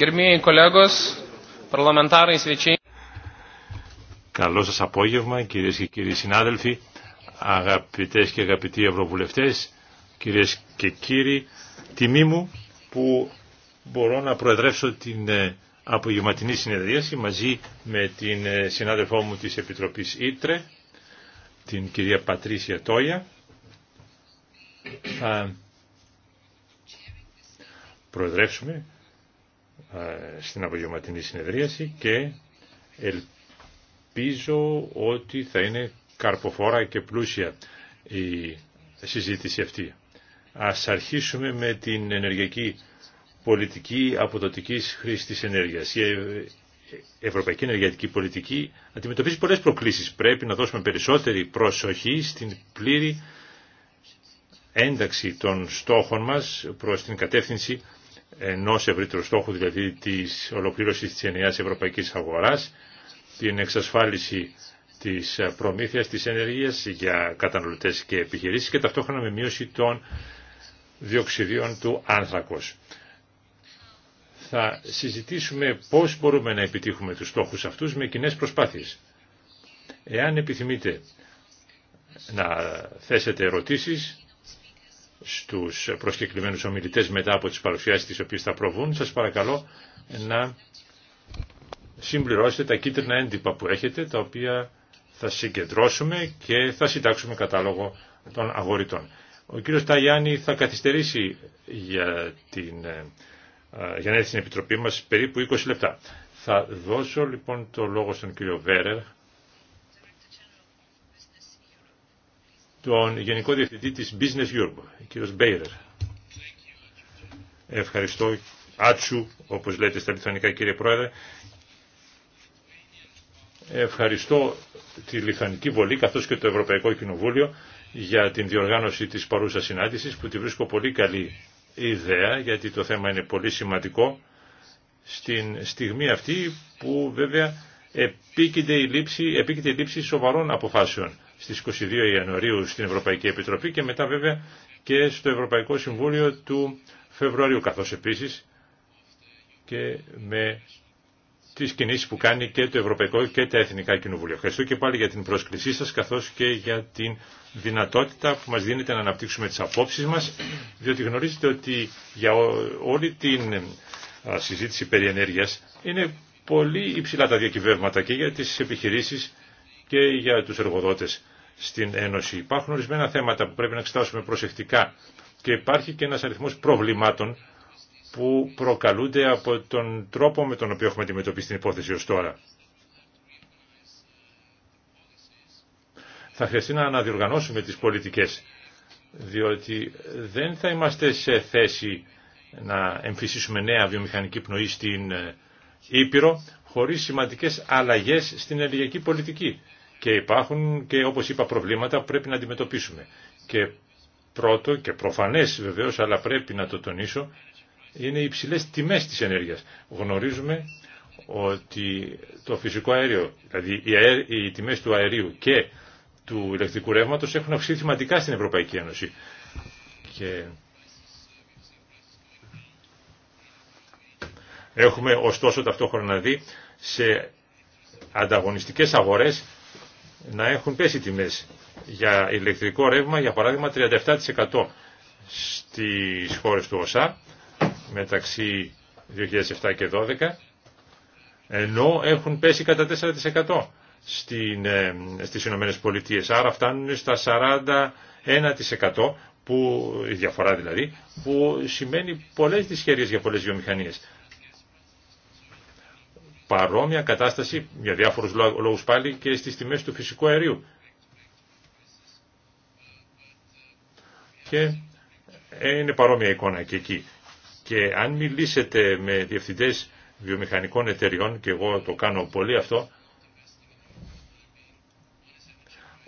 Gerbėjai κολέγος, Καλό σας απόγευμα κυρίες και κύριοι συνάδελφοι, αγαπητές και αγαπητοί ευρωβουλευτές, κυρίες και κύριοι, τιμή μου που μπορώ να προεδρεύσω την ε, απογευματινή συνεδρίαση μαζί με την ε, συνάδελφό μου της Επιτροπής Ήτρε, την κυρία Πατρίσια Τόια. προεδρεύσουμε ε, στην απογευματινή συνεδρίαση και ελπίζω ότι θα είναι καρποφόρα και πλούσια η συζήτηση αυτή. Ας αρχίσουμε με την ενεργειακή πολιτική αποδοτικής χρήσης της ενέργειας. Η Ευρωπαϊκή Ενεργειακή Πολιτική αντιμετωπίζει πολλές προκλήσεις. Πρέπει να δώσουμε περισσότερη προσοχή στην πλήρη ένταξη των στόχων μας προς την κατεύθυνση Ενό ευρύτερου στόχου, δηλαδή της ολοκλήρωσης της ενιαίας ευρωπαϊκής αγοράς, την εξασφάλιση της προμήθειας της ενεργείας για καταναλωτές και επιχειρήσεις και ταυτόχρονα με μείωση των διοξιδίων του άνθρακος. Θα συζητήσουμε πώς μπορούμε να επιτύχουμε τους στόχους αυτούς με κοινέ προσπάθειες. Εάν επιθυμείτε να θέσετε ερωτήσεις, στους προσκεκλημένους ομιλητές μετά από τις παρουσιάσεις τις οποίες θα προβούν. Σας παρακαλώ να συμπληρώσετε τα κίτρινα έντυπα που έχετε, τα οποία θα συγκεντρώσουμε και θα συντάξουμε κατάλογο των αγορητών. Ο κύριος Ταγιάννη θα καθυστερήσει για, την, ε, για να έρθει στην Επιτροπή μας περίπου 20 λεπτά. Θα δώσω λοιπόν το λόγο στον κύριο Βέρερ τον Γενικό Διευθυντή της Business Europe, ο κύριος Μπέιρερ. Ευχαριστώ, Άτσου, όπως λέτε στα λιθανικά κύριε Πρόεδρε. Ευχαριστώ τη Λιθανική Βολή καθώς και το Ευρωπαϊκό Κοινοβούλιο για την διοργάνωση της παρούσας συνάντησης που τη βρίσκω πολύ καλή ιδέα γιατί το θέμα είναι πολύ σημαντικό στην στιγμή αυτή που βέβαια επίκειται η επίκειται η λήψη σοβαρών αποφάσεων στις 22 Ιανουαρίου στην Ευρωπαϊκή Επιτροπή και μετά βέβαια και στο Ευρωπαϊκό Συμβούλιο του Φεβρουαρίου καθώς επίσης και με τις κινήσεις που κάνει και το Ευρωπαϊκό και τα Εθνικά Κοινοβούλια. Ευχαριστώ και πάλι για την πρόσκλησή σας καθώς και για την δυνατότητα που μας δίνεται να αναπτύξουμε τις απόψεις μας διότι γνωρίζετε ότι για όλη την ε, συζήτηση περί ενέργειας είναι πολύ υψηλά τα διακυβεύματα και για τις επιχειρήσεις και για τους εργοδότες στην Ένωση. Υπάρχουν ορισμένα θέματα που πρέπει να εξετάσουμε προσεκτικά και υπάρχει και ένας αριθμός προβλημάτων που προκαλούνται από τον τρόπο με τον οποίο έχουμε αντιμετωπίσει την υπόθεση ως τώρα. Θα χρειαστεί να αναδιοργανώσουμε τις πολιτικές, διότι δεν θα είμαστε σε θέση να εμφυσίσουμε νέα βιομηχανική πνοή στην Ήπειρο, χωρίς σημαντικές αλλαγές στην ελληνική πολιτική. Και υπάρχουν και όπως είπα προβλήματα που πρέπει να αντιμετωπίσουμε. Και πρώτο και προφανές βεβαίως, αλλά πρέπει να το τονίσω, είναι οι υψηλές τιμές της ενέργειας. Γνωρίζουμε ότι το φυσικό αέριο, δηλαδή οι τιμές του αερίου και του ηλεκτρικού ρεύματος έχουν αυξηθεί σημαντικά στην Ευρωπαϊκή Ένωση. Και έχουμε ωστόσο ταυτόχρονα δει σε ανταγωνιστικές αγορές να έχουν πέσει τιμές για ηλεκτρικό ρεύμα, για παράδειγμα 37% στις χώρες του ΩΣΑ μεταξύ 2007 και 2012 ενώ έχουν πέσει κατά 4% στην, ε, στις Ηνωμένες Πολιτείες. Άρα φτάνουν στα 41% που, η διαφορά δηλαδή, που σημαίνει πολλές δυσχερίες για πολλές βιομηχανίες παρόμοια κατάσταση για διάφορους λόγους πάλι και στις τιμές του φυσικού αερίου. Και ε, είναι παρόμοια εικόνα και εκεί. Και αν μιλήσετε με διευθυντές βιομηχανικών εταιριών, και εγώ το κάνω πολύ αυτό,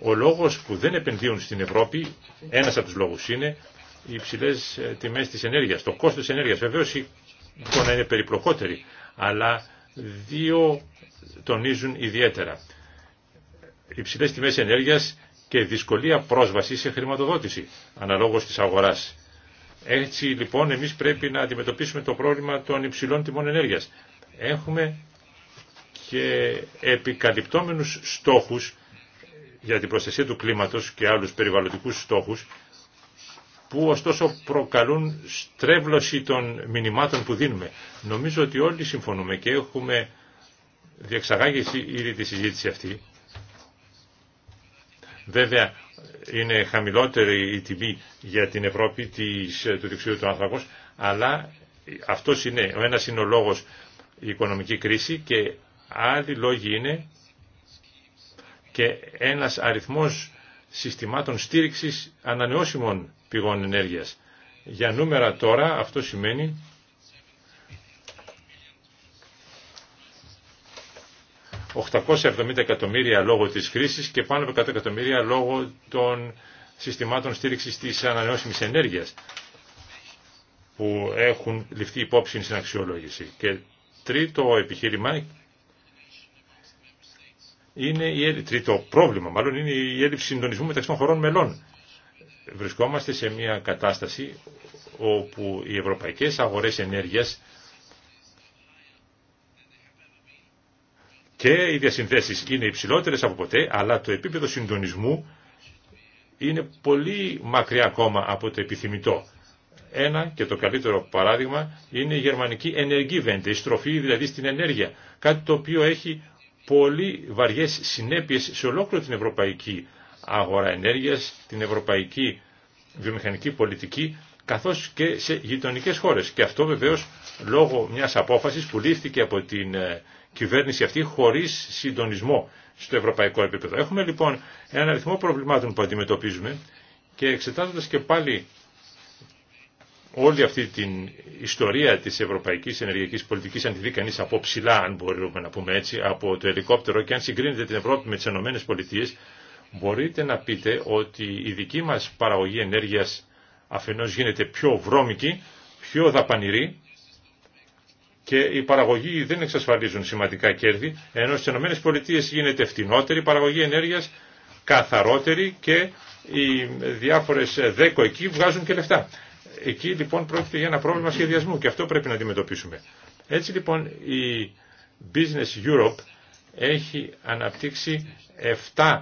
ο λόγος που δεν επενδύουν στην Ευρώπη, ένας από τους λόγους είναι οι υψηλές ε, τιμές της ενέργειας, το κόστος της ενέργειας. Βεβαίως η εικόνα είναι περιπλοκότερη, αλλά δύο τονίζουν ιδιαίτερα. υψηλέ τιμέ ενέργειας και δυσκολία πρόσβαση σε χρηματοδότηση αναλόγω τη αγορά. Έτσι λοιπόν εμείς πρέπει να αντιμετωπίσουμε το πρόβλημα των υψηλών τιμών ενέργειας. Έχουμε και επικαλυπτόμενους στόχους για την προστασία του κλίματος και άλλους περιβαλλοντικούς στόχους που ωστόσο προκαλούν στρέβλωση των μηνυμάτων που δίνουμε. Νομίζω ότι όλοι συμφωνούμε και έχουμε διεξαγάγει ήδη τη συζήτηση αυτή. Βέβαια είναι χαμηλότερη η τιμή για την Ευρώπη του διευθυντήτου του αλλά αυτός είναι, ο ένας είναι ο λόγος η οικονομική κρίση και άλλοι λόγοι είναι και ένας αριθμός συστημάτων στήριξης ανανεώσιμων πηγών ενέργειας. Για νούμερα τώρα αυτό σημαίνει ...870 εκατομμύρια λόγω της κρίσης και πάνω από 100 εκατομμύρια λόγω των συστημάτων στήριξης της ανανεώσιμης ενέργειας που έχουν ληφθεί υπόψη στην αξιολόγηση. Και τρίτο επιχείρημα είναι η, τρίτο πρόβλημα μάλλον είναι η έλλειψη συντονισμού μεταξύ των χωρών μελών βρισκόμαστε σε μια κατάσταση όπου οι ευρωπαϊκές αγορές ενέργειας και οι διασυνθέσεις είναι υψηλότερες από ποτέ, αλλά το επίπεδο συντονισμού είναι πολύ μακριά ακόμα από το επιθυμητό. Ένα και το καλύτερο παράδειγμα είναι η γερμανική ενεργή η στροφή δηλαδή στην ενέργεια, κάτι το οποίο έχει πολύ βαριές συνέπειες σε ολόκληρη την ευρωπαϊκή αγορά ενέργειας, την ευρωπαϊκή βιομηχανική πολιτική, καθώς και σε γειτονικές χώρες. Και αυτό βεβαίως λόγω μιας απόφασης που λήφθηκε από την ε, κυβέρνηση αυτή χωρίς συντονισμό στο ευρωπαϊκό επίπεδο. Έχουμε λοιπόν έναν αριθμό προβλημάτων που αντιμετωπίζουμε και εξετάζοντας και πάλι όλη αυτή την ιστορία της ευρωπαϊκής ενεργειακής πολιτικής αν τη δει κανείς από ψηλά αν μπορούμε να πούμε έτσι από το ελικόπτερο και αν συγκρίνεται την Ευρώπη με τις ΗΠΑ μπορείτε να πείτε ότι η δική μας παραγωγή ενέργειας αφενός γίνεται πιο βρώμικη, πιο δαπανηρή και οι παραγωγοί δεν εξασφαλίζουν σημαντικά κέρδη, ενώ στις ΗΠΑ γίνεται φτηνότερη παραγωγή ενέργειας, καθαρότερη και οι διάφορες δέκο εκεί βγάζουν και λεφτά. Εκεί λοιπόν πρόκειται για ένα πρόβλημα σχεδιασμού και αυτό πρέπει να αντιμετωπίσουμε. Έτσι λοιπόν η Business Europe έχει αναπτύξει 7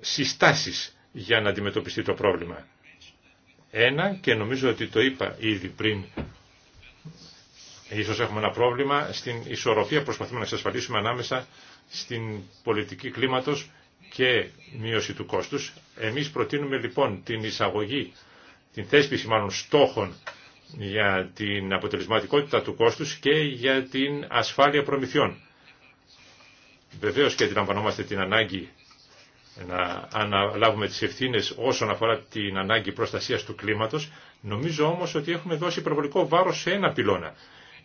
συστάσεις για να αντιμετωπιστεί το πρόβλημα. Ένα, και νομίζω ότι το είπα ήδη πριν, ίσως έχουμε ένα πρόβλημα, στην ισορροπία προσπαθούμε να εξασφαλίσουμε ανάμεσα στην πολιτική κλίματος και μείωση του κόστους. Εμείς προτείνουμε λοιπόν την εισαγωγή, την θέσπιση μάλλον στόχων για την αποτελεσματικότητα του κόστους και για την ασφάλεια προμηθειών. Βεβαίως και αντιλαμβανόμαστε την ανάγκη να αναλάβουμε τις ευθύνες όσον αφορά την ανάγκη προστασίας του κλίματος, νομίζω όμως ότι έχουμε δώσει υπερβολικό βάρος σε ένα πυλώνα,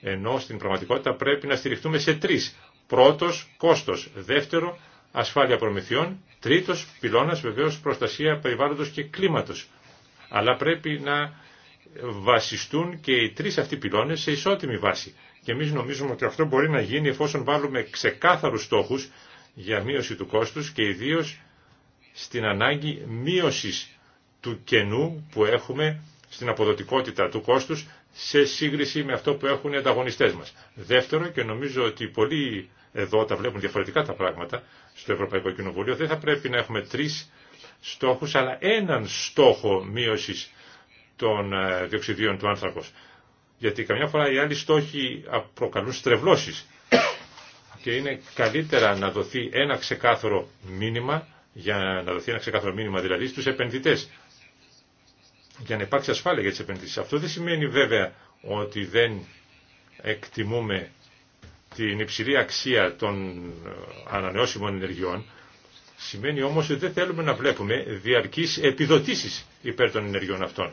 ενώ στην πραγματικότητα πρέπει να στηριχτούμε σε τρεις. Πρώτος, κόστος. Δεύτερο, ασφάλεια προμηθειών. Τρίτος, πυλώνας, βεβαίως, προστασία περιβάλλοντος και κλίματος. Αλλά πρέπει να βασιστούν και οι τρεις αυτοί πυλώνες σε ισότιμη βάση. Και εμείς νομίζουμε ότι αυτό μπορεί να γίνει εφόσον βάλουμε ξεκάθαρους στόχους για μείωση του κόστους και ιδίως στην ανάγκη μείωσης του κενού που έχουμε στην αποδοτικότητα του κόστους σε σύγκριση με αυτό που έχουν οι ανταγωνιστές μας. Δεύτερο, και νομίζω ότι πολλοί εδώ τα βλέπουν διαφορετικά τα πράγματα στο Ευρωπαϊκό Κοινοβούλιο, δεν θα πρέπει να έχουμε τρεις στόχους, αλλά έναν στόχο μείωσης των ε, διοξιδίων του άνθρακος. Γιατί καμιά φορά οι άλλοι στόχοι προκαλούν στρεβλώσεις και είναι καλύτερα να δοθεί ένα ξεκάθαρο μήνυμα για να δοθεί ένα ξεκάθαρο μήνυμα δηλαδή στους επενδυτές για να υπάρξει ασφάλεια για τις επενδύσει. Αυτό δεν σημαίνει βέβαια ότι δεν εκτιμούμε την υψηλή αξία των ε, ανανεώσιμων ενεργειών, σημαίνει όμως ότι δεν θέλουμε να βλέπουμε διαρκείς επιδοτήσεις υπέρ των ενεργειών αυτών.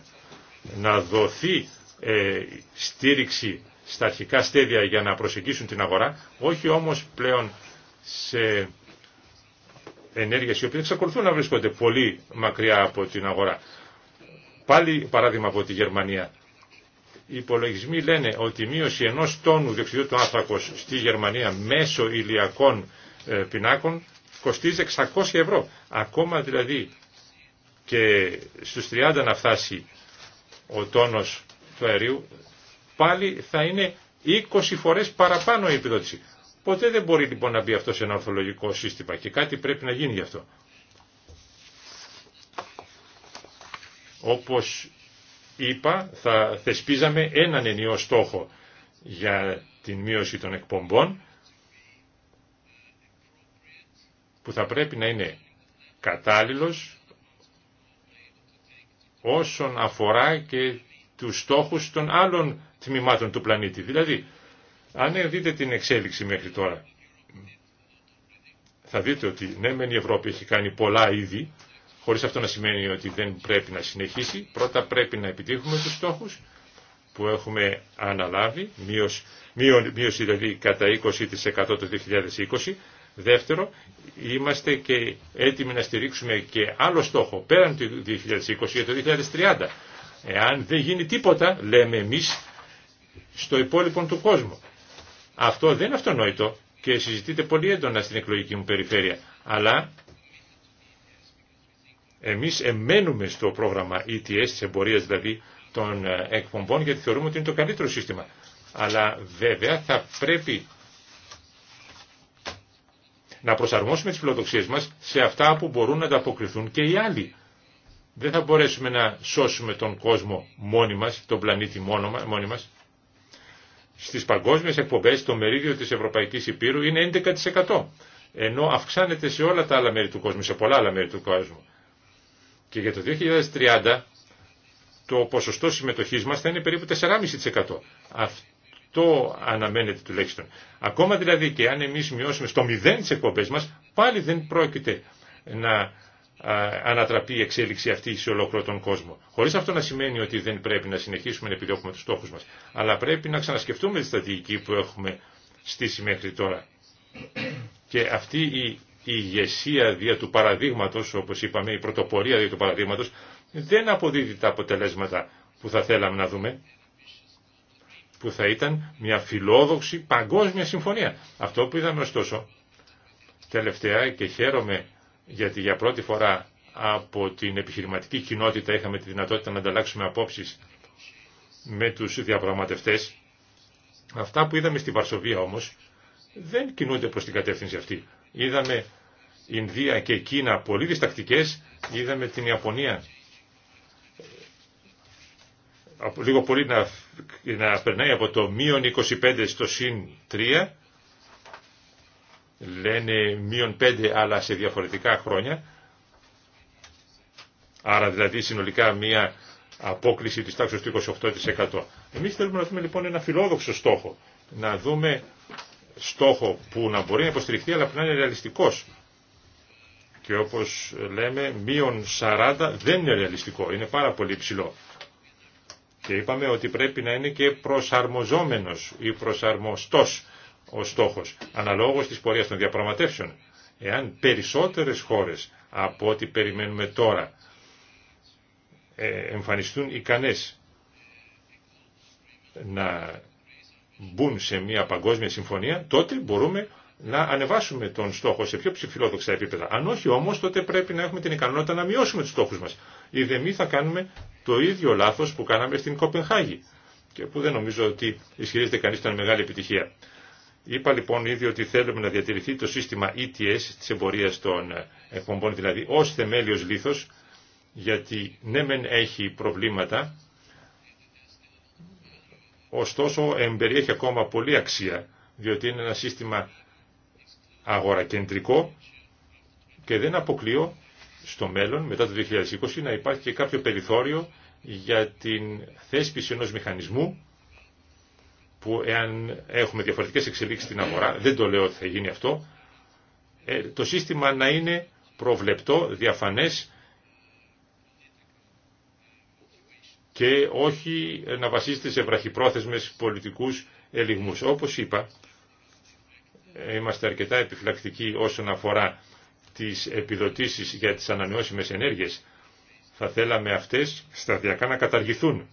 Να δοθεί ε, στήριξη στα αρχικά στέδια για να προσεγγίσουν την αγορά, όχι όμως πλέον σε ενέργειες οι οποίες εξακολουθούν να βρίσκονται πολύ μακριά από την αγορά. Πάλι παράδειγμα από τη Γερμανία. Οι υπολογισμοί λένε ότι η μείωση ενός τόνου διοξιδίου του άνθρακος στη Γερμανία μέσω ηλιακών ε, πινάκων κοστίζει 600 ευρώ. Ακόμα δηλαδή και στους 30 να φτάσει ο τόνος του αερίου πάλι θα είναι 20 φορές παραπάνω η επιδότηση. Ποτέ δεν μπορεί λοιπόν να μπει αυτό σε ένα ορθολογικό σύστημα και κάτι πρέπει να γίνει γι' αυτό. Όπως είπα, θα θεσπίζαμε έναν ενιαίο στόχο για την μείωση των εκπομπών που θα πρέπει να είναι κατάλληλος όσον αφορά και τους στόχους των άλλων τμήματων του πλανήτη. Δηλαδή, αν δείτε την εξέλιξη μέχρι τώρα, θα δείτε ότι ναι, μεν η Ευρώπη έχει κάνει πολλά ήδη, χωρίς αυτό να σημαίνει ότι δεν πρέπει να συνεχίσει. Πρώτα πρέπει να επιτύχουμε τους στόχους που έχουμε αναλάβει, μείωση, δηλαδή κατά 20% το 2020. Δεύτερο, είμαστε και έτοιμοι να στηρίξουμε και άλλο στόχο πέραν του 2020 για το 2030. Εάν δεν γίνει τίποτα, λέμε εμείς, στο υπόλοιπο του κόσμου. Αυτό δεν είναι αυτονόητο και συζητείται πολύ έντονα στην εκλογική μου περιφέρεια. Αλλά εμείς εμένουμε στο πρόγραμμα ETS της εμπορίας δηλαδή των ε, εκπομπών γιατί θεωρούμε ότι είναι το καλύτερο σύστημα. Αλλά βέβαια θα πρέπει να προσαρμόσουμε τις φιλοδοξίες μας σε αυτά που μπορούν να τα αποκριθούν και οι άλλοι. Δεν θα μπορέσουμε να σώσουμε τον κόσμο μόνοι μας, τον πλανήτη μόνοι μας στις παγκόσμιες εκπομπές το μερίδιο της Ευρωπαϊκής Υπήρου είναι 11%. Ενώ αυξάνεται σε όλα τα άλλα μέρη του κόσμου, σε πολλά άλλα μέρη του κόσμου. Και για το 2030 το ποσοστό συμμετοχής μας θα είναι περίπου 4,5%. Αυτό αναμένεται τουλάχιστον. Ακόμα δηλαδή και αν εμείς μειώσουμε στο 0 τις εκπομπές μας, πάλι δεν πρόκειται να ανατραπεί η εξέλιξη αυτή σε ολόκληρο τον κόσμο. Χωρί αυτό να σημαίνει ότι δεν πρέπει να συνεχίσουμε να επιδιώκουμε του στόχου μα. Αλλά πρέπει να ξανασκεφτούμε τη στρατηγική που έχουμε στήσει μέχρι τώρα. Και αυτή η ηγεσία δια του παραδείγματο, όπω είπαμε, η πρωτοπορία δια του παραδείγματο, δεν αποδίδει τα αποτελέσματα που θα θέλαμε να δούμε που θα ήταν μια φιλόδοξη παγκόσμια συμφωνία. Αυτό που είδαμε ωστόσο τελευταία και χαίρομαι γιατί για πρώτη φορά από την επιχειρηματική κοινότητα είχαμε τη δυνατότητα να ανταλλάξουμε απόψεις με τους διαπραγματευτές. Αυτά που είδαμε στη Βαρσοβία όμως δεν κινούνται προς την κατεύθυνση αυτή. Είδαμε Ινδία και Κίνα πολύ διστακτικέ. είδαμε την Ιαπωνία ε, λίγο πολύ να, να περνάει από το μείον 25 στο συν 3 λένε μείον 5 αλλά σε διαφορετικά χρόνια. Άρα δηλαδή συνολικά μία απόκληση της τάξης του 28%. Εμείς θέλουμε να δούμε λοιπόν ένα φιλόδοξο στόχο. Να δούμε στόχο που να μπορεί να υποστηριχθεί αλλά που να είναι ρεαλιστικός. Και όπως λέμε μείον 40 δεν είναι ρεαλιστικό. Είναι πάρα πολύ ψηλό. Και είπαμε ότι πρέπει να είναι και προσαρμοζόμενος ή προσαρμοστός ο στόχος, αναλόγως της πορείας των διαπραγματεύσεων. Εάν περισσότερες χώρες από ό,τι περιμένουμε τώρα ε, εμφανιστούν ικανές να μπουν σε μια παγκόσμια συμφωνία, τότε μπορούμε να ανεβάσουμε τον στόχο σε πιο ψηφιλόδοξα επίπεδα. Αν όχι όμως, τότε πρέπει να έχουμε την ικανότητα να μειώσουμε τους στόχους μας. Ή δε μη θα κάνουμε το ίδιο λάθος που κάναμε στην Κοπενχάγη και που δεν νομίζω ότι ισχυρίζεται κανείς ήταν μεγάλη επιτυχία. Είπα λοιπόν ήδη ότι θέλουμε να διατηρηθεί το σύστημα ETS της εμπορίας των ε, εκπομπών δηλαδή ως θεμέλιος λίθος γιατί ναι μεν έχει προβλήματα ωστόσο εμπεριέχει ακόμα πολύ αξία διότι είναι ένα σύστημα αγορακεντρικό και δεν αποκλείω στο μέλλον μετά το 2020 να υπάρχει και κάποιο περιθώριο για την θέσπιση ενός μηχανισμού που εάν έχουμε διαφορετικές εξελίξεις στην αγορά, δεν το λέω ότι θα γίνει αυτό, ε, το σύστημα να είναι προβλεπτό, διαφανές και όχι να βασίζεται σε βραχυπρόθεσμες πολιτικούς ελιγμούς. Όπως είπα, ε, είμαστε αρκετά επιφυλακτικοί όσον αφορά τις επιδοτήσεις για τις ανανεώσιμες ενέργειες. Θα θέλαμε αυτές σταδιακά να καταργηθούν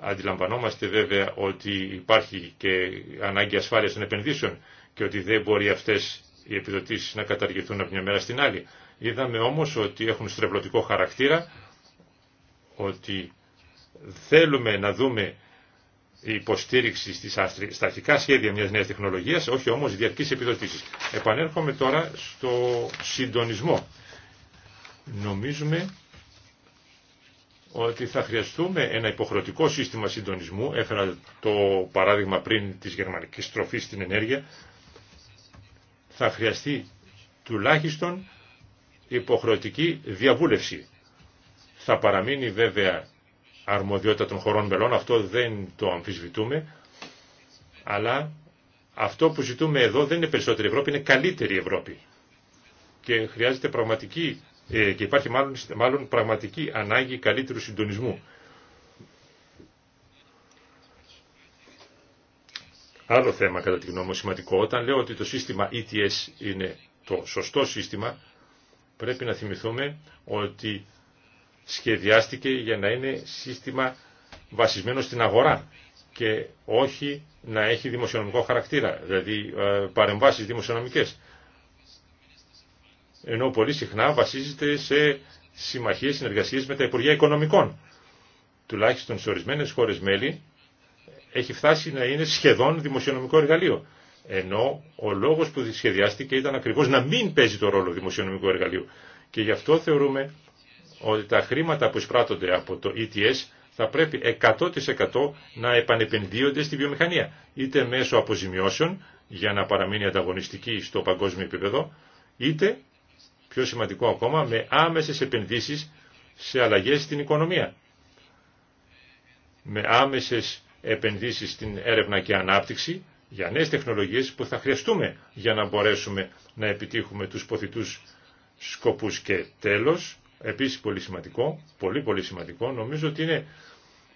Αντιλαμβανόμαστε βέβαια ότι υπάρχει και ανάγκη ασφάλειας των επενδύσεων και ότι δεν μπορεί αυτές οι επιδοτήσεις να καταργηθούν από μια μέρα στην άλλη. Είδαμε όμως ότι έχουν στρεβλωτικό χαρακτήρα, ότι θέλουμε να δούμε η υποστήριξη στα αρχικά σχέδια μιας νέας τεχνολογίας, όχι όμως διαρκείς επιδοτήσεις. Επανέρχομαι τώρα στο συντονισμό. Νομίζουμε ότι θα χρειαστούμε ένα υποχρεωτικό σύστημα συντονισμού, έφερα το παράδειγμα πριν της γερμανικής τροφής στην ενέργεια, θα χρειαστεί τουλάχιστον υποχρεωτική διαβούλευση. Θα παραμείνει βέβαια αρμοδιότητα των χωρών μελών, αυτό δεν το αμφισβητούμε, αλλά αυτό που ζητούμε εδώ δεν είναι περισσότερη Ευρώπη, είναι καλύτερη Ευρώπη. Και χρειάζεται πραγματική ε, και υπάρχει μάλλον, μάλλον πραγματική ανάγκη καλύτερου συντονισμού. Άλλο θέμα κατά τη γνώμη μου σημαντικό, όταν λέω ότι το σύστημα ETS είναι το σωστό σύστημα, πρέπει να θυμηθούμε ότι σχεδιάστηκε για να είναι σύστημα βασισμένο στην αγορά και όχι να έχει δημοσιονομικό χαρακτήρα, δηλαδή ε, παρεμβάσεις δημοσιονομικές ενώ πολύ συχνά βασίζεται σε συμμαχίες, συνεργασίες με τα Υπουργεία Οικονομικών. Τουλάχιστον σε ορισμένες χώρες μέλη έχει φτάσει να είναι σχεδόν δημοσιονομικό εργαλείο. Ενώ ο λόγος που σχεδιάστηκε ήταν ακριβώς να μην παίζει το ρόλο δημοσιονομικού εργαλείου. Και γι' αυτό θεωρούμε ότι τα χρήματα που εισπράττονται από το ETS θα πρέπει 100% να επανεπενδύονται στη βιομηχανία. Είτε μέσω αποζημιώσεων για να παραμείνει ανταγωνιστική στο παγκόσμιο επίπεδο, είτε πιο σημαντικό ακόμα, με άμεσες επενδύσεις σε αλλαγές στην οικονομία. Με άμεσες επενδύσεις στην έρευνα και ανάπτυξη για νέες τεχνολογίες που θα χρειαστούμε για να μπορέσουμε να επιτύχουμε τους ποθητούς σκοπούς. Και τέλος, επίσης πολύ σημαντικό, πολύ πολύ σημαντικό, νομίζω ότι είναι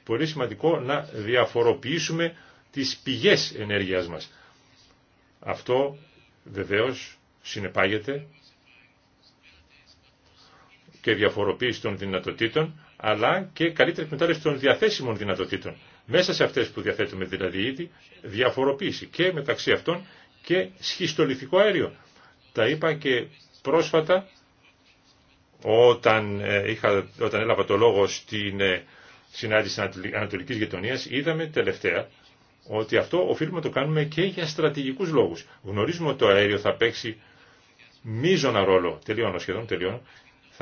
πολύ σημαντικό να διαφοροποιήσουμε τις πηγές ενέργειάς μας. Αυτό βεβαίως συνεπάγεται και διαφοροποίηση των δυνατοτήτων, αλλά και καλύτερη εκμετάλλευση των διαθέσιμων δυνατοτήτων. Μέσα σε αυτές που διαθέτουμε δηλαδή ήδη, διαφοροποίηση και μεταξύ αυτών και σχιστολιθικό αέριο. Τα είπα και πρόσφατα όταν, ε, είχα, όταν έλαβα το λόγο στην ε, συνάντηση Ανατολικής Γειτονίας, είδαμε τελευταία ότι αυτό οφείλουμε να το κάνουμε και για στρατηγικούς λόγους. Γνωρίζουμε ότι το αέριο θα παίξει μείζωνα ρόλο, τελειώνω σχεδόν, τελειώνω,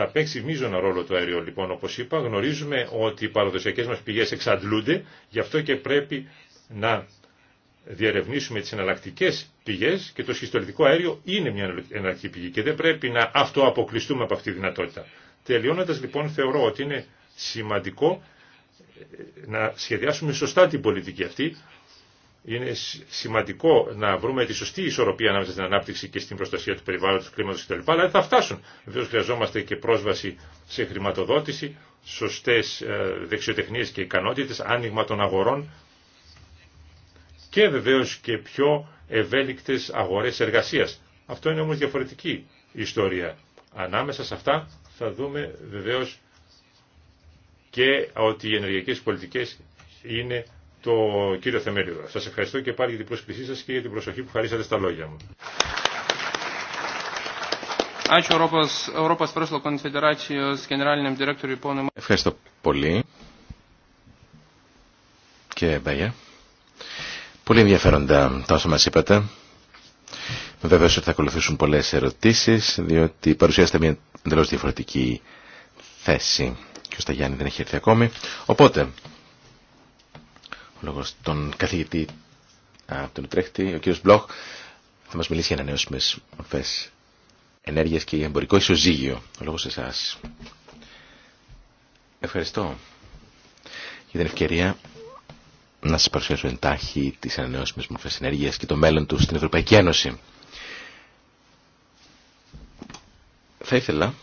θα παίξει μείζονα ρόλο το αέριο λοιπόν όπως είπα. Γνωρίζουμε ότι οι παραδοσιακές μας πηγές εξαντλούνται, γι' αυτό και πρέπει να διερευνήσουμε τις εναλλακτικέ πηγές και το σχιστολιτικό αέριο είναι μια εναλλακτική πηγή και δεν πρέπει να αυτοαποκλειστούμε από αυτή τη δυνατότητα. Τελειώνοντας λοιπόν θεωρώ ότι είναι σημαντικό να σχεδιάσουμε σωστά την πολιτική αυτή είναι σημαντικό να βρούμε τη σωστή ισορροπία ανάμεσα στην ανάπτυξη και στην προστασία του περιβάλλοντος, του κλίματος κτλ. Αλλά δεν θα φτάσουν. Βεβαίω χρειαζόμαστε και πρόσβαση σε χρηματοδότηση, σωστές ε, δεξιοτεχνίες και ικανότητες, άνοιγμα των αγορών και βεβαίω και πιο ευέλικτες αγορές εργασίας. Αυτό είναι όμως διαφορετική ιστορία. Ανάμεσα σε αυτά θα δούμε βεβαίω και ότι οι ενεργειακές πολιτικές είναι το κύριο Θεμέλιο. Σας ευχαριστώ και πάλι για την πρόσκλησή σας και για την προσοχή που χαρίσατε στα λόγια μου. Ευχαριστώ πολύ. Και Μπαγιά, πολύ ενδιαφέροντα τα όσα μας είπατε. Βεβαίως ότι θα ακολουθήσουν πολλές ερωτήσεις, διότι παρουσιάσετε μια εντελώς διαφορετική θέση. Και ο Σταγιάννη δεν έχει έρθει ακόμη. Οπότε, λόγος τον καθηγητή από τον Ιτρέχτη, ο κύριος Μπλοχ, θα μας μιλήσει για ανανεώσιμες μορφές ενέργειας και για εμπορικό ισοζύγιο. Ο λόγος εσάς. Ευχαριστώ για την ευκαιρία να σας παρουσιάσω εντάχει τις ανανεώσιμες μορφές ενέργειας και το μέλλον του στην Ευρωπαϊκή Ένωση. Θα ήθελα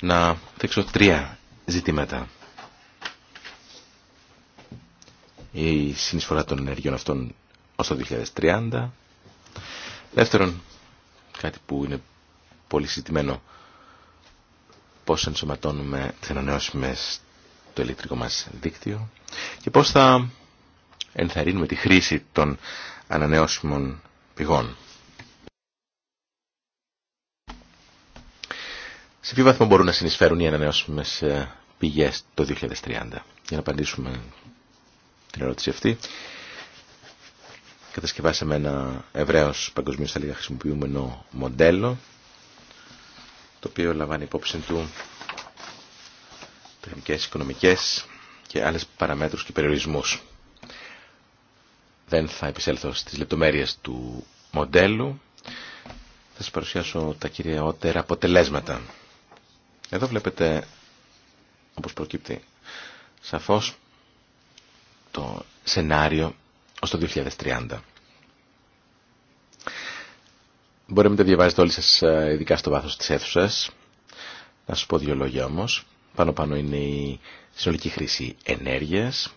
να θέξω τρία ζητήματα η συνεισφορά των ενεργειών αυτών ως το 2030. Δεύτερον, κάτι που είναι πολύ συζητημένο, πώς ενσωματώνουμε τις ανανεώσιμες το ηλεκτρικό μας δίκτυο και πώς θα ενθαρρύνουμε τη χρήση των ανανεώσιμων πηγών. Σε ποιο βαθμό μπορούν να συνεισφέρουν οι ανανεώσιμες ε, πηγές το 2030 για να απαντήσουμε την ερώτηση αυτή. Κατασκευάσαμε ένα ευρέως παγκοσμίως θα λέγα χρησιμοποιούμενο μοντέλο το οποίο λαμβάνει υπόψη του τεχνικές, οικονομικές και άλλες παραμέτρους και περιορισμούς. Δεν θα επισέλθω στις λεπτομέρειες του μοντέλου. Θα σας παρουσιάσω τα κυριότερα αποτελέσματα. Εδώ βλέπετε, όπως προκύπτει σαφώς, το σενάριο ως το 2030. Μπορεί να τα διαβάζετε όλοι σας ε, ειδικά στο βάθος της αίθουσας. Να σας πω δύο λόγια όμως. Πάνω πάνω είναι η συνολική χρήση ενέργειας.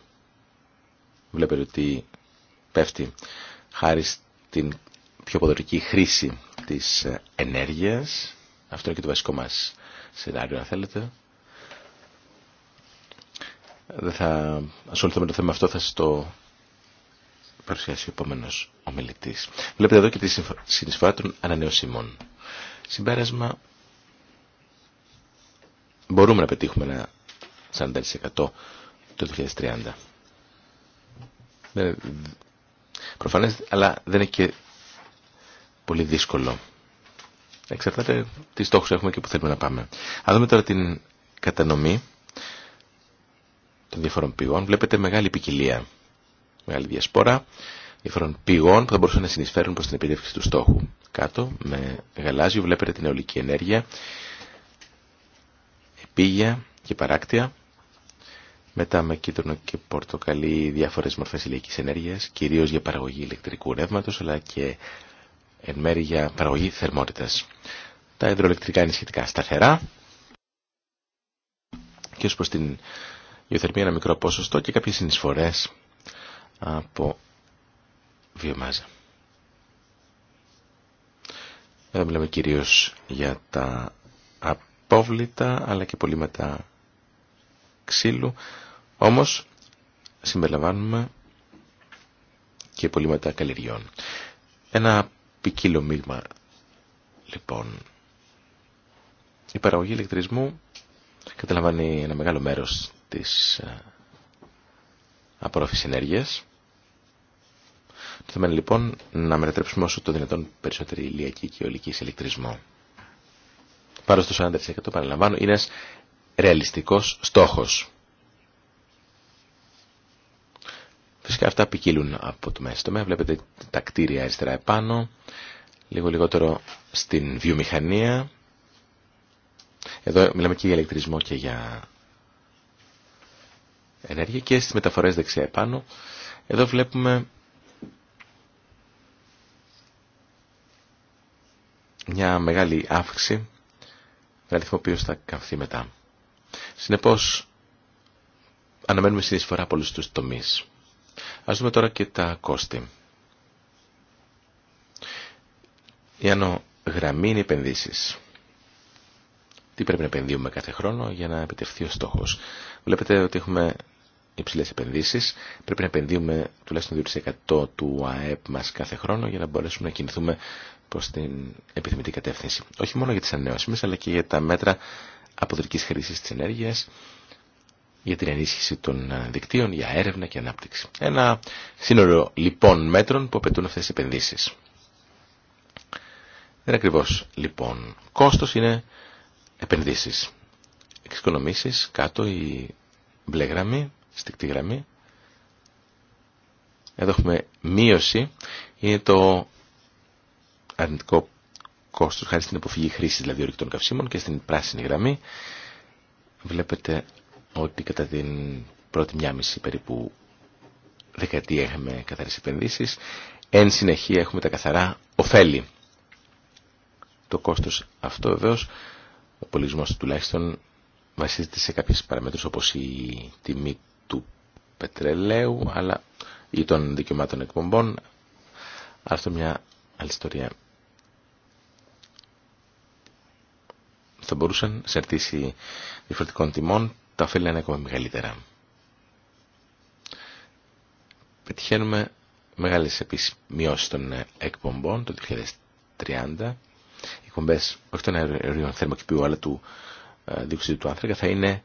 Βλέπετε ότι πέφτει χάρη στην πιο ποδοτική χρήση της ε, ενέργειας. Αυτό είναι και το βασικό μας σενάριο αν θέλετε. Δεν θα με το θέμα αυτό, θα σας το παρουσιάσει ο επόμενο ομιλητή. Βλέπετε εδώ και τη συνεισφορά των ανανεωσιμών. Συμπέρασμα, μπορούμε να πετύχουμε ένα 40% το 2030. Δεν ε, προφανές, αλλά δεν είναι και πολύ δύσκολο. Εξαρτάται τι στόχους έχουμε και που θέλουμε να πάμε. Αν δούμε τώρα την κατανομή των διαφορών πηγών βλέπετε μεγάλη ποικιλία, μεγάλη διασπόρα διαφορών πηγών που θα μπορούσαν να συνεισφέρουν προς την επίτευξη του στόχου. Κάτω με γαλάζιο βλέπετε την αιωλική ενέργεια, επίγεια και παράκτεια, Μετά με κίτρινο και πορτοκαλί διάφορες μορφές ηλιακής ενέργειας, κυρίως για παραγωγή ηλεκτρικού ρεύματος, αλλά και εν μέρη, για παραγωγή θερμότητας. Τα υδροελεκτρικά είναι σχετικά σταθερά και ως προς την γεωθερμία ένα μικρό ποσοστό και κάποιες συνεισφορές από βιομάζα. Εδώ μιλάμε κυρίως για τα απόβλητα αλλά και πολύματα ξύλου. Όμως συμπεριλαμβάνουμε και πολύματα καλλιεργιών. Ένα ποικίλο μείγμα λοιπόν. Η παραγωγή ηλεκτρισμού καταλαμβάνει ένα μεγάλο μέρος τις ε, απορρόφησης ενέργειας. Το θέμα είναι λοιπόν να μετατρέψουμε όσο το δυνατόν περισσότερη ηλιακή και ολική σε ηλεκτρισμό. Πάρω στο 40% παραλαμβάνω είναι ένας ρεαλιστικός στόχος. Φυσικά αυτά ποικίλουν από το μέσα τομέα. Βλέπετε τα κτίρια αριστερά επάνω, λίγο λιγότερο στην βιομηχανία. Εδώ μιλάμε και για ηλεκτρισμό και για ενέργεια και στις μεταφορές δεξιά επάνω. Εδώ βλέπουμε μια μεγάλη αύξηση, αριθμό που θα καμφθεί μετά. Συνεπώς, αναμένουμε συνεισφορά από όλους τους τομείς. Ας δούμε τώρα και τα κόστη. Η ανωγραμμή γραμμή είναι επενδύσεις. Τι πρέπει να επενδύουμε κάθε χρόνο για να επιτευχθεί ο στόχος. Βλέπετε ότι έχουμε υψηλές επενδύσεις. Πρέπει να επενδύουμε τουλάχιστον 2% του ΑΕΠ μας κάθε χρόνο για να μπορέσουμε να κινηθούμε προς την επιθυμητή κατεύθυνση. Όχι μόνο για τις ανανεώσιμες αλλά και για τα μέτρα αποδρικής χρήσης της ενέργειας, για την ενίσχυση των δικτύων, για έρευνα και ανάπτυξη. Ένα σύνολο λοιπόν μέτρων που απαιτούν αυτές τις επενδύσεις. Δεν ακριβώς λοιπόν. Κόστος είναι επενδύσεις. Εξοικονομήσεις κάτω η μπλε γραμμή στικτή γραμμή. Εδώ έχουμε μείωση. Είναι το αρνητικό κόστος χάρη στην αποφυγή χρήσης δηλαδή ορυκτών καυσίμων και στην πράσινη γραμμή. Βλέπετε ότι κατά την πρώτη μία μισή περίπου δεκαετία έχουμε καθαρές επενδύσεις. Εν συνεχεία έχουμε τα καθαρά ωφέλη. Το κόστος αυτό βεβαίω, ο πολιτισμός τουλάχιστον βασίζεται σε κάποιες παραμέτρους όπως η τιμή του πετρελαίου αλλά, ή των δικαιωμάτων εκπομπών. Αυτό μια άλλη ιστορία. Θα μπορούσαν σε αρτήσει διαφορετικών τιμών τα ωφέλη να είναι ακόμα μεγαλύτερα. Πετυχαίνουμε μεγάλες επίσης μειώσεις των ε, εκπομπών το 2030. Οι εκπομπές όχι των αερίων θερμοκηπίου αλλά του διοξιδίου ε, του άνθρακα θα είναι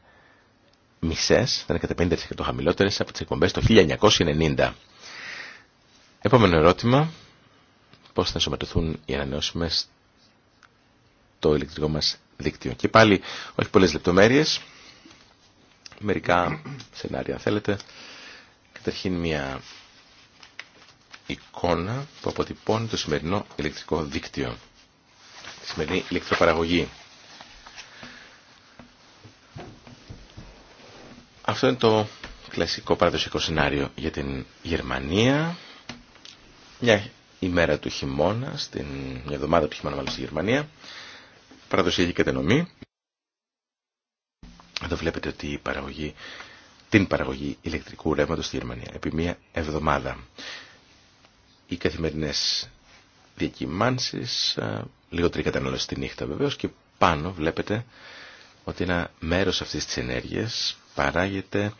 μισές, θα είναι κατά 50% χαμηλότερες από τις εκπομπές το 1990. Επόμενο ερώτημα, πώς θα σωματωθούν οι ανανεώσιμες το ηλεκτρικό μας δίκτυο. Και πάλι όχι πολλές λεπτομέρειες, μερικά σενάρια αν θέλετε. Καταρχήν μια εικόνα που αποτυπώνει το σημερινό ηλεκτρικό δίκτυο, τη σημερινή ηλεκτροπαραγωγή. Αυτό είναι το κλασικό παραδοσιακό σενάριο για την Γερμανία. Μια ημέρα του χειμώνα, στην μια εβδομάδα του χειμώνα μάλλον στη Γερμανία. Παραδοσιακή κατανομή. Εδώ βλέπετε ότι η παραγωγή, την παραγωγή ηλεκτρικού ρεύματος στη Γερμανία επί μια εβδομάδα. Οι καθημερινές διακυμάνσει ε, λιγότερη κατανάλωση τη νύχτα βεβαίως και πάνω βλέπετε ότι ένα μέρος αυτής της ενέργειας παράγεται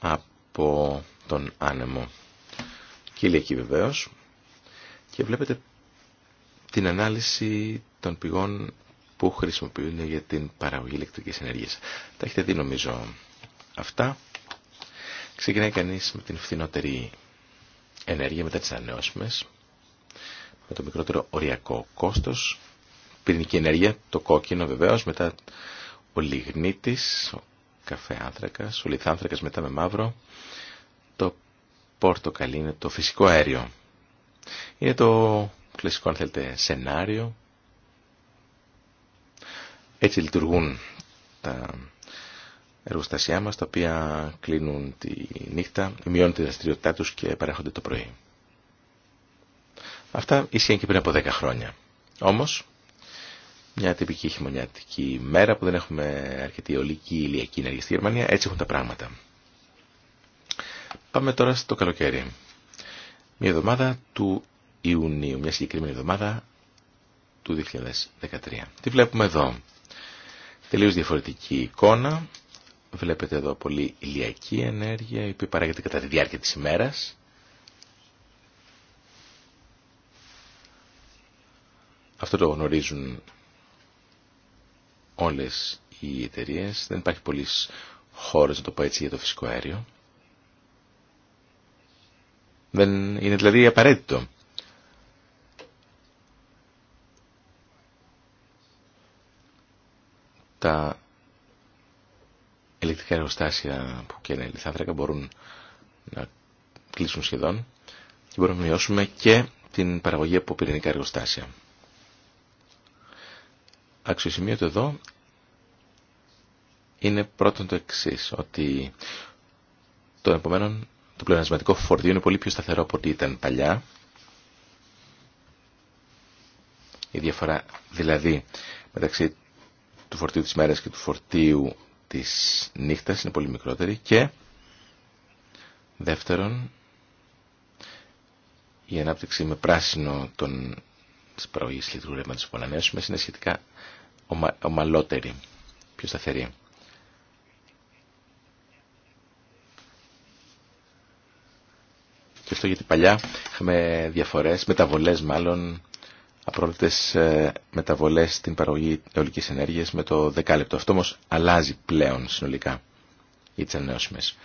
από τον άνεμο. Κυλιακή βεβαίως. Και βλέπετε την ανάλυση των πηγών που χρησιμοποιούν για την παραγωγή ηλεκτρικής ενέργειας. Τα έχετε δει νομίζω αυτά. Ξεκινάει κανείς με την φθηνότερη ενέργεια, μετά τις ανανεώσιμες, με το μικρότερο οριακό κόστος, πυρηνική ενέργεια, το κόκκινο βεβαίως, μετά ο λιγνίτης, ο καφέ άνθρακας, ο λιθάνθρακας μετά με μαύρο, το πορτοκαλί είναι το φυσικό αέριο. Είναι το κλασικό αν θέλετε σενάριο. Έτσι λειτουργούν τα εργοστασιά μας, τα οποία κλείνουν τη νύχτα, μειώνουν τη δραστηριότητά τους και παρέχονται το πρωί. Αυτά ίσχυαν και πριν από 10 χρόνια. Όμως, μια τυπική χειμωνιάτικη μέρα που δεν έχουμε αρκετή ολική ηλιακή ενέργεια στη Γερμανία. Έτσι έχουν τα πράγματα. Πάμε τώρα στο καλοκαίρι. Μια εβδομάδα του Ιουνίου, μια συγκεκριμένη εβδομάδα του 2013. Τι βλέπουμε εδώ. Τελείως διαφορετική εικόνα. Βλέπετε εδώ πολύ ηλιακή ενέργεια, η οποία παράγεται κατά τη διάρκεια της ημέρας. Αυτό το γνωρίζουν όλες οι εταιρείε. Δεν υπάρχει πολλή χώρος, να το πω έτσι, για το φυσικό αέριο. Δεν είναι δηλαδή απαραίτητο. Τα ηλεκτρικά εργοστάσια που και είναι λιθάνθρακα μπορούν να κλείσουν σχεδόν και μπορούμε να μειώσουμε και την παραγωγή από πυρηνικά εργοστάσια. Αξιοσημείωτο εδώ είναι πρώτον το εξή, ότι το επόμενον το πλεονασματικό φορτίο είναι πολύ πιο σταθερό από ό,τι ήταν παλιά. Η διαφορά δηλαδή μεταξύ του φορτίου της μέρας και του φορτίου της νύχτας είναι πολύ μικρότερη και δεύτερον η ανάπτυξη με πράσινο των της παραγωγής λειτουργού ρεύματος που ανανέωσουμε είναι σχετικά ομα, ομαλότερη, πιο σταθερή. Και αυτό γιατί παλιά είχαμε διαφορές, μεταβολές μάλλον, απρόβλητες ε, μεταβολές στην παραγωγή αιωλικής ενέργειας με το δεκάλεπτο. Αυτό όμως αλλάζει πλέον συνολικά για τις ανανεώσιμες.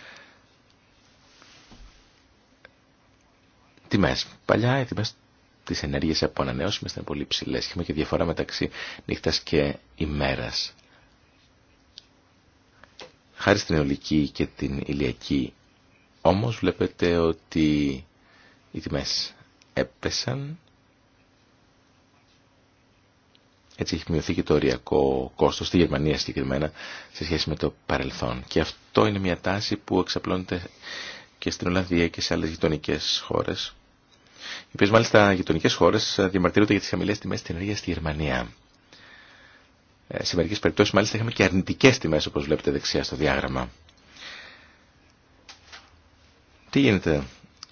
Τιμές. Παλιά οι τιμές τι ενέργειε από ανανεώσιμε ήταν πολύ ψηλέ. Είχαμε και διαφορά μεταξύ νύχτα και ημέρα. Χάρη στην αιωλική και την ηλιακή Όμω βλέπετε ότι οι τιμέ έπεσαν. Έτσι έχει μειωθεί και το οριακό κόστος στη Γερμανία συγκεκριμένα σε σχέση με το παρελθόν. Και αυτό είναι μια τάση που εξαπλώνεται και στην Ολλανδία και σε άλλες γειτονικέ χώρες οι οποίε μάλιστα γειτονικέ χώρε ε, διαμαρτύρονται για τι χαμηλέ τιμέ στην ενέργεια στη Γερμανία. Ε, σε μερικέ περιπτώσει μάλιστα είχαμε και αρνητικέ τιμέ όπω βλέπετε δεξιά στο διάγραμμα. Τι γίνεται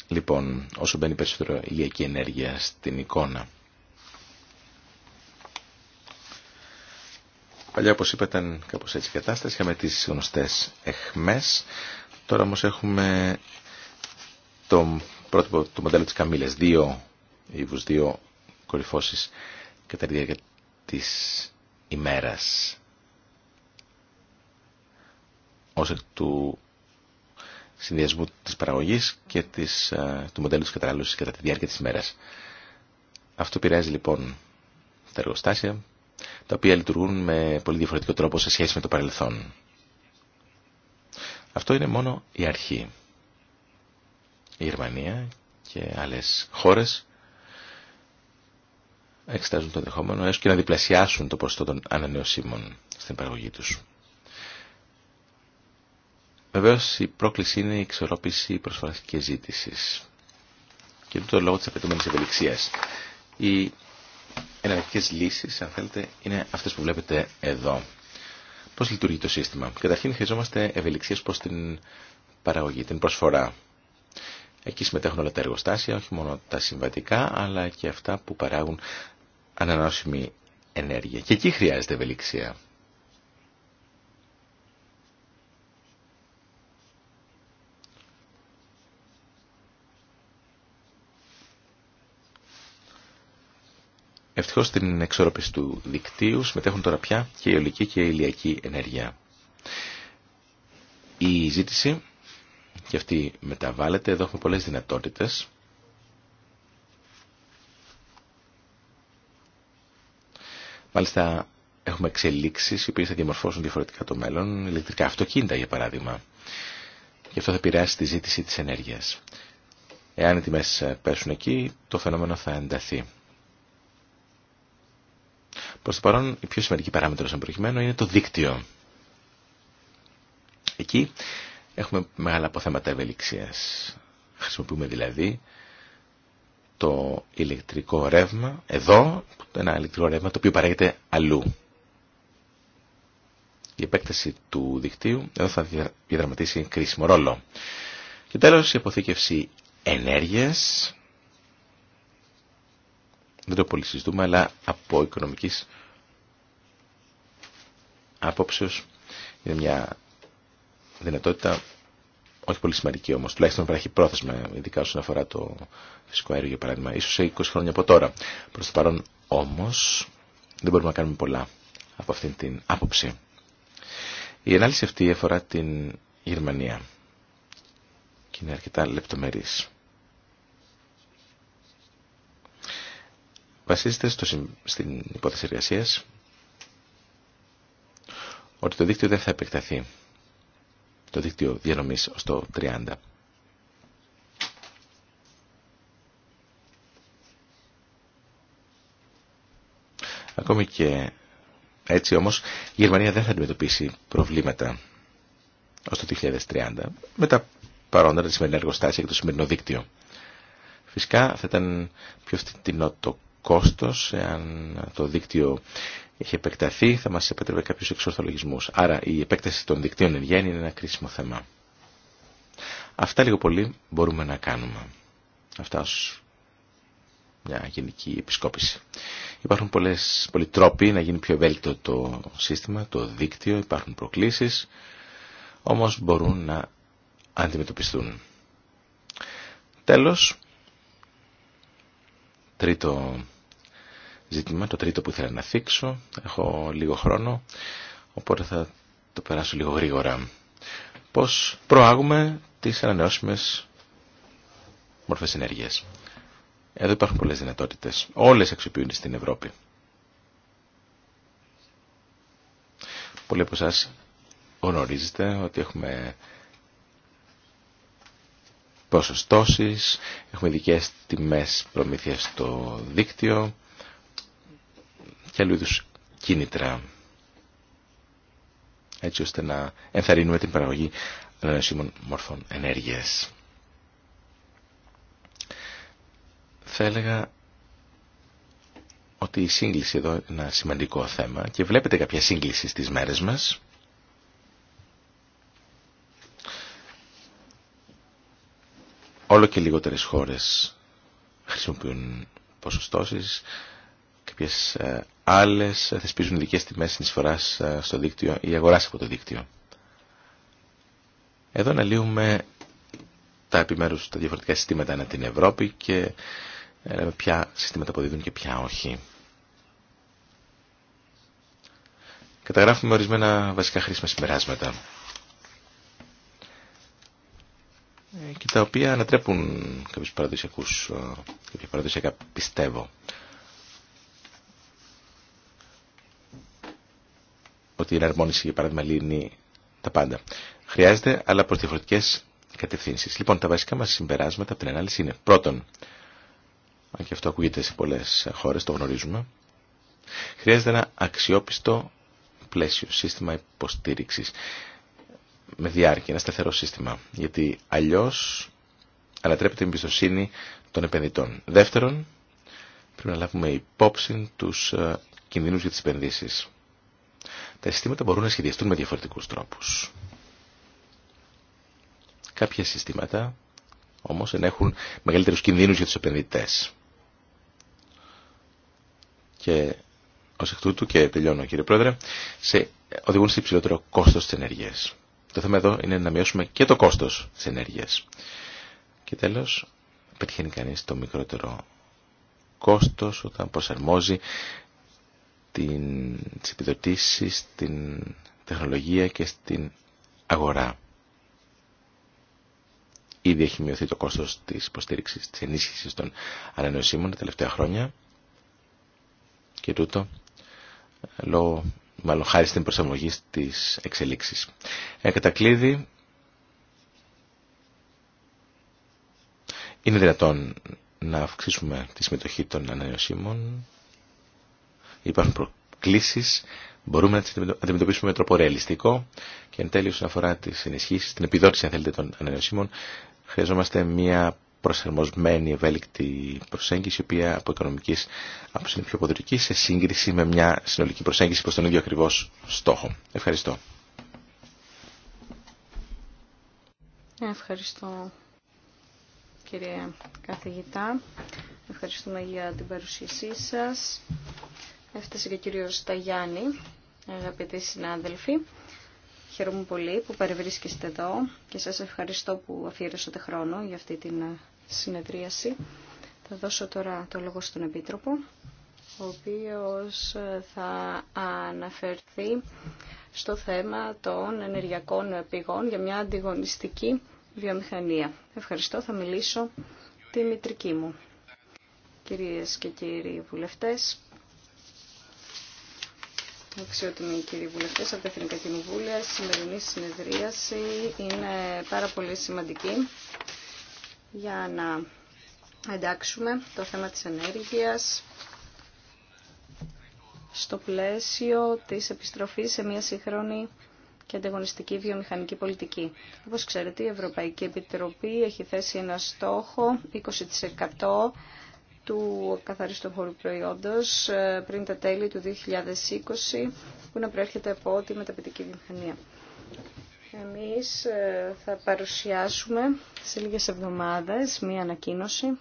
λοιπόν όσο μπαίνει περισσότερο ηλιακή ενέργεια στην εικόνα. Παλιά όπως είπα ήταν κάπως έτσι η κατάσταση, είχαμε τις γνωστές εχμές. Τώρα όμως έχουμε το πρότυπο του μοντέλου της καμήλες Δύο ύβους, δύο κορυφώσεις κατά τη διάρκεια της ημέρας. Ως εκ του συνδυασμού της παραγωγής και της, ε, του μοντέλου της κατανάλωσης κατά τη διάρκεια της ημέρας. Αυτό πειράζει λοιπόν τα εργοστάσια, τα οποία λειτουργούν με πολύ διαφορετικό τρόπο σε σχέση με το παρελθόν. Αυτό είναι μόνο η αρχή. Η Γερμανία και άλλες χώρες εξετάζουν το ενδεχόμενο έως και να διπλασιάσουν το ποσοστό των ανανεωσίμων στην παραγωγή τους. Βεβαίως η πρόκληση είναι η εξορρόπηση προσφοράς και ζήτησης. Και το λόγω της απαιτούμενης ευελιξίας. Οι εναλλακτικές λύσεις, αν θέλετε, είναι αυτές που βλέπετε εδώ. Πώς λειτουργεί το σύστημα. Καταρχήν χρειαζόμαστε ευελιξίες προς την παραγωγή, την προσφορά. Εκεί συμμετέχουν όλα τα εργοστάσια, όχι μόνο τα συμβατικά, αλλά και αυτά που παράγουν ανανόσιμη ενέργεια. Και εκεί χρειάζεται ευελιξία. Ευτυχώς στην εξόρροπηση του δικτύου συμμετέχουν τώρα πια και η ολική και η ηλιακή ενέργεια. Η ζήτηση και αυτή μεταβάλλεται. Εδώ έχουμε πολλές δυνατότητες. Μάλιστα έχουμε εξελίξεις οι οποίες θα διαμορφώσουν διαφορετικά το μέλλον, ηλεκτρικά αυτοκίνητα για παράδειγμα. Γι' αυτό θα επηρεάσει τη ζήτηση της ενέργειας. Εάν οι τιμές πέσουν εκεί, το φαινόμενο θα ενταθεί. Προς το παρόν, η πιο σημαντική παράμετρο σαν είναι το δίκτυο. Εκεί Έχουμε μεγάλα αποθέματα ευελιξίας. Χρησιμοποιούμε δηλαδή το ηλεκτρικό ρεύμα εδώ, ένα ηλεκτρικό ρεύμα το οποίο παράγεται αλλού. Η επέκταση του δικτύου εδώ θα διαδραματίσει κρίσιμο ρόλο. Και τέλος η αποθήκευση ενέργειας. Δεν το πολύ συζητούμε, αλλά από οικονομικής απόψεως είναι μια δυνατότητα, όχι πολύ σημαντική όμω. τουλάχιστον βράχει πρόθεσμα, ειδικά όσον αφορά το φυσικό αέριο για παράδειγμα, ίσω σε 20 χρόνια από τώρα. Προς το παρόν όμως δεν μπορούμε να κάνουμε πολλά από αυτήν την άποψη. Η ανάλυση αυτή αφορά την Γερμανία και είναι αρκετά λεπτομερή. Βασίζεται στο, στην υπόθεση εργασία ότι το δίκτυο δεν θα επεκταθεί το δίκτυο διανομής ως το 30. Ακόμη και έτσι όμως η Γερμανία δεν θα αντιμετωπίσει προβλήματα ως το 2030 με τα παρόντα τη σημερινή εργοστάσια και το σημερινό δίκτυο. Φυσικά θα ήταν πιο φθηνό το κόστος, εάν το δίκτυο έχει επεκταθεί, θα μας επέτρεπε κάποιους εξορθολογισμούς. Άρα η επέκταση των δικτύων εν είναι ένα κρίσιμο θέμα. Αυτά λίγο πολύ μπορούμε να κάνουμε. Αυτά ως μια γενική επισκόπηση. Υπάρχουν πολλές, πολλοί τρόποι να γίνει πιο ευέλικτο το σύστημα, το δίκτυο, υπάρχουν προκλήσεις, όμως μπορούν να αντιμετωπιστούν. Τέλος, τρίτο ζήτημα, το τρίτο που ήθελα να θίξω. Έχω λίγο χρόνο, οπότε θα το περάσω λίγο γρήγορα. Πώς προάγουμε τις ανανεώσιμες μορφές ενέργειας. Εδώ υπάρχουν πολλές δυνατότητες. Όλες αξιοποιούνται στην Ευρώπη. Πολλοί από εσάς γνωρίζετε ότι έχουμε Προσωστώσεις, έχουμε ειδικέ τιμές προμήθειας στο δίκτυο και άλλου είδους κίνητρα έτσι ώστε να ενθαρρύνουμε την παραγωγή ανανεωσίμων μορφών ενέργειας. Θα έλεγα ότι η σύγκληση εδώ είναι ένα σημαντικό θέμα και βλέπετε κάποια σύγκληση στις μέρες μας. Όλο και λιγότερες χώρες χρησιμοποιούν ποσοστώσεις, κάποιες ε, άλλες θεσπίζουν ειδικές τιμές συνεισφοράς ε, στο δίκτυο ή αγοράς από το δίκτυο. Εδώ αναλύουμε τα επιμέρους, τα διαφορετικά συστήματα ανά την Ευρώπη και ε, ποια συστήματα αποδίδουν και ποια όχι. Καταγράφουμε ορισμένα βασικά χρήσιμα συμπεράσματα. Ε, και τα οποία ανατρέπουν κάποιους παραδοσιακούς, ε, κάποια παραδοσιακά πιστεύω. Ότι η εναρμόνιση για παράδειγμα λύνει τα πάντα. Χρειάζεται αλλά προς διαφορετικές κατευθύνσεις. Λοιπόν, τα βασικά μας συμπεράσματα από την ανάλυση είναι πρώτον, αν και αυτό ακούγεται σε πολλές χώρες, το γνωρίζουμε, χρειάζεται ένα αξιόπιστο πλαίσιο, σύστημα υποστήριξης με διάρκεια, ένα σταθερό σύστημα. Γιατί αλλιώς ανατρέπεται η εμπιστοσύνη των επενδυτών. Δεύτερον, πρέπει να λάβουμε υπόψη τους ε, κινδύνου για τι επενδύσεις. Τα συστήματα μπορούν να σχεδιαστούν με διαφορετικούς τρόπους. Κάποια συστήματα όμως ενέχουν μεγαλύτερους κινδύνους για του επενδυτέ. Και ως εκ τούτου, και τελειώνω κύριε Πρόεδρε, σε, οδηγούν σε υψηλότερο κόστος της ενέργειας. Το θέμα εδώ είναι να μειώσουμε και το κόστος της ενέργειας. Και τέλος, πετυχαίνει κανείς το μικρότερο κόστος όταν προσαρμόζει την, τις επιδοτήσεις στην τεχνολογία και στην αγορά. Ήδη έχει μειωθεί το κόστος της υποστήριξης, της ενίσχυσης των ανανεωσίμων τα τελευταία χρόνια και τούτο λόγω μάλλον χάρη στην προσαρμογή τη εξελίξεις. Ένα ε, κατακλείδη, είναι δυνατόν να αυξήσουμε τη συμμετοχή των ανανεωσίμων. Υπάρχουν προκλήσεις, μπορούμε να τις αντιμετωπίσουμε με τρόπο ρεαλιστικό και εν τέλει όσον αφορά τις ενισχύσεις, την επιδότηση αν θέλετε των ανανεωσίμων, χρειαζόμαστε μια προσαρμοσμένη ευέλικτη προσέγγιση, η οποία από οικονομική άποψη είναι πιο σε σύγκριση με μια συνολική προσέγγιση προ τον ίδιο ακριβώ στόχο. Ευχαριστώ. Ευχαριστώ κύριε καθηγητά. Ευχαριστούμε για την παρουσίασή σας. Έφτασε και ο κύριος Ταγιάννη, αγαπητοί συνάδελφοι. Χαίρομαι πολύ που παρευρίσκεστε εδώ και σας ευχαριστώ που αφιέρωσατε χρόνο για αυτή την συνεδρίαση. Θα δώσω τώρα το λόγο στον Επίτροπο, ο οποίος θα αναφερθεί στο θέμα των ενεργειακών πηγών για μια αντιγωνιστική βιομηχανία. Ευχαριστώ, θα μιλήσω τη μητρική μου. Κυρίες και κύριοι βουλευτές, Αξιότιμοι κύριοι βουλευτέ από τα Εθνικά Κοινοβούλια, η σημερινή συνεδρίαση είναι πάρα πολύ σημαντική για να εντάξουμε το θέμα της ενέργειας στο πλαίσιο της επιστροφής σε μια σύγχρονη και ανταγωνιστική βιομηχανική πολιτική. Όπως ξέρετε, η Ευρωπαϊκή Επιτροπή έχει θέσει ένα στόχο 20% του καθαρίστου χώρου προϊόντος ε, πριν τα τέλη του 2020, που να προέρχεται από τη μεταπαιδική βιομηχανία. Εμείς ε, θα παρουσιάσουμε σε λίγες εβδομάδες μία ανακοίνωση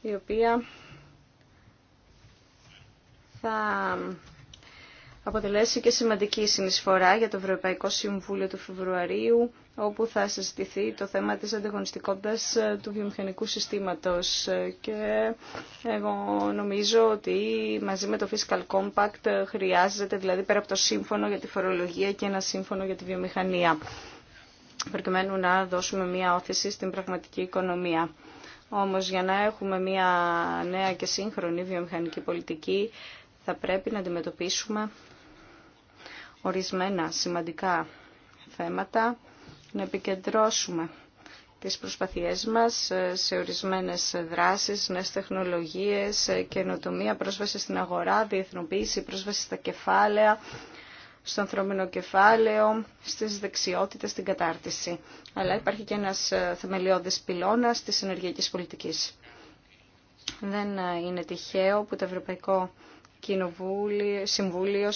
η οποία θα αποτελέσει και σημαντική συνεισφορά για το Ευρωπαϊκό Συμβούλιο του Φεβρουαρίου όπου θα συζητηθεί το θέμα της ανταγωνιστικότητας ε, του βιομηχανικού συστήματος. Ε, και εγώ νομίζω ότι μαζί με το Fiscal Compact ε, χρειάζεται δηλαδή πέρα από το σύμφωνο για τη φορολογία και ένα σύμφωνο για τη βιομηχανία προκειμένου να δώσουμε μία όθηση στην πραγματική οικονομία. Όμως για να έχουμε μία νέα και σύγχρονη βιομηχανική πολιτική θα πρέπει να αντιμετωπίσουμε ορισμένα σημαντικά θέματα να επικεντρώσουμε τις προσπαθίες μας σε ορισμένες δράσεις, νέες τεχνολογίες, καινοτομία, πρόσβαση στην αγορά, διεθνοποίηση, πρόσβαση στα κεφάλαια, στο ανθρώπινο κεφάλαιο, στις δεξιότητες, στην κατάρτιση. Αλλά υπάρχει και ένας θεμελιώδης πυλώνας της ενεργειακής πολιτικής. Δεν είναι τυχαίο που το Ευρωπαϊκό Συμβούλιο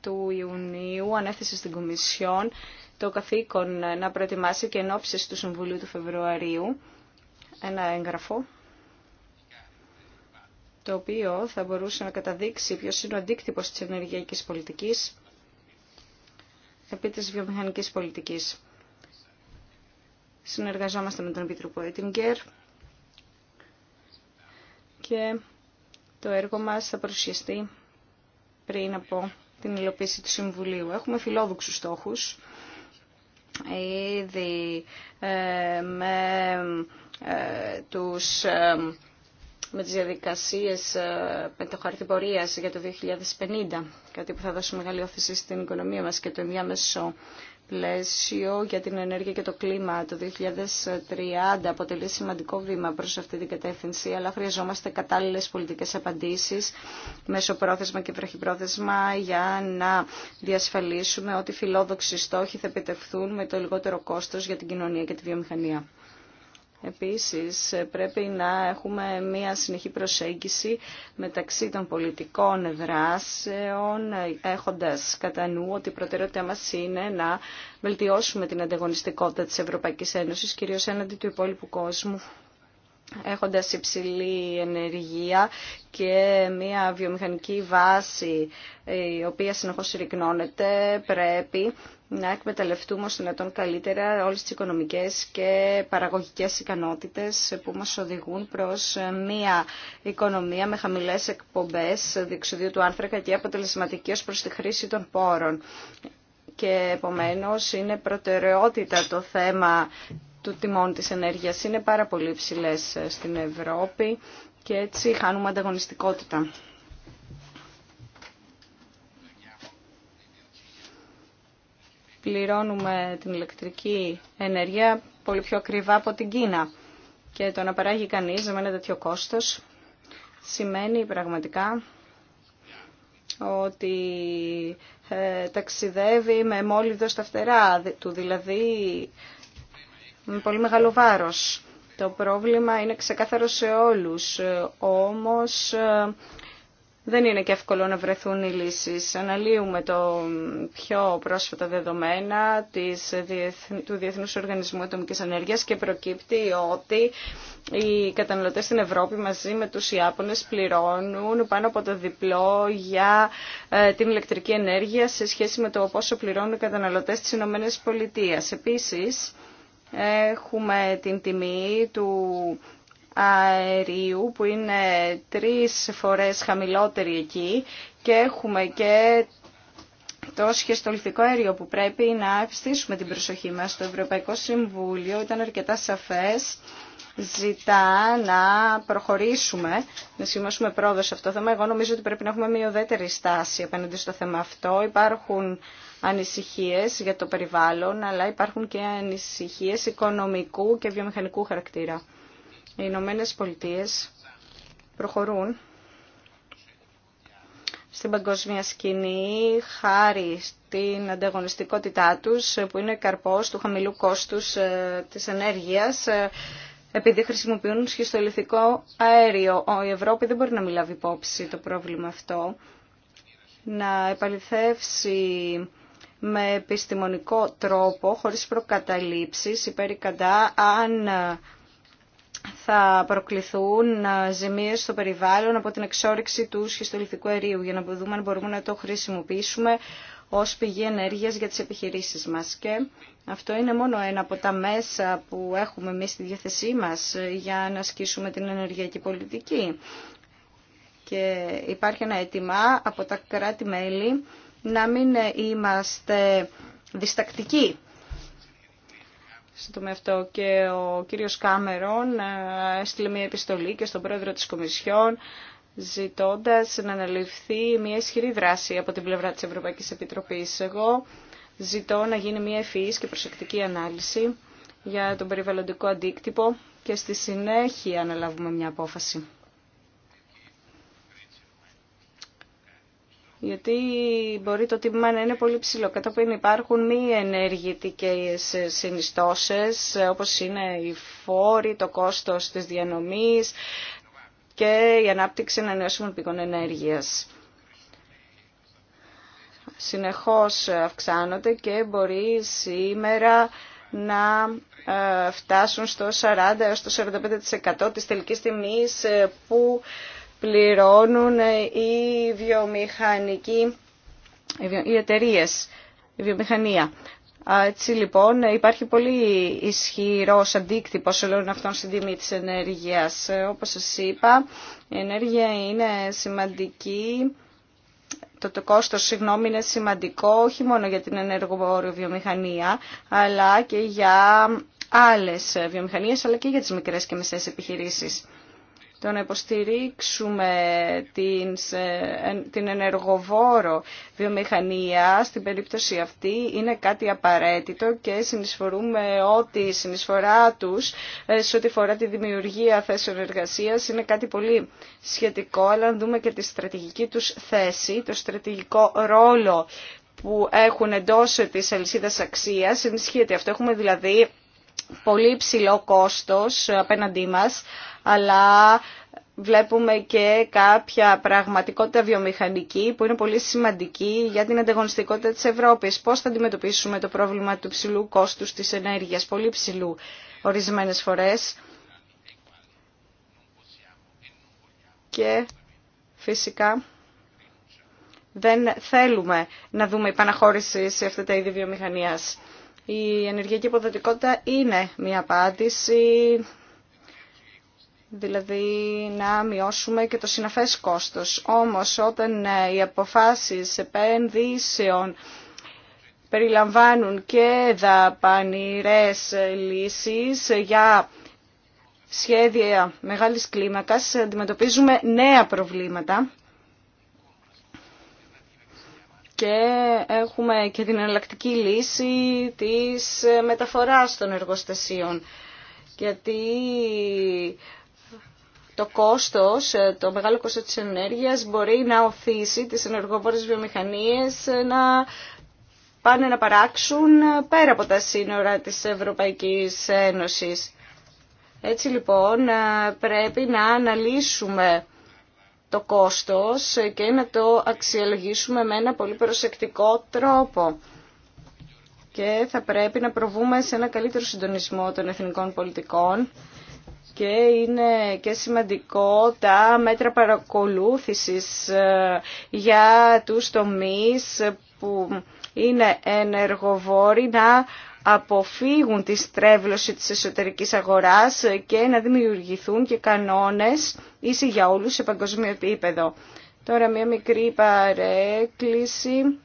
του Ιουνίου ανέθεσε στην Κομισιόν το καθήκον να προετοιμάσει και ενόψεις του Συμβουλίου του Φεβρουαρίου ένα έγγραφο το οποίο θα μπορούσε να καταδείξει ποιος είναι ο αντίκτυπος της ενεργειακής πολιτικής επί της βιομηχανικής πολιτικής. Συνεργαζόμαστε με τον Επίτροπο Έτιγκερ και το έργο μας θα παρουσιαστεί πριν από την υλοποίηση του Συμβουλίου. Έχουμε φιλόδοξους στόχους ήδη ε, με ε, τους ε, με τις διαδικασίες με για το 2050, κάτι που θα δώσει μεγάλη όθηση στην οικονομία μας και το ενδιάμεσο πλαίσιο για την ενέργεια και το κλίμα το 2030 αποτελεί σημαντικό βήμα προς αυτή την κατεύθυνση, αλλά χρειαζόμαστε κατάλληλες πολιτικές απαντήσεις μέσω πρόθεσμα και βραχυπρόθεσμα για να διασφαλίσουμε ότι φιλόδοξοι στόχοι θα επιτευχθούν με το λιγότερο κόστος για την κοινωνία και τη βιομηχανία. Επίσης πρέπει να έχουμε μια συνεχή προσέγγιση μεταξύ των πολιτικών δράσεων έχοντας κατά νου ότι η προτεραιότητά μας είναι να βελτιώσουμε την ανταγωνιστικότητα της Ευρωπαϊκής Ένωσης κυρίως έναντι του υπόλοιπου κόσμου έχοντας υψηλή ενεργεία και μια βιομηχανική βάση η οποία συνεχώς συρρυκνώνεται πρέπει να εκμεταλλευτούμε ως δυνατόν καλύτερα όλες τις οικονομικές και παραγωγικές ικανότητες που μας οδηγούν προς μια οικονομία με χαμηλές εκπομπές διεξοδίου του άνθρακα και αποτελεσματική ως προς τη χρήση των πόρων. Και επομένως είναι προτεραιότητα το θέμα του τιμών της ενέργειας. Είναι πάρα πολύ υψηλές στην Ευρώπη και έτσι χάνουμε ανταγωνιστικότητα. πληρώνουμε την ηλεκτρική ενέργεια πολύ πιο ακριβά από την Κίνα. Και το να παράγει κανείς με ένα τέτοιο κόστος σημαίνει πραγματικά ότι ε, ταξιδεύει με μόλιδο στα φτερά του, δηλαδή με πολύ μεγάλο βάρος. Το πρόβλημα είναι ξεκάθαρο σε όλους, ε, όμως ε, δεν είναι και εύκολο να βρεθούν οι λύσεις. Αναλύουμε το πιο πρόσφατα δεδομένα της, του Διεθνούς Οργανισμού Ατομικής Ενέργειας και προκύπτει ότι οι καταναλωτές στην Ευρώπη μαζί με τους Ιάπωνες πληρώνουν πάνω από το διπλό για ε, την ηλεκτρική ενέργεια σε σχέση με το πόσο πληρώνουν οι καταναλωτές της Ηνωμένης Πολιτείας. Επίσης, έχουμε την τιμή του αερίου που είναι τρεις φορές χαμηλότερη εκεί και έχουμε και το σχεστολιθικό αέριο που πρέπει να αυστήσουμε την προσοχή μας. Το Ευρωπαϊκό Συμβούλιο ήταν αρκετά σαφές ζητά να προχωρήσουμε, να σημασούμε πρόοδο σε αυτό το θέμα. Εγώ νομίζω ότι πρέπει να έχουμε μια ουδέτερη στάση απέναντι στο θέμα αυτό. Υπάρχουν ανησυχίες για το περιβάλλον, αλλά υπάρχουν και ανησυχίες οικονομικού και βιομηχανικού χαρακτήρα οι Ηνωμένε Πολιτείε προχωρούν στην παγκόσμια σκηνή χάρη στην ανταγωνιστικότητά τους που είναι καρπός του χαμηλού κόστους ε, της ενέργειας ε, επειδή χρησιμοποιούν σχιστολιθικό αέριο. Η Ευρώπη δεν μπορεί να μην λάβει υπόψη το πρόβλημα αυτό. Να επαληθεύσει με επιστημονικό τρόπο, χωρίς προκαταλήψεις, υπέρ κατά, αν ε, θα προκληθούν ε, ζημίες στο περιβάλλον από την εξόρυξη του σχιστολιθικού αερίου για να δούμε αν μπορούμε να το χρησιμοποιήσουμε ως πηγή ενέργειας για τις επιχειρήσεις μας. Και αυτό είναι μόνο ένα από τα μέσα που έχουμε εμείς στη διάθεσή μας ε, για να ασκήσουμε την ενεργειακή πολιτική. Και υπάρχει ένα αίτημα από τα κράτη-μέλη να μην ε, είμαστε διστακτικοί στο αυτό και ο κύριος Κάμερον ε, έστειλε μια επιστολή και στον πρόεδρο της Κομισιόν ζητώντας να αναλυφθεί μια ισχυρή δράση από την πλευρά της Ευρωπαϊκής Επιτροπής. Εγώ ζητώ να γίνει μια ευφυής και προσεκτική ανάλυση για τον περιβαλλοντικό αντίκτυπο και στη συνέχεια να λάβουμε μια απόφαση. γιατί μπορεί το τίμημα να είναι πολύ ψηλό. Κατόπιν υπάρχουν μη ενεργητικές συνιστώσεις, όπως είναι οι φόροι, το κόστος της διανομής και η ανάπτυξη ανανεώσιμων πηγών ενέργειας. Συνεχώς αυξάνονται και μπορεί σήμερα να ε, φτάσουν στο 40 έως το 45% της τελικής τιμής ε, που πληρώνουν οι βιομηχανικοί, οι εταιρείε, η βιομηχανία. Έτσι λοιπόν υπάρχει πολύ ισχυρός αντίκτυπος όλων αυτών στην τιμή της ενέργειας. Όπως σας είπα, η ενέργεια είναι σημαντική, το, το κόστος είναι σημαντικό όχι μόνο για την ενεργοβόριο βιομηχανία, αλλά και για άλλες βιομηχανίες, αλλά και για τι μικρέ και μεσαίε επιχειρήσει το να υποστηρίξουμε την, ενεργοβόρο βιομηχανία στην περίπτωση αυτή είναι κάτι απαραίτητο και συνεισφορούμε ότι η συνεισφορά τους ε, σε ό,τι φορά τη δημιουργία θέσεων εργασίας είναι κάτι πολύ σχετικό, αλλά αν δούμε και τη στρατηγική τους θέση, το στρατηγικό ρόλο που έχουν εντός της αλυσίδας αξίας, ενισχύεται αυτό. Έχουμε δηλαδή πολύ ψηλό κόστος απέναντί μας, αλλά βλέπουμε και κάποια πραγματικότητα βιομηχανική που είναι πολύ σημαντική για την ανταγωνιστικότητα της Ευρώπης. Πώς θα αντιμετωπίσουμε το πρόβλημα του ψηλού κόστους της ενέργειας, πολύ ψηλού ορισμένες φορές. Και φυσικά δεν θέλουμε να δούμε υπαναχώρηση σε αυτά τα είδη βιομηχανίας. Η ενεργειακή αποδοτικότητα είναι μια απάντηση, δηλαδή να μειώσουμε και το συναφές κόστος. Όμως όταν ε, οι αποφάσεις επενδύσεων περιλαμβάνουν και δαπανηρές λύσεις για σχέδια μεγάλης κλίμακας, αντιμετωπίζουμε νέα προβλήματα και έχουμε και την εναλλακτική λύση της μεταφοράς των εργοστασίων. Γιατί το κόστος, το μεγάλο κόστος της ενέργειας μπορεί να οθήσει τις ενεργοβόρες βιομηχανίες να πάνε να παράξουν πέρα από τα σύνορα της Ευρωπαϊκής Ένωσης. Έτσι λοιπόν πρέπει να αναλύσουμε το κόστος και να το αξιολογήσουμε με ένα πολύ προσεκτικό τρόπο. Και θα πρέπει να προβούμε σε ένα καλύτερο συντονισμό των εθνικών πολιτικών και είναι και σημαντικό τα μέτρα παρακολούθησης ε, για τους τομείς που είναι ενεργοβόροι να αποφύγουν τη στρέβλωση της εσωτερικής αγοράς και να δημιουργηθούν και κανόνες ίση για όλους σε παγκοσμίο επίπεδο. Τώρα μια μικρή παρέκκληση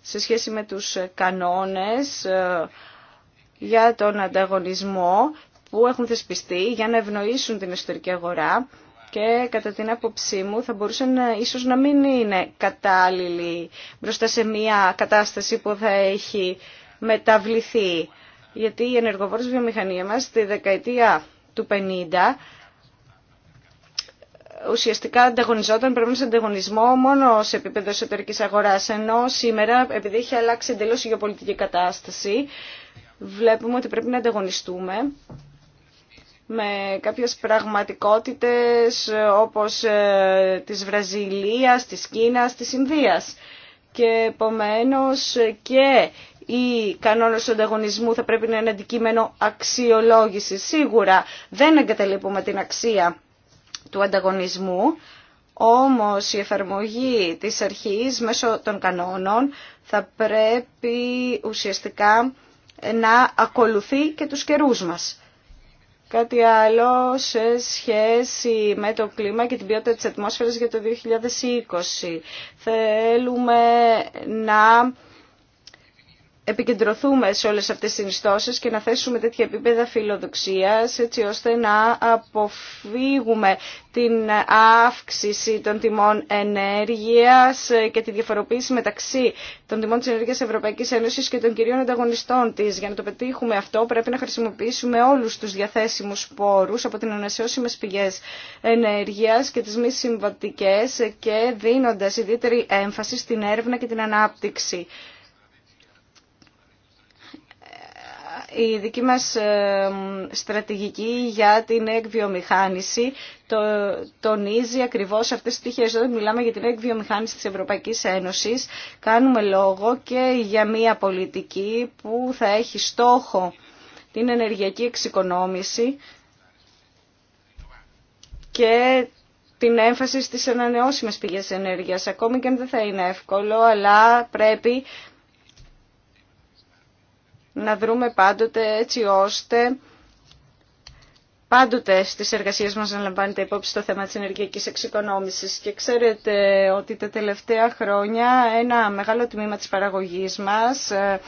σε σχέση με τους κανόνες ε, για τον ανταγωνισμό που έχουν θεσπιστεί για να ευνοήσουν την εσωτερική αγορά και κατά την άποψή μου θα να ίσως να μην είναι κατάλληλη μπροστά σε μια κατάσταση που θα έχει μεταβληθεί. Γιατί η ενεργοβόρος βιομηχανία μας στη δεκαετία του 50 ουσιαστικά ανταγωνιζόταν, πρέπει σε ανταγωνισμό μόνο σε επίπεδο εσωτερική αγορά. Ενώ σήμερα, επειδή έχει αλλάξει εντελώ η γεωπολιτική κατάσταση, βλέπουμε ότι πρέπει να ανταγωνιστούμε με κάποιες πραγματικότητες ε, όπως ε, της Βραζιλίας, της Κίνας, της Ινδίας. Και επομένως ε, και οι κανόνες του ανταγωνισμού θα πρέπει να είναι αντικείμενο αξιολόγησης. Σίγουρα δεν εγκαταλείπουμε την αξία του ανταγωνισμού, όμως η εφαρμογή της αρχής μέσω των κανόνων θα πρέπει ουσιαστικά να ακολουθεί και τους καιρούς μας. Κάτι άλλο σε σχέση με το κλίμα και την ποιότητα της ατμόσφαιρας για το 2020. Θέλουμε να επικεντρωθούμε σε όλες αυτές τις συνιστώσεις και να θέσουμε τέτοια επίπεδα φιλοδοξίας έτσι ώστε να αποφύγουμε την αύξηση των τιμών ενέργειας και τη διαφοροποίηση μεταξύ των τιμών της ενέργειας Ευρωπαϊκής Ένωσης και των κυρίων ανταγωνιστών της. Για να το πετύχουμε αυτό πρέπει να χρησιμοποιήσουμε όλους τους διαθέσιμους πόρους από την ανασιώσιμες πηγές ενέργειας και τις μη συμβατικές και δίνοντας ιδιαίτερη έμφαση στην έρευνα και την ανάπτυξη. η δική μας στρατηγική για την εκβιομηχάνηση τονίζει ακριβώς αυτές τις τύχες. Όταν μιλάμε για την εκβιομηχάνηση της Ευρωπαϊκής Ένωσης, κάνουμε λόγο και για μια πολιτική που θα έχει στόχο την ενεργειακή εξοικονόμηση και την έμφαση στις ανανεώσιμες πηγές ενέργειας. Ακόμη και αν δεν θα είναι εύκολο, αλλά πρέπει να δρούμε πάντοτε έτσι ώστε πάντοτε στις εργασίες μας να λαμβάνετε υπόψη το θέμα της ενεργειακής εξοικονόμησης και ξέρετε ότι τα τελευταία χρόνια ένα μεγάλο τμήμα της παραγωγής μας ε,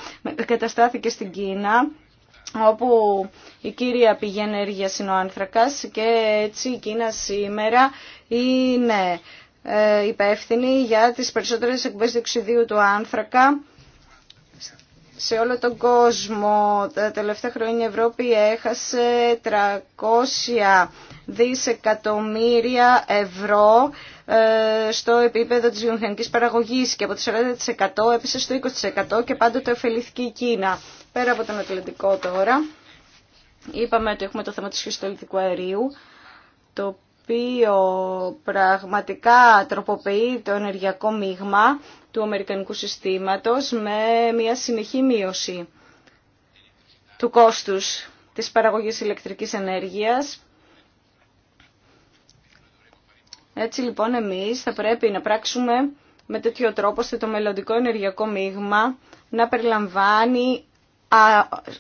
καταστάθηκε στην Κίνα όπου η κύρια πηγή ενέργειας είναι ο άνθρακας και έτσι η Κίνα σήμερα είναι ε, υπεύθυνη για τις περισσότερες εκπομπές του άνθρακα σε όλο τον κόσμο. Τα τελευταία χρόνια η Ευρώπη έχασε 300 δισεκατομμύρια ευρώ ε, στο επίπεδο της βιομηχανικής παραγωγής και από το 40% έπεσε στο 20% και πάντοτε ωφελήθηκε η Κίνα. Πέρα από τον Ατλαντικό τώρα, είπαμε ότι έχουμε το θέμα του σχιστολιτικού αερίου, το οποίο πραγματικά τροποποιεί το ενεργειακό μείγμα του Αμερικανικού συστήματος με μια συνεχή μείωση του κόστους της παραγωγής ηλεκτρικής ενέργειας. Έτσι λοιπόν εμείς θα πρέπει να πράξουμε με τέτοιο τρόπο ώστε το μελλοντικό ενεργειακό μείγμα να περιλαμβάνει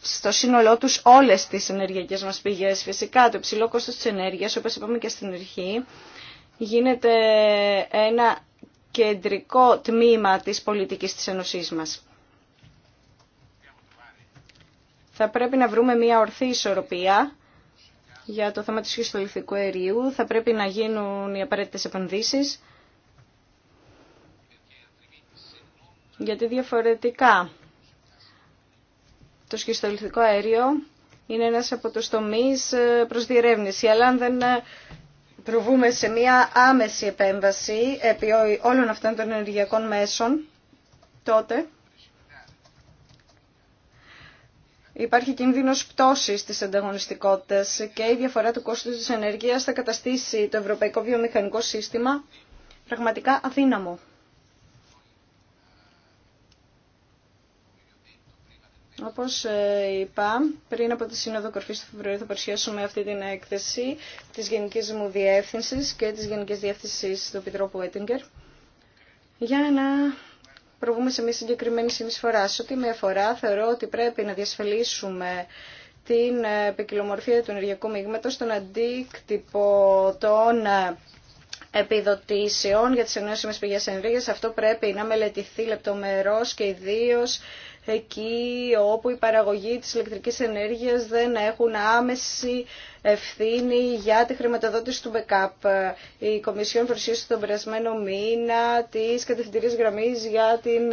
στο σύνολό τους όλες τις ενεργειακές μας πηγές. Φυσικά το υψηλό κόστος της ενέργειας, όπως είπαμε και στην αρχή, γίνεται ένα κεντρικό τμήμα της πολιτικής της Ενωσής μας. Θα πρέπει να βρούμε μια ορθή ισορροπία για το θέμα του σχιστολιθικού αερίου. Θα πρέπει να γίνουν οι απαραίτητες επενδύσεις. Γιατί διαφορετικά το σχιστολιθικό αέριο είναι ένας από τους τομείς ε, προς διερεύνηση, αλλά αν δεν ε, προβούμε σε μια άμεση επέμβαση επί όλων αυτών των ενεργειακών μέσων, τότε υπάρχει κίνδυνος πτώσης της ανταγωνιστικότητας και η διαφορά του κόστου της ενέργειας θα καταστήσει το ευρωπαϊκό βιομηχανικό σύστημα πραγματικά αδύναμο. Όπως ε, είπα, πριν από τη Σύνοδο Κορφής του Φεβρουαρίου θα παρουσιάσουμε αυτή την έκθεση της Γενικής μου Διεύθυνσης και της Γενικής Διεύθυνσης του Επιτρόπου Έτιγκερ για να προβούμε σε μια συγκεκριμένη συνεισφορά. Σε ό,τι με αφορά, θεωρώ ότι πρέπει να διασφαλίσουμε την επικοινομορφία του ενεργειακού μείγματος, τον αντίκτυπο των ε, επιδοτήσεων για τις ενώσιμες πηγές ενέργειας. Αυτό πρέπει να μελετηθεί λεπτομερώς και ιδίως εκεί όπου η παραγωγή της ηλεκτρικής ενέργειας δεν έχουν άμεση ευθύνη για τη χρηματοδότηση του backup. Η Κομισιόν παρουσίασε τον περασμένο μήνα της κατευθυντήρης γραμμής για την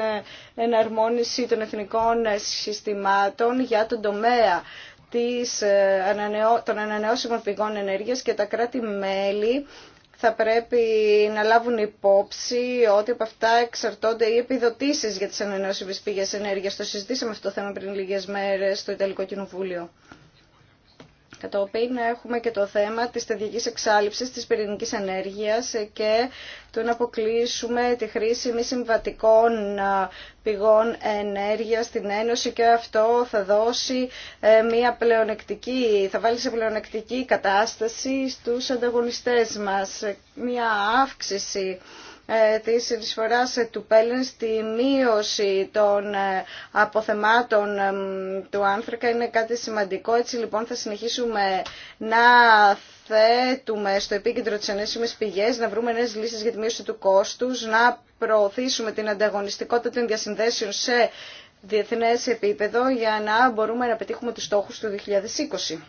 εναρμόνιση των εθνικών συστημάτων για τον τομέα ε, των ανανεώσιμων πηγών ενέργειας και τα κράτη-μέλη θα πρέπει να λάβουν υπόψη ότι από αυτά εξαρτώνται οι επιδοτήσεις για τις ανανεώσιμες πηγές ενέργειας. Το συζητήσαμε αυτό το θέμα πριν λίγες μέρες στο Ιταλικό Κοινοβούλιο. Κατόπιν έχουμε και το θέμα της σταδιακής εξάλληψης της πυρηνικής ενέργειας και το να αποκλείσουμε τη χρήση μη συμβατικών πηγών ενέργειας στην Ένωση και αυτό θα δώσει ε, μια πλεονεκτική, θα βάλει σε πλεονεκτική κατάσταση στους ανταγωνιστές μας, μια αύξηση ε, τη συνεισφορά του Πέλεν στη μείωση των ε, αποθεμάτων ε, του άνθρακα είναι κάτι σημαντικό. Έτσι λοιπόν θα συνεχίσουμε να θέτουμε στο επίκεντρο της ανέσιμες πηγές, να βρούμε νέες λύσεις για τη μείωση του κόστους, να προωθήσουμε την ανταγωνιστικότητα των διασυνδέσεων σε διεθνές επίπεδο για να μπορούμε να πετύχουμε τους στόχους του 2020.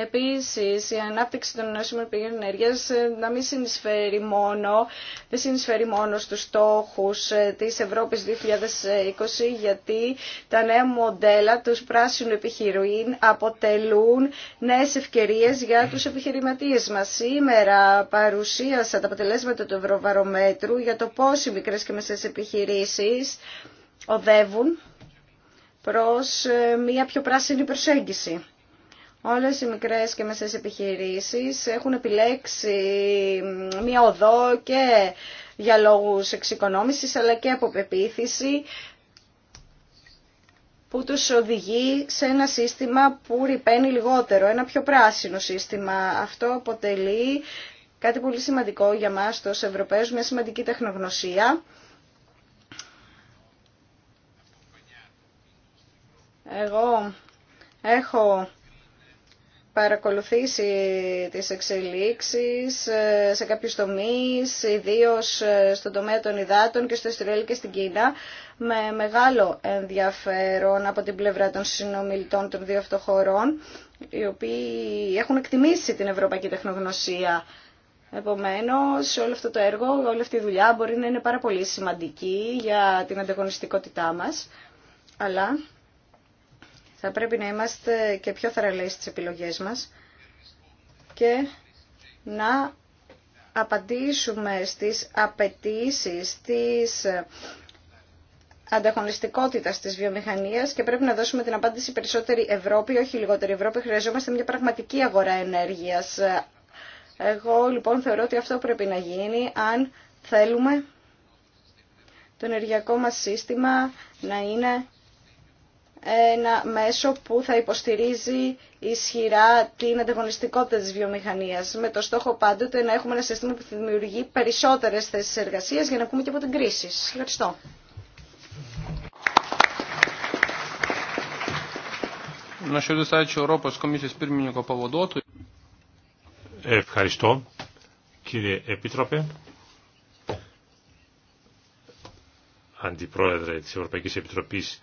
Επίσης, η ανάπτυξη των ενώσιμων πηγών ενέργειας ε, να μην συνεισφέρει μόνο, δεν συνεισφέρει μόνο στους στόχους ε, της Ευρώπης 2020, γιατί τα νέα μοντέλα τους πράσινου επιχειρήν αποτελούν νέες ευκαιρίες για τους επιχειρηματίες μας. Σήμερα παρουσίασα τα αποτελέσματα του Ευρωβαρομέτρου για το πώς οι μικρές και μεσαίες επιχειρήσεις οδεύουν προς ε, μια πιο πράσινη προσέγγιση. Όλες οι μικρές και μεσές επιχειρήσεις έχουν επιλέξει μία οδό και για λόγους εξοικονόμησης αλλά και από πεποίθηση που τους οδηγεί σε ένα σύστημα που ρηπαίνει λιγότερο, ένα πιο πράσινο σύστημα. Αυτό αποτελεί κάτι πολύ σημαντικό για μας τους Ευρωπαίους, μια σημαντική τεχνογνωσία. Εγώ έχω παρακολουθήσει τις εξελίξεις ε, σε κάποιους τομείς, ιδίως ε, στον τομέα των υδάτων και στο Ιστρέλ και στην Κίνα, με μεγάλο ενδιαφέρον από την πλευρά των συνομιλητών των δύο αυτοχωρών, οι οποίοι έχουν εκτιμήσει την ευρωπαϊκή τεχνογνωσία. Επομένως, όλο αυτό το έργο, όλη αυτή η δουλειά μπορεί να είναι πάρα πολύ σημαντική για την ανταγωνιστικότητά μας, αλλά θα πρέπει να είμαστε και πιο θεραλέοι στις επιλογές μας και να απαντήσουμε στις απαιτήσει της ανταγωνιστικότητα της βιομηχανίας και πρέπει να δώσουμε την απάντηση περισσότερη Ευρώπη, όχι λιγότερη Ευρώπη. Χρειαζόμαστε μια πραγματική αγορά ενέργειας. Εγώ λοιπόν θεωρώ ότι αυτό πρέπει να γίνει αν θέλουμε το ενεργειακό μας σύστημα να είναι ένα μέσο που θα υποστηρίζει ισχυρά την ανταγωνιστικότητα της βιομηχανίας, με το στόχο πάντοτε να έχουμε ένα σύστημα που δημιουργεί περισσότερες θέσεις εργασίας για να ακούμε και από την κρίση. Ευχαριστώ. Ευχαριστώ, κύριε Επίτροπε. Αντιπρόεδρε της Ευρωπαϊκής Επιτροπής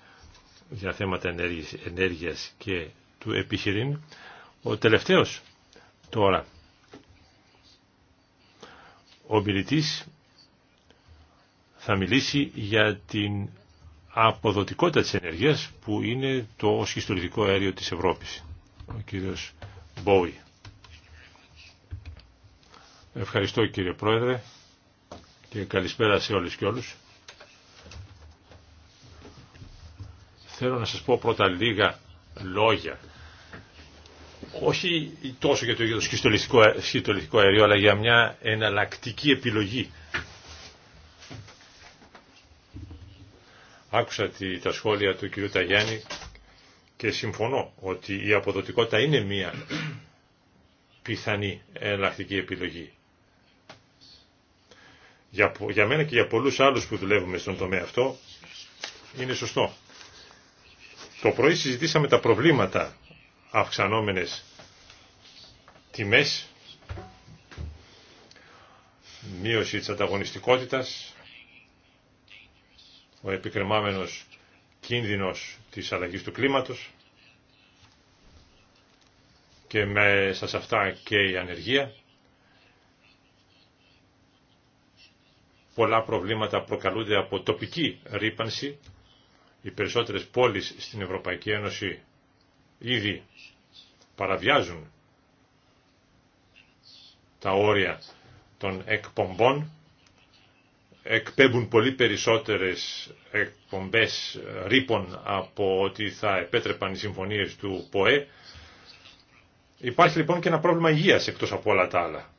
για θέματα ενέργειας και του επιχειρήν. Ο τελευταίος τώρα, ο μιλητής θα μιλήσει για την αποδοτικότητα της ενέργειας που είναι το σχιστολιτικό αέριο της Ευρώπης. Ο κύριος Μπόι. Ευχαριστώ κύριε Πρόεδρε και καλησπέρα σε όλες και όλους. Θέλω να σας πω πρώτα λίγα λόγια. Όχι τόσο για το, ίδιο σχιστολιστικό αερίο, αλλά για μια εναλλακτική επιλογή. Άκουσα τα σχόλια του κ. Ταγιάννη και συμφωνώ ότι η αποδοτικότητα είναι μια πιθανή εναλλακτική επιλογή. Για, για μένα και για πολλούς άλλους που δουλεύουμε στον τομέα αυτό είναι σωστό. Το πρωί συζητήσαμε τα προβλήματα αυξανόμενες τιμές, μείωση της ανταγωνιστικότητας, ο επικρεμάμενος κίνδυνος της αλλαγής του κλίματος και μέσα σε αυτά και η ανεργία. Πολλά προβλήματα προκαλούνται από τοπική ρήπανση οι περισσότερες πόλεις στην Ευρωπαϊκή Ένωση ήδη παραβιάζουν τα όρια των εκπομπών, εκπέμπουν πολύ περισσότερες εκπομπές ρήπων από ό,τι θα επέτρεπαν οι συμφωνίες του ΠΟΕ. Υπάρχει λοιπόν και ένα πρόβλημα υγείας εκτός από όλα τα άλλα.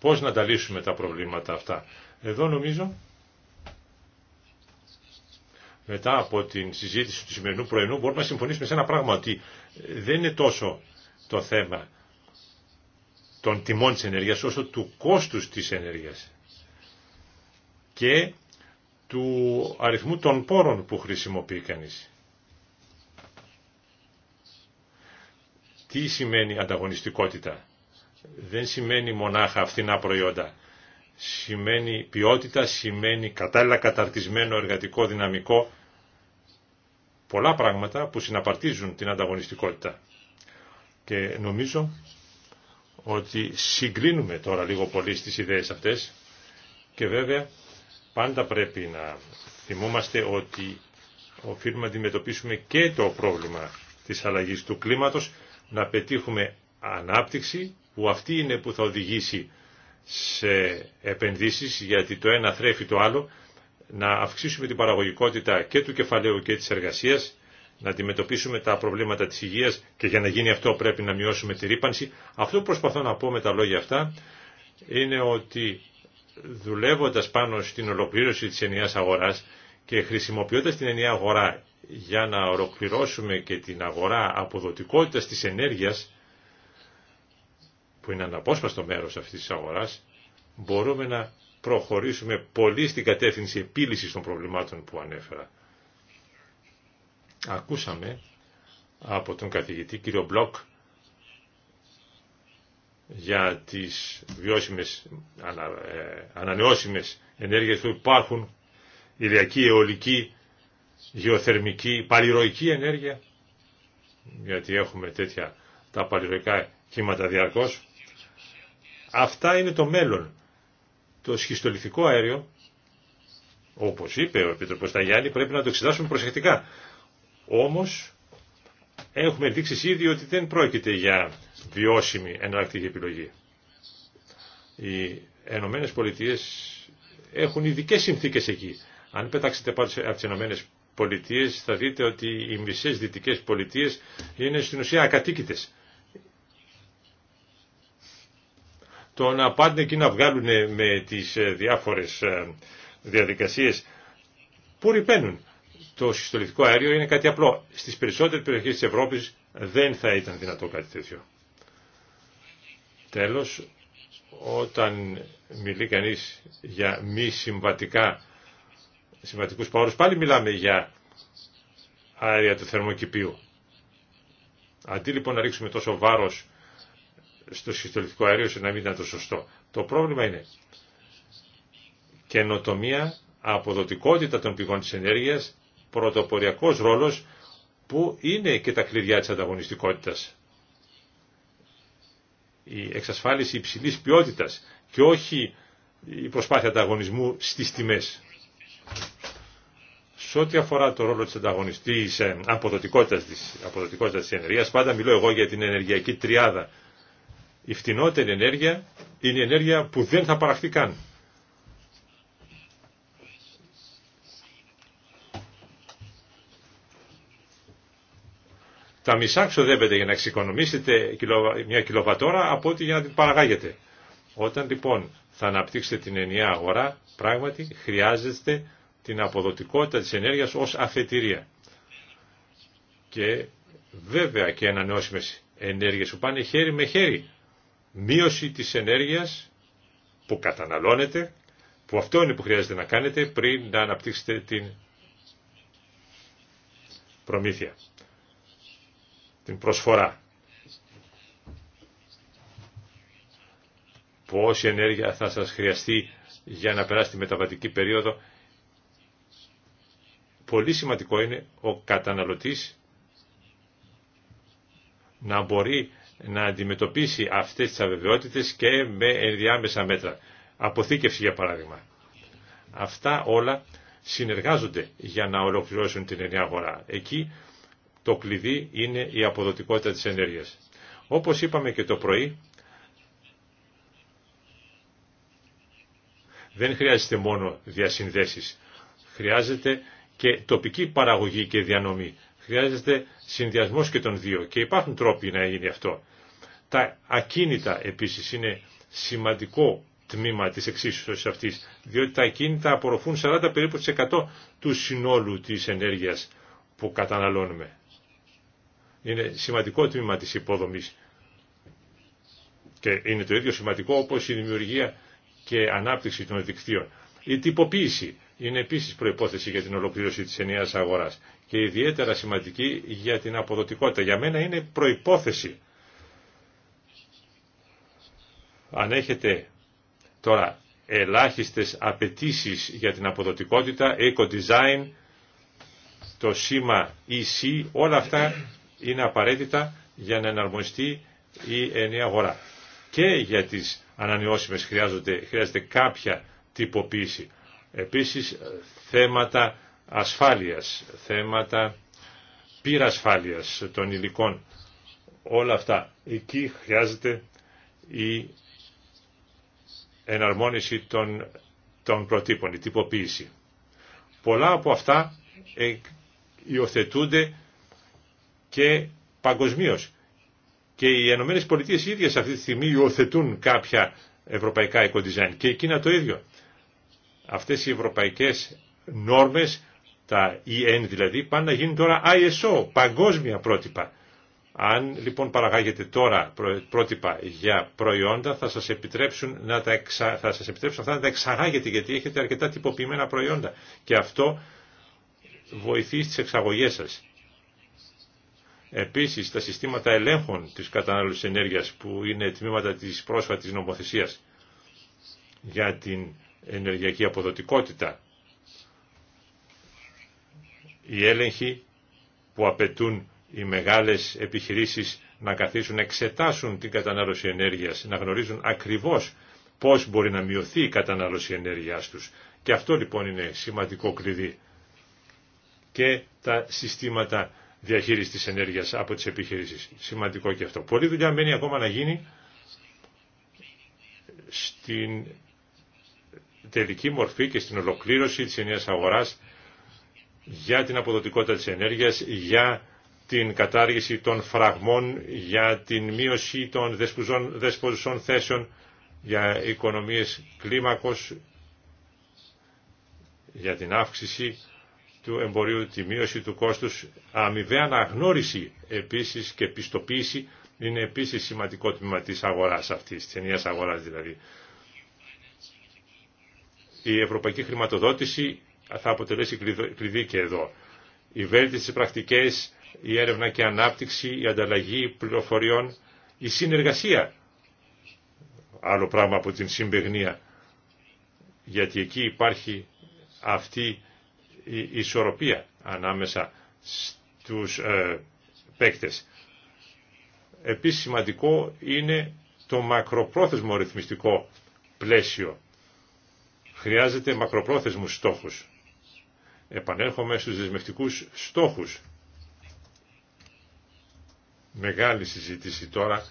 Πώς να τα λύσουμε τα προβλήματα αυτά. Εδώ νομίζω μετά από την συζήτηση του σημερινού πρωινού μπορούμε να συμφωνήσουμε σε ένα πράγμα ότι ε, δεν είναι τόσο το θέμα των τιμών της ενέργειας όσο του κόστους της ενέργειας και του αριθμού των πόρων που χρησιμοποιεί κανείς. Τι σημαίνει ανταγωνιστικότητα. Δεν σημαίνει μονάχα φθηνά προϊόντα σημαίνει ποιότητα, σημαίνει κατάλληλα καταρτισμένο εργατικό δυναμικό, πολλά πράγματα που συναπαρτίζουν την ανταγωνιστικότητα. Και νομίζω ότι συγκρίνουμε τώρα λίγο πολύ στις ιδέες αυτές και βέβαια πάντα πρέπει να θυμόμαστε ότι οφείλουμε να αντιμετωπίσουμε και το πρόβλημα της αλλαγής του κλίματος, να πετύχουμε ανάπτυξη που αυτή είναι που θα οδηγήσει σε επενδύσεις γιατί το ένα θρέφει το άλλο να αυξήσουμε την παραγωγικότητα και του κεφαλαίου και της εργασίας να αντιμετωπίσουμε τα προβλήματα της υγείας και για να γίνει αυτό πρέπει να μειώσουμε τη ρήπανση. Αυτό που προσπαθώ να πω με τα λόγια αυτά είναι ότι δουλεύοντας πάνω στην ολοκλήρωση της ενιαίας αγοράς και χρησιμοποιώντας την ενιαία αγορά για να ολοκληρώσουμε και την αγορά αποδοτικότητας της ενέργειας που είναι αναπόσπαστο μέρος αυτής της αγοράς, μπορούμε να προχωρήσουμε πολύ στην κατεύθυνση επίλυσης των προβλημάτων που ανέφερα. Ακούσαμε από τον καθηγητή κύριο Μπλοκ για τις βιώσιμες ανα, ε, ανανεώσιμες ενέργειες που υπάρχουν, ηλιακή, αιωλική, γεωθερμική, παλιροϊκή ενέργεια, γιατί έχουμε τέτοια τα παλιροϊκά κύματα διαρκώς. Αυτά είναι το μέλλον. Το σχιστολιθικό αέριο, όπως είπε ο Επίτροπος Ταγιάννη, πρέπει να το εξετάσουμε προσεκτικά. Όμως έχουμε δείξει ήδη ότι δεν πρόκειται για βιώσιμη εναλλακτική επιλογή. Οι ΕΠΑ Πολιτείε έχουν ειδικέ συνθήκε εκεί. Αν πετάξετε πάνω από τι ΕΠΑ Πολιτείε, θα δείτε ότι οι μισέ δυτικέ πολιτείε είναι στην ουσία ακατοίκητες. το να πάνε εκεί να βγάλουν με τις ε, διάφορες ε, διαδικασίες που ρηπαίνουν. Το συστολιστικό αέριο είναι κάτι απλό. Στις περισσότερες περιοχές της Ευρώπης δεν θα ήταν δυνατό κάτι τέτοιο. Τέλος, όταν μιλεί κανείς για μη συμβατικά, συμβατικούς πόρους, πάλι μιλάμε για αέρια του θερμοκηπίου. Αντί λοιπόν να ρίξουμε τόσο βάρος στο συστολιστικό αέριο σε να μην ήταν το σωστό. Το πρόβλημα είναι καινοτομία, αποδοτικότητα των πηγών της ενέργειας, πρωτοποριακός ρόλος που είναι και τα κλειδιά της ανταγωνιστικότητας. Η εξασφάλιση υψηλής ποιότητας και όχι η προσπάθεια ανταγωνισμού στις τιμές. Σε ό,τι αφορά το ρόλο της ανταγωνιστής ε, αποδοτικότητας της, αποδοτικότητας της ενέργειας, πάντα μιλώ εγώ για την ενεργειακή τριάδα η φτηνότερη ενέργεια είναι η ενέργεια που δεν θα παραχθεί καν. Τα μισά ξοδεύετε για να εξοικονομήσετε μια κιλοβατόρα από ό,τι για να την παραγάγετε. Όταν λοιπόν θα αναπτύξετε την ενιαία αγορά, πράγματι χρειάζεστε την αποδοτικότητα της ενέργειας ως αφετηρία. Και βέβαια και ανανεώσιμες ενέργειες που πάνε χέρι με χέρι μείωση της ενέργειας που καταναλώνετε, που αυτό είναι που χρειάζεται να κάνετε πριν να αναπτύξετε την προμήθεια, την προσφορά. Πόση ενέργεια θα σας χρειαστεί για να περάσει τη μεταβατική περίοδο. Πολύ σημαντικό είναι ο καταναλωτής να μπορεί να αντιμετωπίσει αυτές τις αβεβαιότητες και με ενδιάμεσα μέτρα. Αποθήκευση για παράδειγμα. Αυτά όλα συνεργάζονται για να ολοκληρώσουν την ενιαία αγορά. Εκεί το κλειδί είναι η αποδοτικότητα της ενέργειας. Όπως είπαμε και το πρωί, δεν χρειάζεται μόνο διασυνδέσεις. Χρειάζεται και τοπική παραγωγή και διανομή. Χρειάζεται συνδυασμός και των δύο και υπάρχουν τρόποι να γίνει αυτό. Τα ακίνητα επίσης είναι σημαντικό τμήμα της εξίσωσης αυτής, διότι τα ακίνητα απορροφούν 40 περίπου 100 του συνόλου της ενέργειας που καταναλώνουμε. Είναι σημαντικό τμήμα της υποδομής και είναι το ίδιο σημαντικό όπως η δημιουργία και ανάπτυξη των δικτύων. Η τυποποίηση είναι επίση προπόθεση για την ολοκλήρωση της ενιαίας αγοράς και ιδιαίτερα σημαντική για την αποδοτικότητα. Για μένα είναι προϋπόθεση. Αν έχετε τώρα ελάχιστες απαιτήσει για την αποδοτικότητα, eco-design, το σήμα EC, όλα αυτά είναι απαραίτητα για να εναρμοστεί η ενιαία αγορά. Και για τις ανανεώσιμε χρειάζεται κάποια τυποποίηση. Επίσης θέματα ασφάλειας, θέματα πυρασφάλειας των υλικών, όλα αυτά. Εκεί χρειάζεται η εναρμόνιση των, των προτύπων, η τυποποίηση. Πολλά από αυτά ε, υιοθετούνται και παγκοσμίως. Και οι ΗΠΑ ίδιες αυτή τη στιγμή υιοθετούν κάποια ευρωπαϊκά eco-design και εκείνα το ίδιο αυτές οι ευρωπαϊκές νόρμες, τα EN δηλαδή, πάνε να γίνουν τώρα ISO, παγκόσμια πρότυπα. Αν λοιπόν παραγάγετε τώρα πρότυπα για προϊόντα, θα σας επιτρέψουν, να τα θα σας επιτρέψουν αυτά να τα εξαγάγετε, γιατί έχετε αρκετά τυποποιημένα προϊόντα. Και αυτό βοηθεί στις εξαγωγές σας. Επίσης, τα συστήματα ελέγχων της κατανάλωσης ενέργειας, που είναι τμήματα της πρόσφατης νομοθεσίας για την ενεργειακή αποδοτικότητα, οι έλεγχοι που απαιτούν οι μεγάλες επιχειρήσεις να καθίσουν να εξετάσουν την κατανάλωση ενέργειας, να γνωρίζουν ακριβώς πώς μπορεί να μειωθεί η κατανάλωση ενέργειάς τους. Και αυτό λοιπόν είναι σημαντικό κλειδί. Και τα συστήματα διαχείρισης της ενέργειας από τις επιχειρήσεις. Σημαντικό και αυτό. Πολύ δουλειά μένει ακόμα να γίνει στην τελική μορφή και στην ολοκλήρωση της ενιαίας αγοράς για την αποδοτικότητα της ενέργειας, για την κατάργηση των φραγμών, για την μείωση των δεσποζουσών θέσεων, για οικονομίες κλίμακος, για την αύξηση του εμπορίου, τη μείωση του κόστους, αμοιβαία αναγνώριση επίσης και πιστοποίηση είναι επίσης σημαντικό τμήμα της αγοράς αυτής, της ενιαίας αγοράς δηλαδή. Η ευρωπαϊκή χρηματοδότηση θα αποτελέσει κλειδί και εδώ. Οι βέλτιστες πρακτικές, η έρευνα και ανάπτυξη, η ανταλλαγή πληροφοριών, η συνεργασία. Άλλο πράγμα από την συμπεγνία. Γιατί εκεί υπάρχει αυτή η ισορροπία ανάμεσα στους ε, παίκτες. Επίσης σημαντικό είναι το μακροπρόθεσμο ρυθμιστικό πλαίσιο Χρειάζεται μακροπρόθεσμους στόχους. Επανέρχομαι στους δεσμευτικούς στόχους. Μεγάλη συζήτηση τώρα.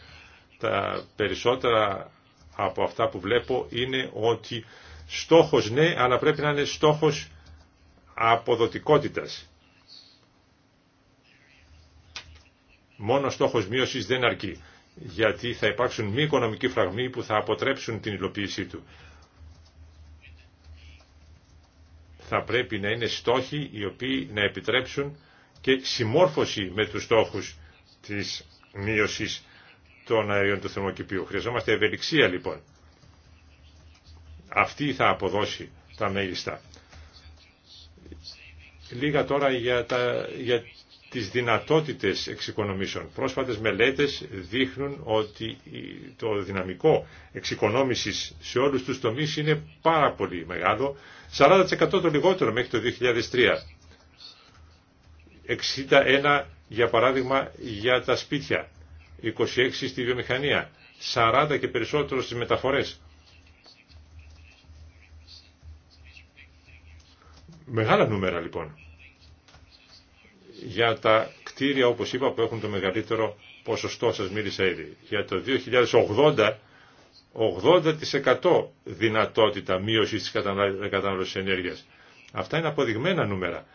Τα περισσότερα από αυτά που βλέπω είναι ότι στόχος ναι, αλλά πρέπει να είναι στόχος αποδοτικότητας. Μόνο στόχος μείωσης δεν αρκεί, γιατί θα υπάρξουν μη οικονομικοί φραγμοί που θα αποτρέψουν την υλοποίησή του. θα πρέπει να είναι στόχοι οι οποίοι να επιτρέψουν και συμμόρφωση με τους στόχους της μείωσης των αερίων του θερμοκηπίου. Χρειαζόμαστε ευελιξία λοιπόν. Αυτή θα αποδώσει τα μέγιστα. Λίγα τώρα για, τα, για τις δυνατότητες εξοικονομήσεων. Πρόσφατες μελέτες δείχνουν ότι το δυναμικό εξοικονόμησης σε όλους τους τομείς είναι πάρα πολύ μεγάλο 40% το λιγότερο μέχρι το 2003. 61 για παράδειγμα για τα σπίτια, 26 στη βιομηχανία, 40 και περισσότερο στις μεταφορές. Μεγάλα νούμερα λοιπόν για τα κτίρια όπως είπα που έχουν το μεγαλύτερο ποσοστό σας μίλησα ήδη. Για το 2080 80% δυνατότητα μείωση της κατανάλωσης ενέργειας. Αυτά είναι αποδειγμένα νούμερα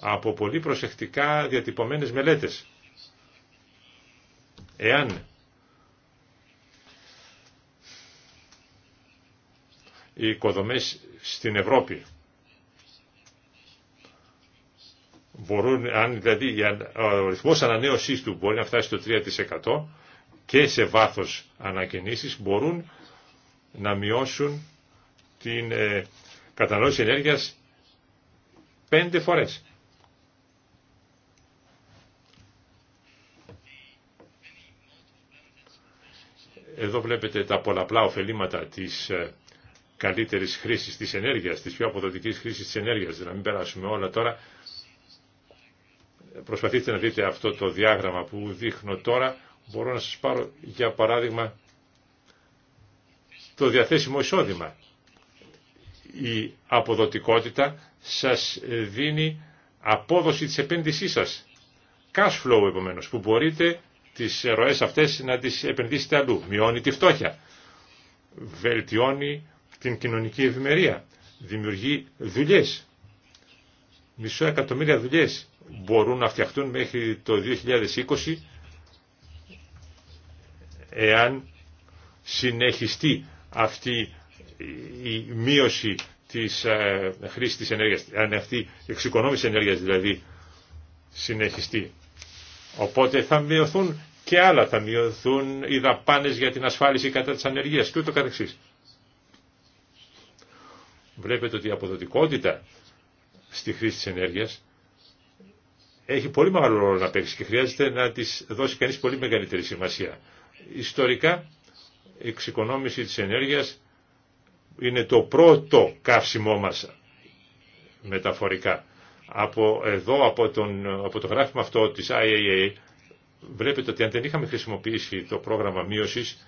από πολύ προσεκτικά διατυπωμένες μελέτες. Εάν οι οικοδομές στην Ευρώπη μπορούν, αν δηλαδή ο ρυθμός ανανέωσής του μπορεί να φτάσει στο 3%, και σε βάθος ανακαινήσεις μπορούν να μειώσουν την ε, κατανάλωση ενέργειας πέντε φορές. Εδώ βλέπετε τα πολλαπλά ωφελήματα της ε, καλύτερης χρήσης της ενέργειας, της πιο αποδοτικής χρήσης της ενέργειας, να μην περάσουμε όλα τώρα. Προσπαθείτε να δείτε αυτό το διάγραμμα που δείχνω τώρα Μπορώ να σας πάρω για παράδειγμα το διαθέσιμο εισόδημα. Η αποδοτικότητα σας δίνει απόδοση της επένδυσής σας. Cash flow επομένως που μπορείτε τις ροές αυτές να τις επενδύσετε αλλού. Μειώνει τη φτώχεια. Βελτιώνει την κοινωνική ευημερία. Δημιουργεί δουλειές. Μισό εκατομμύρια δουλειές μπορούν να φτιαχτούν μέχρι το 2020 εάν συνεχιστεί αυτή η μείωση της ε, χρήσης της ενέργειας, αν αυτή η εξοικονόμηση ενέργειας δηλαδή συνεχιστεί. Οπότε θα μειωθούν και άλλα, θα μειωθούν οι δαπάνες για την ασφάλιση κατά της ανεργίας και ούτω καθεξής. Βλέπετε ότι η αποδοτικότητα στη χρήση της ενέργειας έχει πολύ μεγάλο ρόλο να παίξει και χρειάζεται να της δώσει κανείς πολύ μεγαλύτερη σημασία. Ιστορικά, η εξοικονόμηση της ενέργειας είναι το πρώτο καύσιμό μας μεταφορικά. Από εδώ, από, τον, από το γράφημα αυτό της IAA, βλέπετε ότι αν δεν είχαμε χρησιμοποιήσει το πρόγραμμα μείωσης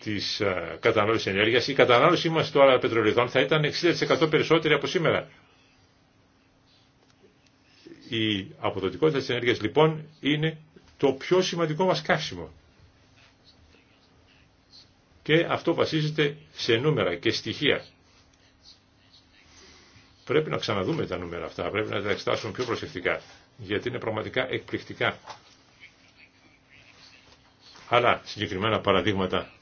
της ε, κατανάλωσης ενέργειας, η κατανάλωσή μας τώρα πετρελαιοδών θα ήταν 60% περισσότερη από σήμερα. Η αποδοτικότητα της ενέργειας λοιπόν είναι το πιο σημαντικό μας καύσιμο. Και αυτό βασίζεται σε νούμερα και στοιχεία. Πρέπει να ξαναδούμε τα νούμερα αυτά, πρέπει να τα εξετάσουμε πιο προσεκτικά, γιατί είναι πραγματικά εκπληκτικά. Αλλά συγκεκριμένα παραδείγματα.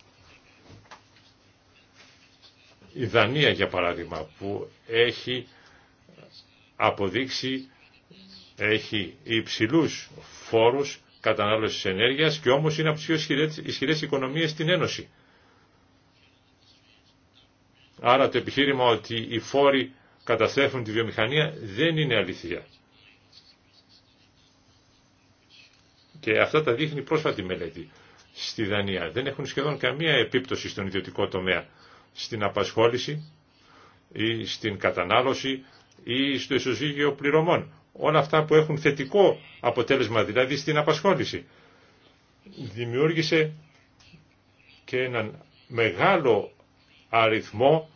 Η Δανία, για παράδειγμα, που έχει αποδείξει, έχει υψηλούς φόρους κατανάλωση ενέργειας και όμως είναι από τι πιο ισχυρέ οικονομίε στην Ένωση. Άρα το επιχείρημα ότι οι φόροι καταστρέφουν τη βιομηχανία δεν είναι αληθεία. Και αυτά τα δείχνει πρόσφατη μελέτη στη Δανία. Δεν έχουν σχεδόν καμία επίπτωση στον ιδιωτικό τομέα, στην απασχόληση ή στην κατανάλωση ή στο ισοζύγιο πληρωμών όλα αυτά που έχουν θετικό αποτέλεσμα, δηλαδή στην απασχόληση. Δημιούργησε και έναν μεγάλο αριθμό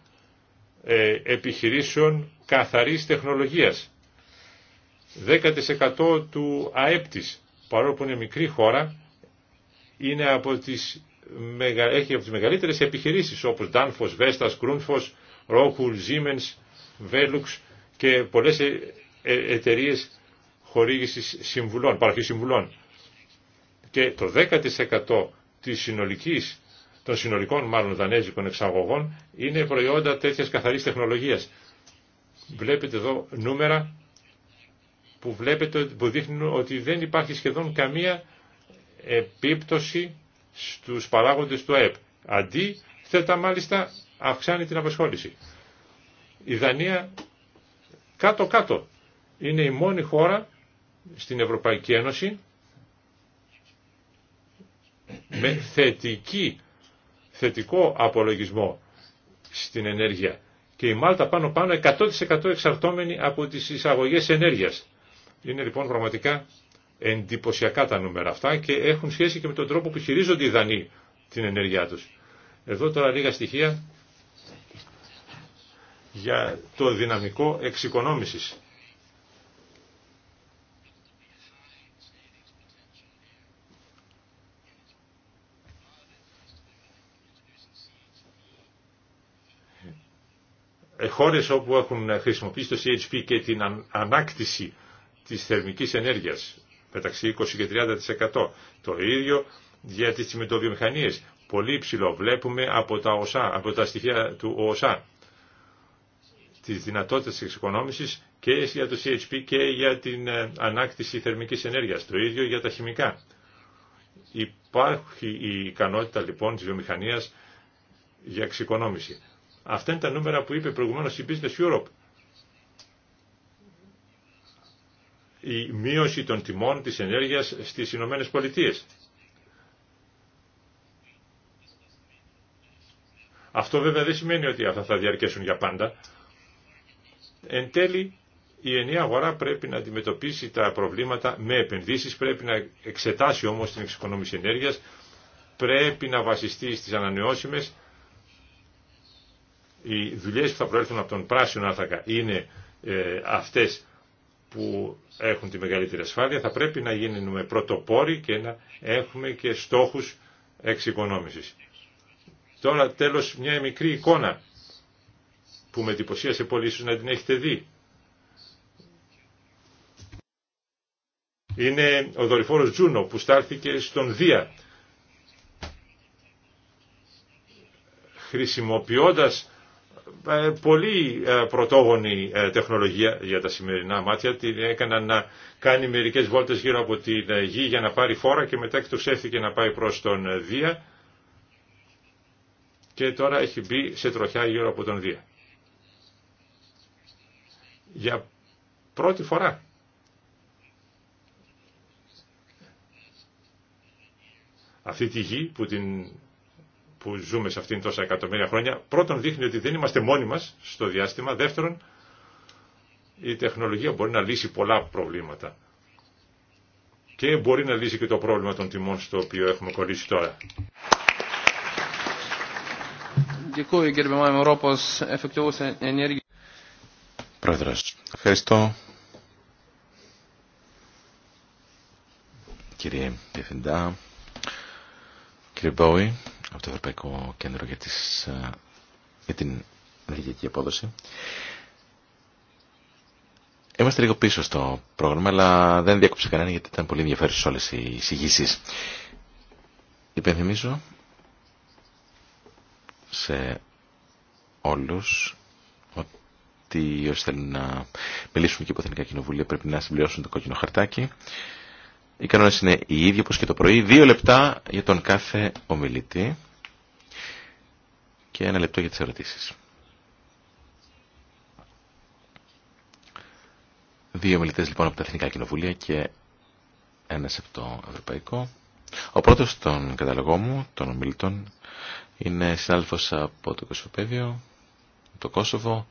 ε, επιχειρήσεων καθαρής τεχνολογίας. 10% του ΑΕΠ της, παρόλο που είναι μικρή χώρα, είναι από τις, έχει από τις μεγαλύτερες επιχειρήσεις όπως Danfoss, Vestas, Grundfos, Rohul, Siemens, Velux και πολλές ε, εταιρείε χορήγησης συμβουλών, παροχή συμβουλών. Και το 10% της συνολικής, των συνολικών μάλλον δανέζικων εξαγωγών είναι προϊόντα τέτοια καθαρής τεχνολογίας. Βλέπετε εδώ νούμερα που, βλέπετε, που δείχνουν ότι δεν υπάρχει σχεδόν καμία επίπτωση στους παράγοντες του ΑΕΠ. Αντί θέτα μάλιστα αυξάνει την απασχόληση. Η Δανία κάτω-κάτω είναι η μόνη χώρα στην Ευρωπαϊκή Ένωση με θετικό απολογισμό στην ενέργεια. Και η Μάλτα πάνω πάνω 100% εξαρτώμενη από τις εισαγωγές ενέργειας. Είναι λοιπόν πραγματικά εντυπωσιακά τα νούμερα αυτά και έχουν σχέση και με τον τρόπο που χειρίζονται οι Δανείοι την ενέργειά τους. Εδώ τώρα λίγα στοιχεία για το δυναμικό εξοικονόμησης Ε, χώρες όπου έχουν χρησιμοποιήσει το CHP και την ανάκτηση της θερμικής ενέργειας μεταξύ 20 και 30%. Το ίδιο για τις τσιμεντοβιομηχανίες. Πολύ ψηλό βλέπουμε από τα, ΟΣΑ, από τα στοιχεία του ΟΣΑ τις δυνατότητες εξοικονόμησης και για το CHP και για την ε, ανάκτηση θερμικής ενέργειας. Το ίδιο για τα χημικά. Υπάρχει η ικανότητα λοιπόν της βιομηχανίας για εξοικονόμηση. Αυτά είναι τα νούμερα που είπε προηγουμένως η Business Europe. Η μείωση των τιμών της ενέργειας στις Ηνωμένες Πολιτείες. Αυτό βέβαια δεν σημαίνει ότι αυτά θα διαρκέσουν για πάντα. Εν τέλει, η ενιαία αγορά πρέπει να αντιμετωπίσει τα προβλήματα με επενδύσεις, πρέπει να εξετάσει όμως την εξοικονόμηση ενέργειας, πρέπει να βασιστεί στις ανανεώσιμες οι δουλειές που θα προέλθουν από τον πράσινο άνθρακα είναι ε, αυτές που έχουν τη μεγαλύτερη ασφάλεια, θα πρέπει να γίνουμε πρωτοπόροι και να έχουμε και στόχους εξοικονόμησης. Τώρα τέλος μια μικρή εικόνα που με εντυπωσίασε πολύ ίσως να την έχετε δει. Είναι ο δορυφόρος Τζούνο που στάλθηκε στον Δία. Χρησιμοποιώντας ε, πολύ ε, πρωτόγονη ε, τεχνολογία για τα σημερινά μάτια. Την έκανα να κάνει μερικές βόλτες γύρω από τη γη για να πάρει φόρα και μετά εκτοξεύθηκε να πάει προς τον Δία και τώρα έχει μπει σε τροχιά γύρω από τον Δία. Για πρώτη φορά. Αυτή τη γη που την που ζούμε σε αυτήν τόσα εκατομμύρια χρόνια, πρώτον δείχνει ότι δεν είμαστε μόνοι μας στο διάστημα, δεύτερον η τεχνολογία μπορεί να λύσει πολλά προβλήματα και μπορεί να λύσει και το πρόβλημα των τιμών στο οποίο έχουμε κολλήσει τώρα. Πρόεδρος, ευχαριστώ. Κύριε Διευθυντά, κύριε Μπόι, από το Ευρωπαϊκό Κέντρο για, τις, ε, για την ενεργειακή απόδοση. Είμαστε λίγο πίσω στο πρόγραμμα, αλλά δεν διέκοψε κανένα γιατί ήταν πολύ ενδιαφέρουσε όλε οι εισηγήσει. Υπενθυμίζω σε όλου ότι όσοι θέλουν να μιλήσουν και από εθνικά κοινοβούλια πρέπει να συμπληρώσουν το κόκκινο χαρτάκι. Οι κανόνες είναι οι ίδιοι όπως και το πρωί. Δύο λεπτά για τον κάθε ομιλητή και ένα λεπτό για τις ερωτήσεις. Δύο ομιλητές λοιπόν από τα Εθνικά Κοινοβούλια και ενα από το Ευρωπαϊκό. Ο πρώτος των καταλογών μου των ομιλητών είναι συνάδελφος από το Κωσοπέδιο, το Κόσοβο,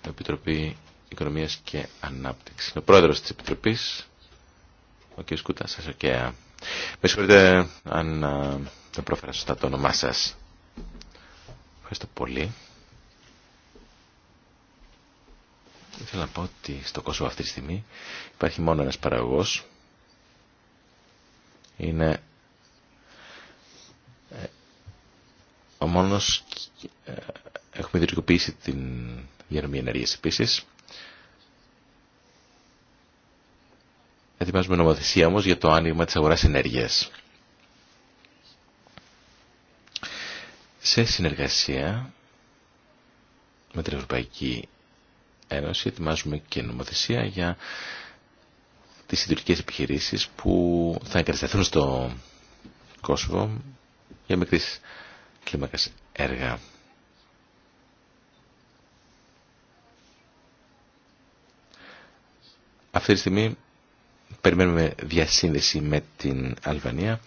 την Επιτροπή Οικονομίας και Ανάπτυξης. Είναι ο πρόεδρος της Επιτροπής, ο κ. σα Ασοκέα. Με συγχωρείτε αν δεν πρόφερα σωστά το όνομά σα. Ευχαριστώ πολύ. Ήθελα να πω ότι στο Κόσμο αυτή τη στιγμή υπάρχει μόνο ένα παραγωγό. Είναι ε, ο μόνος ε, έχουμε ιδιωτικοποιήσει την διανομή ενέργεια επίση. Ετοιμάζουμε νομοθεσία όμως για το άνοιγμα της αγοράς ενέργειας. Σε συνεργασία με την Ευρωπαϊκή Ένωση ετοιμάζουμε και νομοθεσία για τις συντηρητικές επιχειρήσεις που θα εγκατασταθούν στο κόσμο για μικρής κλίμακας έργα. Αυτή τη στιγμή περιμένουμε διασύνδεση με την Αλβανία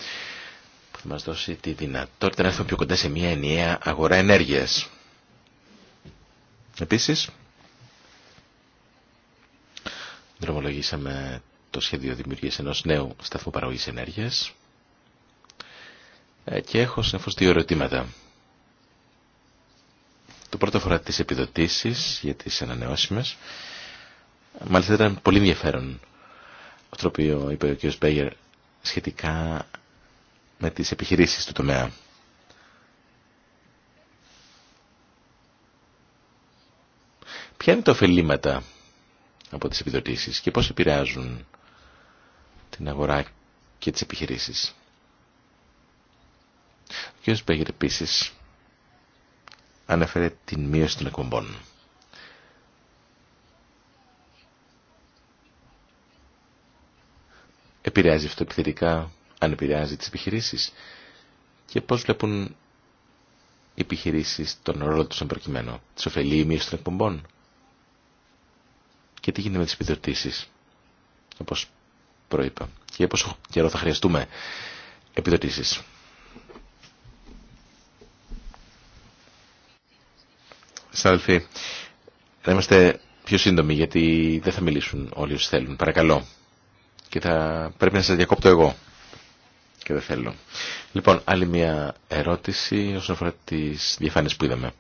που θα μας δώσει τη δυνατότητα να έρθουμε πιο κοντά σε μια ενιαία αγορά ενέργειας. Επίσης, δρομολογήσαμε το σχέδιο δημιουργίας ενός νέου σταθμού παραγωγής ενέργειας ε, και έχω σαφώς δύο ερωτήματα. Το πρώτο αφορά τις επιδοτήσεις για τις ανανεώσιμες. Μάλιστα ήταν πολύ ενδιαφέρον αυτό που είπε ο κ. Μπέγερ σχετικά με τις επιχειρήσεις του τομέα. Ποια είναι τα ωφελήματα από τις επιδοτήσεις και πώς επηρεάζουν την αγορά και τις επιχειρήσεις. Ο κ. Μπέγερ επίσης ανέφερε την μείωση των εκπομπών. επηρεάζει αυτό επιθετικά, αν επηρεάζει τις επιχειρήσεις και πώς βλέπουν οι επιχειρήσεις τον ρόλο τους προκειμένου. Τις ωφελεί η μείωση των εκπομπών και τι γίνεται με τις επιδοτήσεις, όπως προείπα. Και πόσο καιρό θα χρειαστούμε επιδοτήσεις. Σάλφη να είμαστε πιο σύντομοι γιατί δεν θα μιλήσουν όλοι όσοι θέλουν. Παρακαλώ και θα πρέπει να σας διακόπτω εγώ και δεν θέλω. Λοιπόν, άλλη μια ερώτηση όσον αφορά τις διαφάνειες που είδαμε.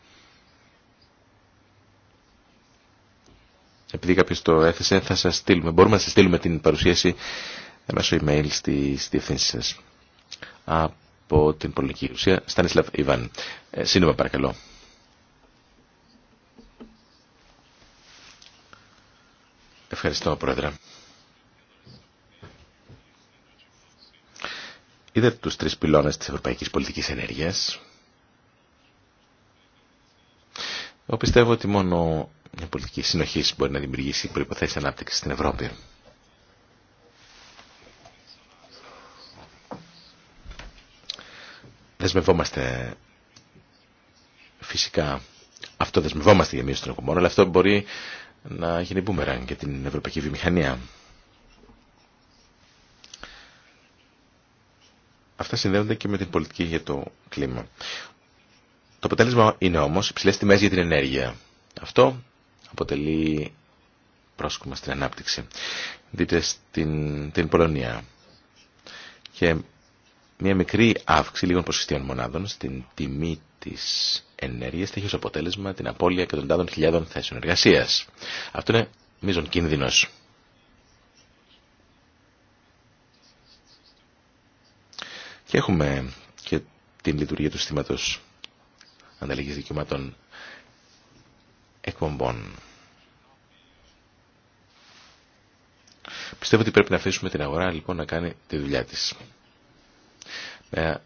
Επειδή κάποιος το έθεσε, θα σας στείλουμε, μπορούμε να σας στείλουμε την παρουσίαση μέσω email στις διευθύνσεις σας. Από την πολιτική ουσία, Στανισλαβ Ιβάν. Ε, σύντομα παρακαλώ. Ευχαριστώ, Πρόεδρε. Είδατε τους τρεις πυλώνες της ευρωπαϊκής πολιτικής ενέργειας. Εγώ πιστεύω ότι μόνο μια πολιτική συνοχή μπορεί να δημιουργήσει προϋποθέσεις ανάπτυξης στην Ευρώπη. Δεσμευόμαστε φυσικά, αυτό δεσμευόμαστε για μείωση των εκπομπών, αλλά αυτό μπορεί να γίνει μπούμεραν για την ευρωπαϊκή βιομηχανία. αυτά συνδέονται και με την πολιτική για το κλίμα. Το αποτέλεσμα είναι όμως υψηλές τιμές για την ενέργεια. Αυτό αποτελεί πρόσκομα στην ανάπτυξη. Δείτε στην την Πολωνία. Και μια μικρή αύξηση λίγων ποσοστιαίων μονάδων στην τιμή της ενέργειας θα έχει ως αποτέλεσμα την απώλεια εκατοντάδων χιλιάδων θέσεων εργασίας. Αυτό είναι μείζον κίνδυνος. Και έχουμε και την λειτουργία του συστήματος ανταλλαγής δικαιωμάτων εκπομπών. Πιστεύω ότι πρέπει να αφήσουμε την αγορά λοιπόν να κάνει τη δουλειά της. Να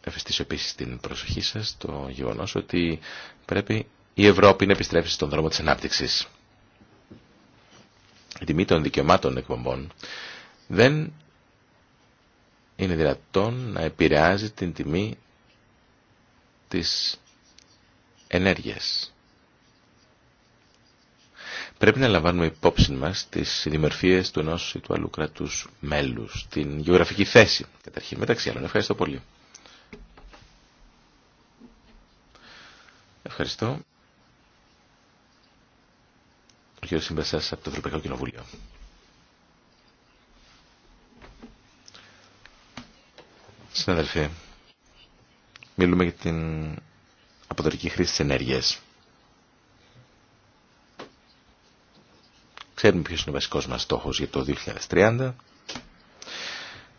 ευχαριστήσω επίσης την προσοχή σας στο γεγονός ότι πρέπει η Ευρώπη να επιστρέψει στον δρόμο της ανάπτυξης. Η τιμή των δικαιωμάτων εκπομπών δεν είναι δυνατόν να επηρεάζει την τιμή της ενέργειας. Πρέπει να λαμβάνουμε υπόψη μας τις δημορφίες του ενός ή του αλλού κρατούς μέλους, την γεωγραφική θέση, καταρχήν, μεταξύ άλλων. Ευχαριστώ πολύ. Ευχαριστώ. Ο κύριος Σύμπασας από το Ευρωπαϊκό Κοινοβούλιο. Συναδελφοί, μιλούμε για την αποδορική χρήση της ενέργειας. Ξέρουμε ποιος είναι ο βασικός μας στόχος για το 2030.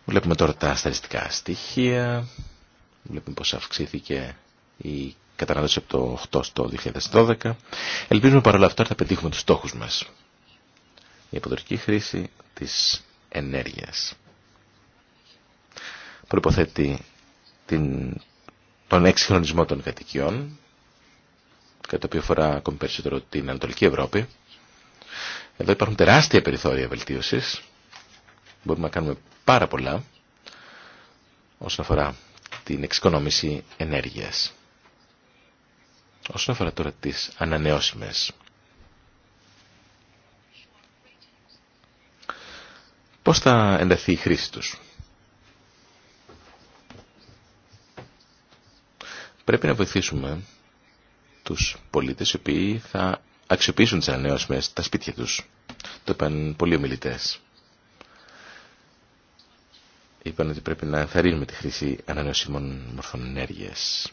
Βλέπουμε τώρα τα στατιστικά στοιχεία. Βλέπουμε πώς αυξήθηκε η κατανάλωση από το 8 στο 2012. Ελπίζουμε παρόλα αυτά να πετύχουμε τους στόχους μας. Η αποδορική χρήση της ενέργειας προϋποθέτει την, τον εξυγχρονισμό των κατοικιών, κατά το οποίο αφορά ακόμη περισσότερο την Ανατολική Ευρώπη. Εδώ υπάρχουν τεράστια περιθώρια βελτίωσης. Μπορούμε να κάνουμε πάρα πολλά όσον αφορά την εξοικονόμηση ενέργειας. Όσον αφορά τώρα τις ανανεώσιμες. Πώς θα ενταθεί η χρήση τους. Πρέπει να βοηθήσουμε τους πολίτες οι οποίοι θα αξιοποιήσουν τις ανανεώσιμες τα σπίτια τους. Το είπαν πολλοί ομιλητέ. Είπαν ότι πρέπει να ενθαρρύνουμε τη χρήση ανανεώσιμων μορφών ενέργειας.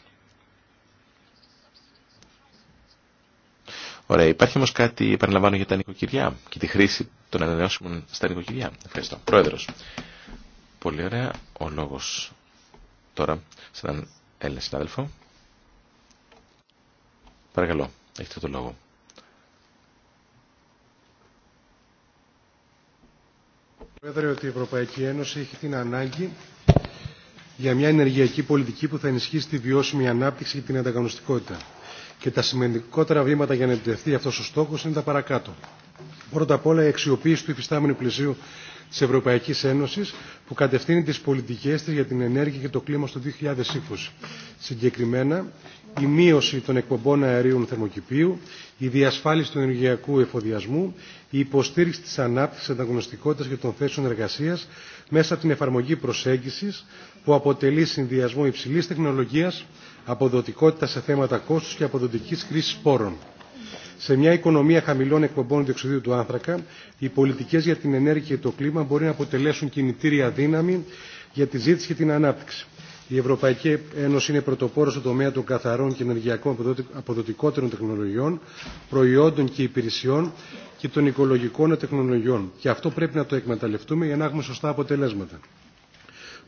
Ωραία, υπάρχει όμω κάτι, επαναλαμβάνω, για τα νοικοκυριά και τη χρήση των ανανεώσιμων στα νοικοκυριά. Ευχαριστώ. Πρόεδρος. Πολύ ωραία. Ο λόγος τώρα σε έναν Έλληνα συνάδελφο. Παρακαλώ, έχετε το λόγο. Πρόεδρε, ότι η Ευρωπαϊκή Ένωση έχει την ανάγκη για μια ενεργειακή πολιτική που θα ενισχύσει τη βιώσιμη ανάπτυξη και την ανταγωνιστικότητα και τα σημαντικότερα βήματα για να επιτευχθεί αυτό ο στόχο είναι τα παρακάτω. Πρώτα απ' όλα η αξιοποίηση του υφιστάμενου πλαισίου τη Ευρωπαϊκή Ένωση που κατευθύνει τι πολιτικέ τη για την ενέργεια και το κλίμα στο 2020. Συγκεκριμένα, η μείωση των εκπομπών αερίων θερμοκηπίου, η διασφάλιση του ενεργειακού εφοδιασμού, η υποστήριξη τη ανάπτυξη ανταγωνιστικότητα και των θέσεων εργασία μέσα από την εφαρμογή προσέγγιση που αποτελεί συνδυασμό υψηλή τεχνολογία αποδοτικότητα σε θέματα κόστου και αποδοτική χρήσης πόρων. Σε μια οικονομία χαμηλών εκπομπών διοξιδίου του άνθρακα, οι πολιτικέ για την ενέργεια και το κλίμα μπορεί να αποτελέσουν κινητήρια δύναμη για τη ζήτηση και την ανάπτυξη. Η Ευρωπαϊκή Ένωση είναι πρωτοπόρο στο τομέα των καθαρών και ενεργειακών αποδοτικότερων τεχνολογιών, προϊόντων και υπηρεσιών και των οικολογικών τεχνολογιών. Και αυτό πρέπει να το εκμεταλλευτούμε για να έχουμε σωστά αποτελέσματα.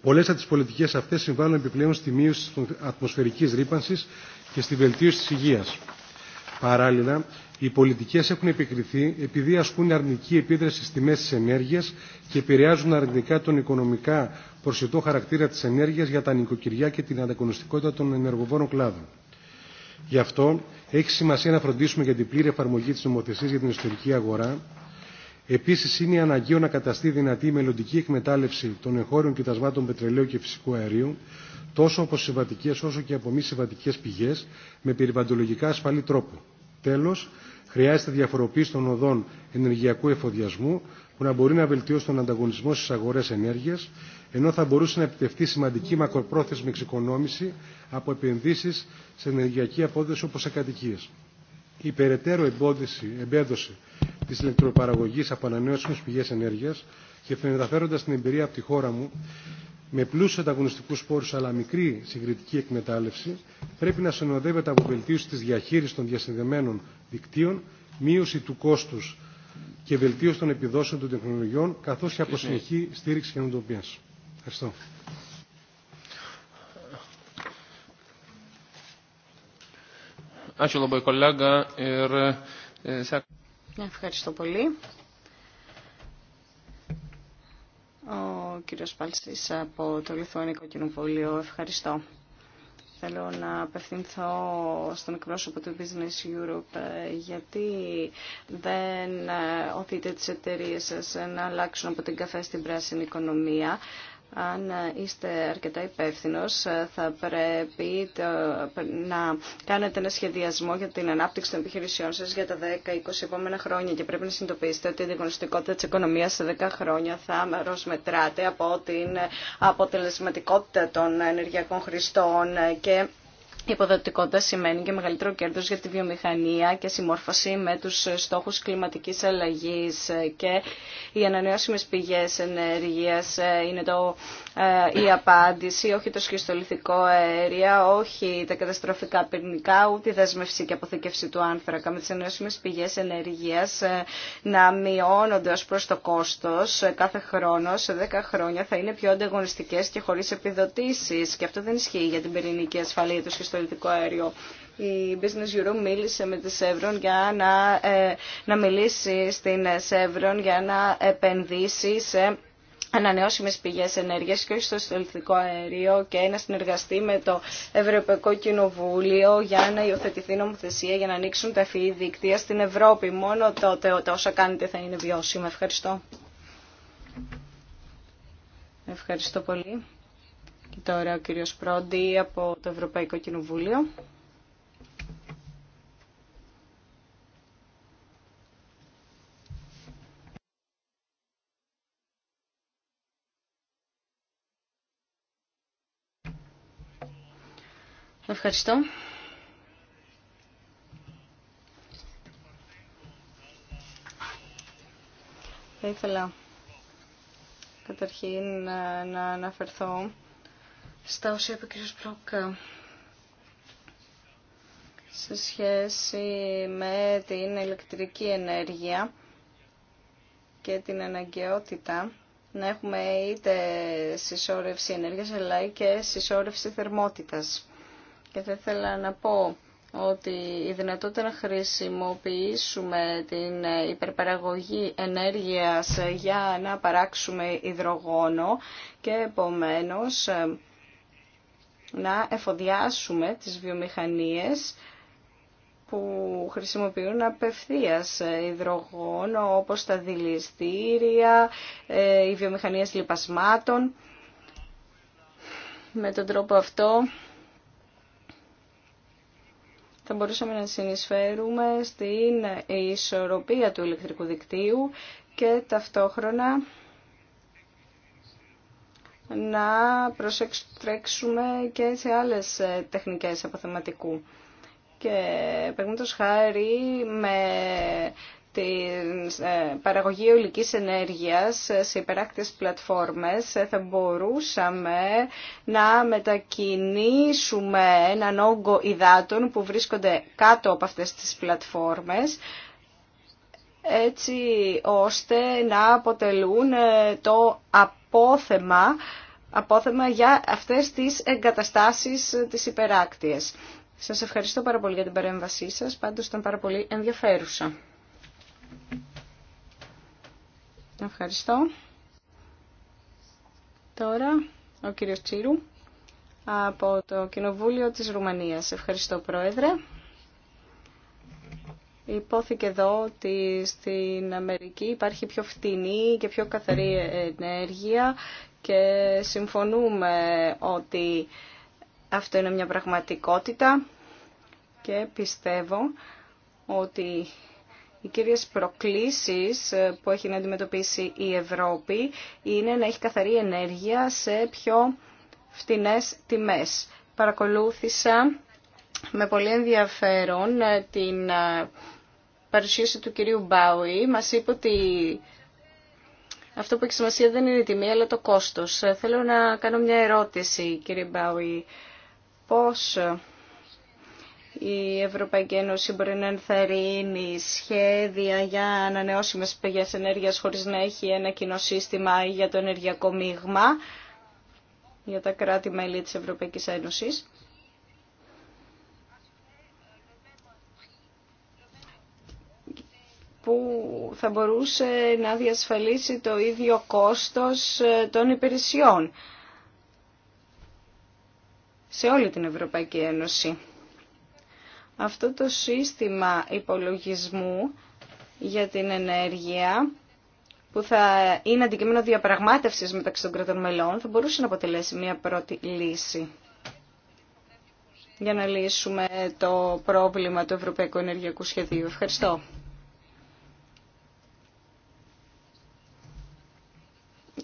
Πολλέ από τι πολιτικέ αυτέ συμβάλλουν επιπλέον στη μείωση τη ατμοσφαιρική ρήπανση και στη βελτίωση τη υγεία. Παράλληλα, οι πολιτικέ έχουν επικριθεί επειδή ασκούν αρνητική επίδραση στι τιμέ τη ενέργεια και επηρεάζουν αρνητικά τον οικονομικά προσιτό χαρακτήρα τη ενέργεια για τα νοικοκυριά και την ανταγωνιστικότητα των ενεργοβόρων κλάδων. Γι' αυτό έχει σημασία να φροντίσουμε για την πλήρη εφαρμογή τη νομοθεσία για την εσωτερική αγορά Επίση, είναι αναγκαίο να καταστεί δυνατή η μελλοντική εκμετάλλευση των εγχώριων κοιτασμάτων πετρελαίου και φυσικού αερίου, τόσο από συμβατικέ όσο και από μη συμβατικέ πηγέ, με περιβαλλοντολογικά ασφαλή τρόπο. Τέλο, χρειάζεται διαφοροποίηση των οδών ενεργειακού εφοδιασμού, που να μπορεί να βελτιώσει τον ανταγωνισμό στι αγορέ ενέργεια, ενώ θα μπορούσε να επιτευχθεί σημαντική μακροπρόθεσμη εξοικονόμηση από επενδύσει σε ενεργειακή απόδοση όπω σε κατοικίε η περαιτέρω εμπόδιση, εμπέδωση τη ηλεκτροπαραγωγή από ανανεώσιμε πηγέ ενέργεια και μεταφέροντα την εμπειρία από τη χώρα μου με πλούσιου ανταγωνιστικού πόρου αλλά μικρή συγκριτική εκμετάλλευση, πρέπει να συνοδεύεται από βελτίωση τη διαχείριση των διασυνδεμένων δικτύων, μείωση του κόστου και βελτίωση των επιδόσεων των τεχνολογιών, καθώ και από συνεχή στήριξη καινοτομία. Ευχαριστώ. E, ευχαριστώ πολύ. Ο κύριος Πάλστης από το Λιθουανικό Κοινοβούλιο. Ευχαριστώ. Θέλω να απευθυνθώ στον εκπρόσωπο του Business Europe ε, γιατί δεν ε, οθείτε τις εταιρείες σας να αλλάξουν από την καφέ στην πράσινη οικονομία αν είστε αρκετά υπεύθυνο, θα πρέπει να κάνετε ένα σχεδιασμό για την ανάπτυξη των επιχειρησιών σα για τα 10-20 επόμενα χρόνια. Και πρέπει να συνειδητοποιήσετε ότι η διαγωνιστικότητα τη οικονομία σε 10 χρόνια θα προσμετράται από την αποτελεσματικότητα των ενεργειακών χρηστών και η υποδοτικότητα σημαίνει και μεγαλύτερο κέρδος για τη βιομηχανία και συμμόρφωση με τους στόχους κλιματικής αλλαγή και οι ανανεώσιμες πηγές ενέργειας ε, είναι το ε, η απάντηση, όχι το σχιστολιθικό αέρια, όχι τα καταστροφικά πυρηνικά, ούτε η δέσμευση και αποθήκευση του άνθρακα με τις ενώσιμες πηγές ενέργειας ε, να μειώνονται ως προς το κόστος ε, κάθε χρόνο σε 10 χρόνια θα είναι πιο ανταγωνιστικές και χωρίς επιδοτήσεις και αυτό δεν ισχύει για την πυρηνική ασφαλεία του σχιστολιθικού αέριο η Business Euro μίλησε με τη Σεύρον για να, να μιλήσει στην Σεύρον για να επενδύσει σε ανανεώσιμες πηγές ενέργειας και όχι στο στελθικό αέριο και να συνεργαστεί με το Ευρωπαϊκό Κοινοβούλιο για να υιοθετηθεί νομοθεσία για να ανοίξουν τα ευφυή δίκτυα στην Ευρώπη. Μόνο τότε όσα κάνετε θα είναι βιώσιμα. Ευχαριστώ. Ευχαριστώ πολύ. Και τώρα ο κύριος Πρόντι από το Ευρωπαϊκό Κοινοβούλιο. Ευχαριστώ. Θα ήθελα καταρχήν να αναφερθώ στα όσα είπε ο κ. Πρόκ σε σχέση με την ηλεκτρική ενέργεια και την αναγκαιότητα να έχουμε είτε συσσόρευση ενέργειας αλλά και συσσόρευση θερμότητας. Και θα ήθελα να πω ότι η δυνατότητα να χρησιμοποιήσουμε την υπερπαραγωγή ενέργειας για να παράξουμε υδρογόνο και επομένως ε, να εφοδιάσουμε τις βιομηχανίες που χρησιμοποιούν απευθείας υδρογόνο όπως τα δηληστήρια, ε, οι βιομηχανίες λιπασμάτων. Με τον τρόπο αυτό θα μπορούσαμε να συνεισφέρουμε στην ισορροπία του ηλεκτρικού δικτύου και ταυτόχρονα να προσέξουμε και σε άλλες τεχνικές αποθεματικού. Και παραδείγματο χάρη με στην ε, παραγωγή ολικής ενέργειας σε υπεράκτες πλατφόρμες ε, θα μπορούσαμε να μετακινήσουμε έναν όγκο υδάτων που βρίσκονται κάτω από αυτές τις πλατφόρμες έτσι ώστε να αποτελούν ε, το απόθεμα, απόθεμα για αυτές τις εγκαταστάσεις της υπεράκτειας. Σας ευχαριστώ πάρα πολύ για την παρέμβασή σας, πάντως ήταν πάρα πολύ ενδιαφέρουσα. Ευχαριστώ. Τώρα ο κύριος Τσίρου από το Κοινοβούλιο της Ρουμανίας. Ευχαριστώ Πρόεδρε. Υπόθηκε εδώ ότι στην Αμερική υπάρχει πιο φτηνή και πιο καθαρή ενέργεια και συμφωνούμε ότι αυτό είναι μια πραγματικότητα και πιστεύω ότι οι κύριες προκλήσεις ε, που έχει να αντιμετωπίσει η Ευρώπη είναι να έχει καθαρή ενέργεια σε πιο φτηνές τιμές. Παρακολούθησα με πολύ ενδιαφέρον ε, την ε, παρουσίαση του κυρίου Μπάουι. Μας είπε ότι αυτό που έχει σημασία δεν είναι η τιμή αλλά το κόστος. Θέλω να κάνω μια ερώτηση κύριε Μπάουι. Πώς η Ευρωπαϊκή Ένωση μπορεί να ενθαρρύνει σχέδια για ανανεώσιμες πηγές ενέργειας χωρίς να έχει ένα κοινό σύστημα για το ενεργειακό μείγμα για τα κράτη-μέλη της Ευρωπαϊκής Ένωσης. που θα μπορούσε να διασφαλίσει το ίδιο κόστος ε, των υπηρεσιών σε όλη την Ευρωπαϊκή Ένωση αυτό το σύστημα υπολογισμού για την ενέργεια που θα είναι αντικείμενο διαπραγμάτευσης μεταξύ των κρατών μελών θα μπορούσε να αποτελέσει μια πρώτη λύση για να λύσουμε το πρόβλημα του Ευρωπαϊκού Ενεργειακού Σχεδίου. Ευχαριστώ.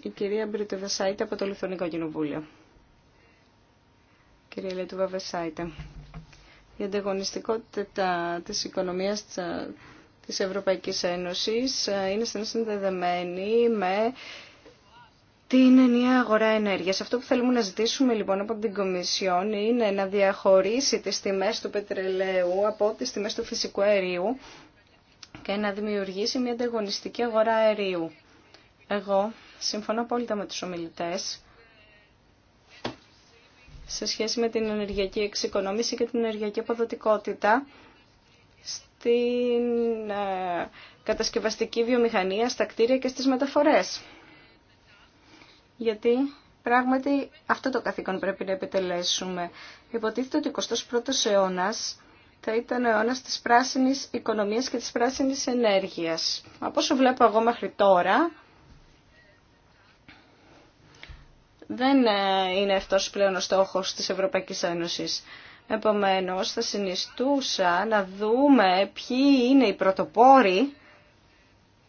Η κυρία Μπρίτε από το Λιθωνικό Κοινοβούλιο. Κυρία Λέτου η ανταγωνιστικότητα της οικονομίας της ε, Ευρωπαϊκής Ένωσης ε, είναι στενά συνδεδεμένη με την ενιαία αγορά ενέργειας. Αυτό που θέλουμε να ζητήσουμε λοιπόν από την Κομισιόν είναι να διαχωρίσει τις τιμές του πετρελαίου από τις τιμές του φυσικού αερίου και να δημιουργήσει μια ανταγωνιστική αγορά αερίου. Εγώ συμφωνώ απόλυτα με τους ομιλητές σε σχέση με την ενεργειακή εξοικονόμηση και την ενεργειακή αποδοτικότητα στην ε, κατασκευαστική βιομηχανία, στα κτίρια και στις μεταφορές. Γιατί πράγματι αυτό το καθήκον πρέπει να επιτελέσουμε. Υποτίθεται ότι ο 21ος αιώνας θα ήταν ο αιώνας της πράσινης οικονομίας και της πράσινης ενέργειας. Από όσο βλέπω εγώ μέχρι τώρα, δεν ε, είναι αυτός πλέον ο στόχος της Ευρωπαϊκής Ένωσης. Επομένως, θα συνιστούσα να δούμε ποιοι είναι οι πρωτοπόροι,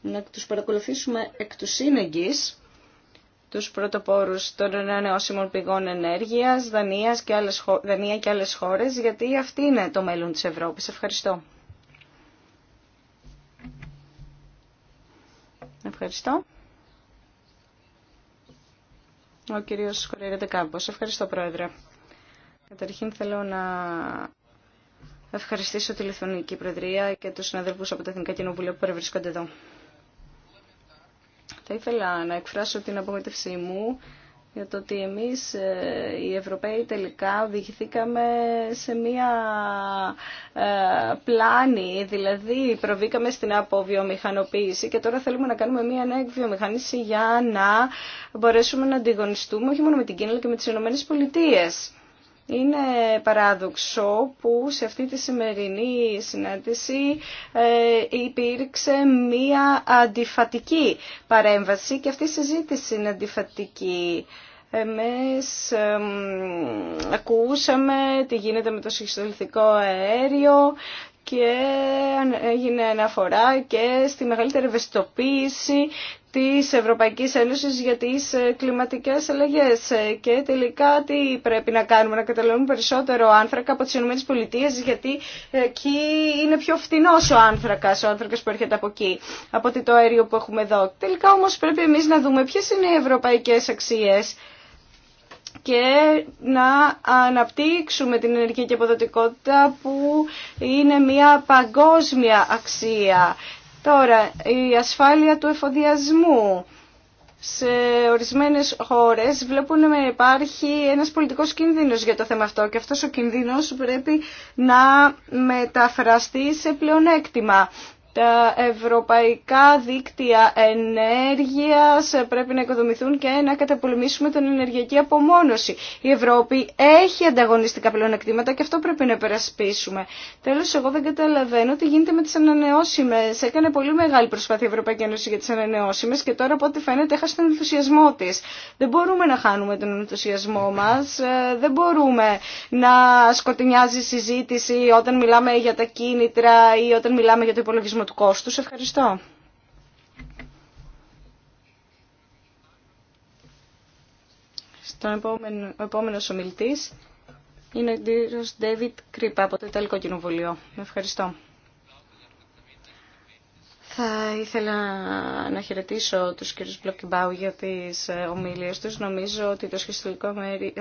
να τους παρακολουθήσουμε εκ του σύνεγγυς, τους πρωτοπόρους των ανανεώσιμων πηγών ενέργειας, Δανίας και άλλες, Δανία και άλλες χώρες, γιατί αυτή είναι το μέλλον της Ευρώπης. Ευχαριστώ. Ευχαριστώ. Ο κύριος Κορέρετε Κάμπος. Ευχαριστώ, Πρόεδρε. Καταρχήν θέλω να ευχαριστήσω τη Λιθωνική Προεδρία και τους συναδελφούς από τα Εθνικά Κοινοβουλία που παρευρίσκονται εδώ. Θα ήθελα να εκφράσω την απογοήτευσή μου για το ότι εμείς ε, οι Ευρωπαίοι τελικά οδηγηθήκαμε σε μία ε, πλάνη, δηλαδή προβήκαμε στην αποβιομηχανοποίηση και τώρα θέλουμε να κάνουμε μία νέα βιομηχάνηση για να μπορέσουμε να αντιγωνιστούμε όχι μόνο με την Κίνα αλλά και με τις Ηνωμένες Πολιτείες. Είναι παράδοξο που σε αυτή τη σημερινή συνάντηση ε, υπήρξε μία αντιφατική παρέμβαση και αυτή η συζήτηση είναι αντιφατική. Εμείς ακούσαμε τι γίνεται με το συγχυστολιστικό αέριο και έγινε αναφορά και στη μεγαλύτερη ευαισθητοποίηση της Ευρωπαϊκής Ένωσης για τις ε, κλιματικές αλλαγές ε, και τελικά τι πρέπει να κάνουμε, να καταλαβαίνουμε περισσότερο άνθρακα από τις ΗΠΑ γιατί ε, εκεί είναι πιο φθηνός ο άνθρακας, ο άνθρακας που έρχεται από εκεί, από το αέριο που έχουμε εδώ. Τελικά όμως πρέπει εμείς να δούμε ποιες είναι οι ευρωπαϊκές αξίες και να αναπτύξουμε την ενεργειακή αποδοτικότητα που είναι μια παγκόσμια αξία. Τώρα, η ασφάλεια του εφοδιασμού. Σε ορισμένες χώρες βλέπουν να υπάρχει ένας πολιτικός κίνδυνος για το θέμα αυτό και αυτός ο κίνδυνος πρέπει να μεταφραστεί σε πλεονέκτημα τα ευρωπαϊκά δίκτυα ενέργειας πρέπει να οικοδομηθούν και να καταπολεμήσουμε την ενεργειακή απομόνωση. Η Ευρώπη έχει ανταγωνιστικά πλεονεκτήματα και αυτό πρέπει να περασπίσουμε. Τέλος, εγώ δεν καταλαβαίνω τι γίνεται με τις ανανεώσιμες. Έκανε πολύ μεγάλη προσπάθεια η Ευρωπαϊκή Ένωση για τις ανανεώσιμες και τώρα από ό,τι φαίνεται έχασε τον ενθουσιασμό της. Δεν μπορούμε να χάνουμε τον ενθουσιασμό μας, ε, δεν μπορούμε να σκοτεινιάζει συζήτηση όταν μιλάμε για τα κίνητρα ή όταν μιλάμε για το υπολογισμό του κόστου. Ευχαριστώ. Στον επόμενο, ο είναι ο κύριο Ντέβιτ Κρύπα από το Ιταλικό Κοινοβουλίο. Ευχαριστώ. Θα ήθελα να χαιρετήσω τους κύριους Μπλοκιμπάου για τις ε, ομιλίες τους. Νομίζω ότι το σχετικό ε,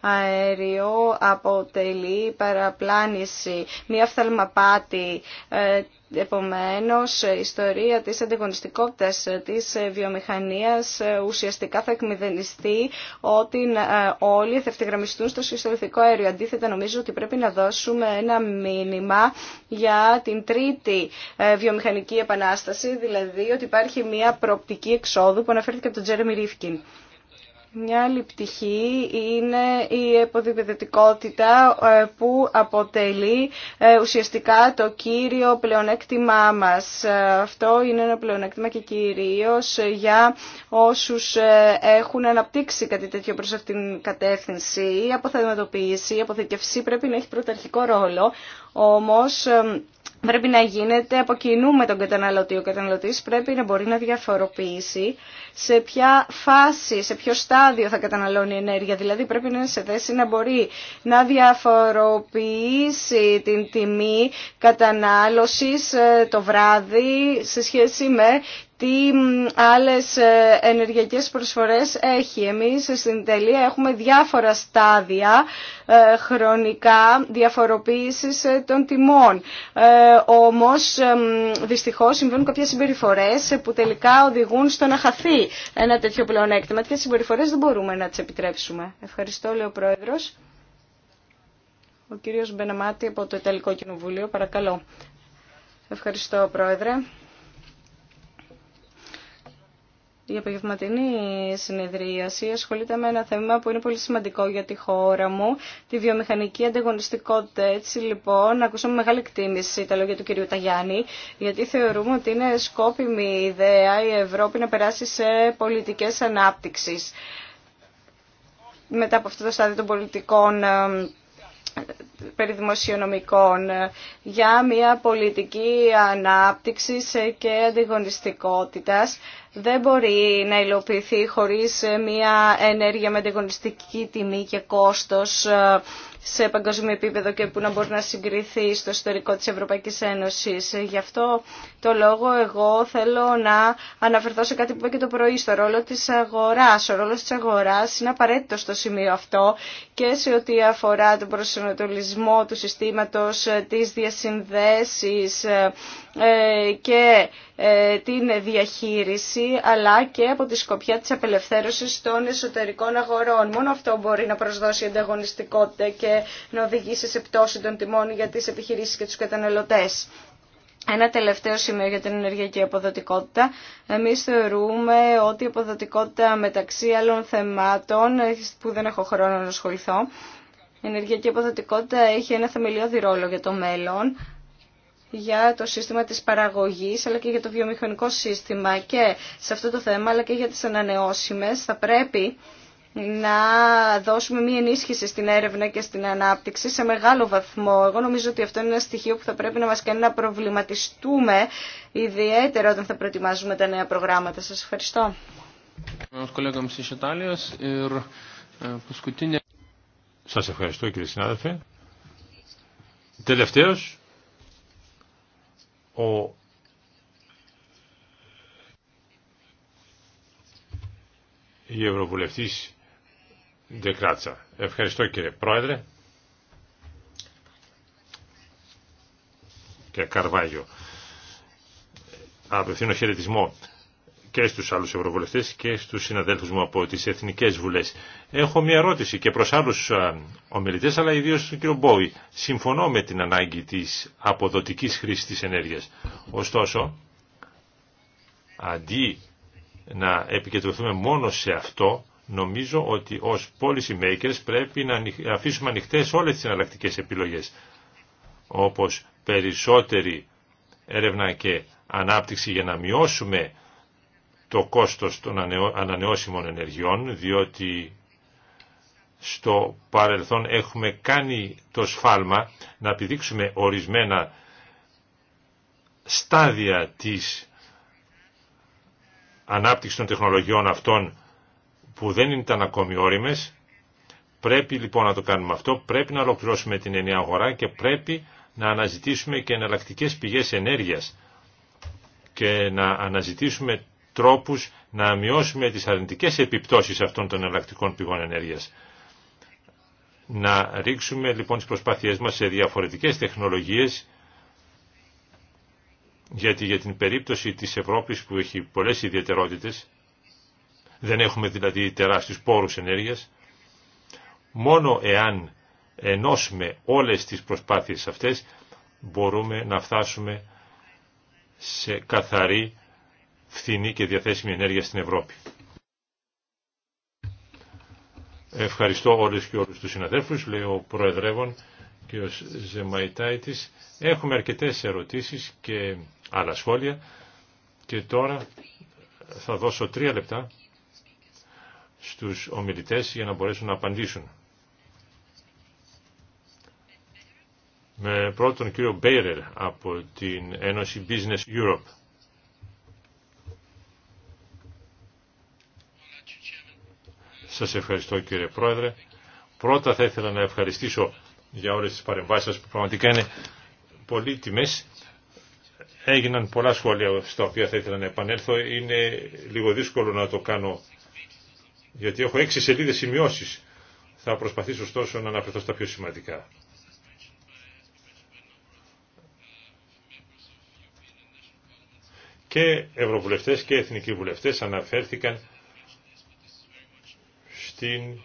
αέριο αποτελεί παραπλάνηση, μια φθαλμαπάτη ε, Επομένως, η ιστορία της αντιγωνιστικότητας της βιομηχανίας ε, ουσιαστικά θα εκμηδενιστεί ότι ε, όλοι θα ευθυγραμμιστούν στο συστολικό αέριο. Αντίθετα, νομίζω ότι πρέπει να δώσουμε ένα μήνυμα για την τρίτη ε, βιομηχανική επανάσταση, δηλαδή ότι υπάρχει μια προοπτική εξόδου που αναφέρθηκε από τον Τζέρεμι Ρίφκιν. Μια άλλη πτυχή είναι η εποδηπεδετικότητα ε, που αποτελεί ε, ουσιαστικά το κύριο πλεονέκτημά μας. Ε, αυτό είναι ένα πλεονέκτημα και κυρίως για όσους έχουν αναπτύξει κάτι τέτοιο προς αυτήν την κατεύθυνση. Η αποθεματοποίηση, η αποθηκευσή πρέπει να έχει πρωταρχικό ρόλο, όμως... Πρέπει να γίνεται από κοινού με τον καταναλωτή. Ο καταναλωτής πρέπει να μπορεί να διαφοροποιήσει σε ποια φάση, σε ποιο στάδιο θα καταναλώνει η ενέργεια. Δηλαδή πρέπει να είναι σε θέση να μπορεί να διαφοροποιήσει την τιμή κατανάλωσης ε, το βράδυ σε σχέση με τι άλλες ε, ενεργειακές προσφορές έχει. Εμείς στην Ιταλία έχουμε διάφορα στάδια ε, χρονικά διαφοροποίησης των τιμών. Όμως δυστυχώς συμβαίνουν κάποιες συμπεριφορές που τελικά οδηγούν στο να χαθεί ένα τέτοιο πλεονέκτημα. Τι συμπεριφορές δεν μπορούμε να τις επιτρέψουμε. Ευχαριστώ, λέει ο Πρόεδρος. Ο κύριος Μπεναμάτη από το Ιταλικό Κοινοβούλιο, παρακαλώ. Ευχαριστώ, Πρόεδρε. Η απογευματινή συνεδρίαση ασχολείται με ένα θέμα που είναι πολύ σημαντικό για τη χώρα μου, τη βιομηχανική ανταγωνιστικότητα. Έτσι λοιπόν, ακούσαμε μεγάλη εκτίμηση τα λόγια του κυρίου Ταγιάννη, γιατί θεωρούμε ότι είναι σκόπιμη ιδέα η Ευρώπη να περάσει σε πολιτικές ανάπτυξη μετά από αυτό το στάδιο των πολιτικών περί ε, για μια πολιτική ανάπτυξης και αντιγωνιστικότητας δεν μπορεί να υλοποιηθεί χωρίς μια ενέργεια με αντιγωνιστική τιμή και κόστος ε, σε παγκόσμιο επίπεδο και που να μπορεί να συγκριθεί στο ιστορικό της Ευρωπαϊκής Ένωσης. Γι' αυτό το λόγο εγώ θέλω να αναφερθώ σε κάτι που είπα και το πρωί, στο ρόλο της αγοράς. Ο ρόλος της αγοράς είναι απαραίτητο στο σημείο αυτό και σε ό,τι αφορά τον προσανατολισμό του συστήματος, ε, τις διασυνδέσεις, ε, ε, και ε, την διαχείριση αλλά και από τη σκοπιά της απελευθέρωσης των εσωτερικών αγορών. Μόνο αυτό μπορεί να προσδώσει ανταγωνιστικότητα και να οδηγήσει σε πτώση των τιμών για τις επιχειρήσεις και τους καταναλωτές. Ένα τελευταίο σημείο για την ενεργειακή αποδοτικότητα. Εμείς θεωρούμε ότι η αποδοτικότητα μεταξύ άλλων θεμάτων, που δεν έχω χρόνο να ασχοληθώ, η ενεργειακή αποδοτικότητα έχει ένα θεμελιώδη ρόλο για το μέλλον για το σύστημα της παραγωγής αλλά και για το βιομηχανικό σύστημα και σε αυτό το θέμα αλλά και για τις ανανεώσιμες θα πρέπει να δώσουμε μία ενίσχυση στην έρευνα και στην ανάπτυξη σε μεγάλο βαθμό. Εγώ νομίζω ότι αυτό είναι ένα στοιχείο που θα πρέπει να μας κάνει να προβληματιστούμε ιδιαίτερα όταν θα προετοιμάζουμε τα νέα προγράμματα. Σας ευχαριστώ. Σας ευχαριστώ κύριε συνάδελφε. Τελευταίος, ο η Ευρωβουλευτής Ντεκράτσα. Ευχαριστώ κύριε Πρόεδρε. και Καρβάγιο. Απευθύνω χαιρετισμό και στους άλλους ευρωβουλευτές και στους συναδέλφους μου από τις Εθνικές Βουλές. Έχω μια ερώτηση και προς άλλους ομιλητές, αλλά ιδίως στον κύριο Μπόη. Συμφωνώ με την ανάγκη της αποδοτικής χρήσης της ενέργειας. Ωστόσο, αντί να επικεντρωθούμε μόνο σε αυτό, νομίζω ότι ως policy makers πρέπει να αφήσουμε ανοιχτές όλες τις εναλλακτικές επιλογές, όπως περισσότερη έρευνα και ανάπτυξη για να μειώσουμε το κόστος των ανανεώσιμων ενεργειών, διότι στο παρελθόν έχουμε κάνει το σφάλμα να επιδείξουμε ορισμένα στάδια της ανάπτυξης των τεχνολογιών αυτών που δεν ήταν ακόμη όριμες. Πρέπει λοιπόν να το κάνουμε αυτό, πρέπει να ολοκληρώσουμε την ενιαία αγορά και πρέπει να αναζητήσουμε και εναλλακτικέ πηγές ενέργειας και να αναζητήσουμε τρόπους να μειώσουμε τις αρνητικές επιπτώσεις αυτών των εναλλακτικών πηγών ενέργειας. Να ρίξουμε λοιπόν τις προσπάθειές μας σε διαφορετικές τεχνολογίες γιατί για την περίπτωση της Ευρώπης που έχει πολλές ιδιαιτερότητες δεν έχουμε δηλαδή τεράστιους πόρους ενέργειας μόνο εάν ενώσουμε όλες τις προσπάθειες αυτές μπορούμε να φτάσουμε σε καθαρή φθηνή και διαθέσιμη ενέργεια στην Ευρώπη. Ευχαριστώ όλες και όλους τους συναδέλφους, λέει ο Προεδρεύων και ο Ζεμαϊτάιτης. Έχουμε αρκετές ερωτήσεις και άλλα σχόλια και τώρα θα δώσω τρία λεπτά στους ομιλητές για να μπορέσουν να απαντήσουν. Με πρώτον κύριο Μπέιρερ από την Ένωση Business Europe. Σας ευχαριστώ κύριε Πρόεδρε. Πρώτα θα ήθελα να ευχαριστήσω για όλες τις παρεμβάσεις σας που πραγματικά είναι πολύ τιμές. Έγιναν πολλά σχόλια στα οποία θα ήθελα να επανέλθω. Είναι λίγο δύσκολο να το κάνω γιατί έχω έξι σελίδες σημειώσεις. Θα προσπαθήσω ωστόσο να αναφερθώ στα πιο σημαντικά. Και ευρωβουλευτές και εθνικοί βουλευτές αναφέρθηκαν στην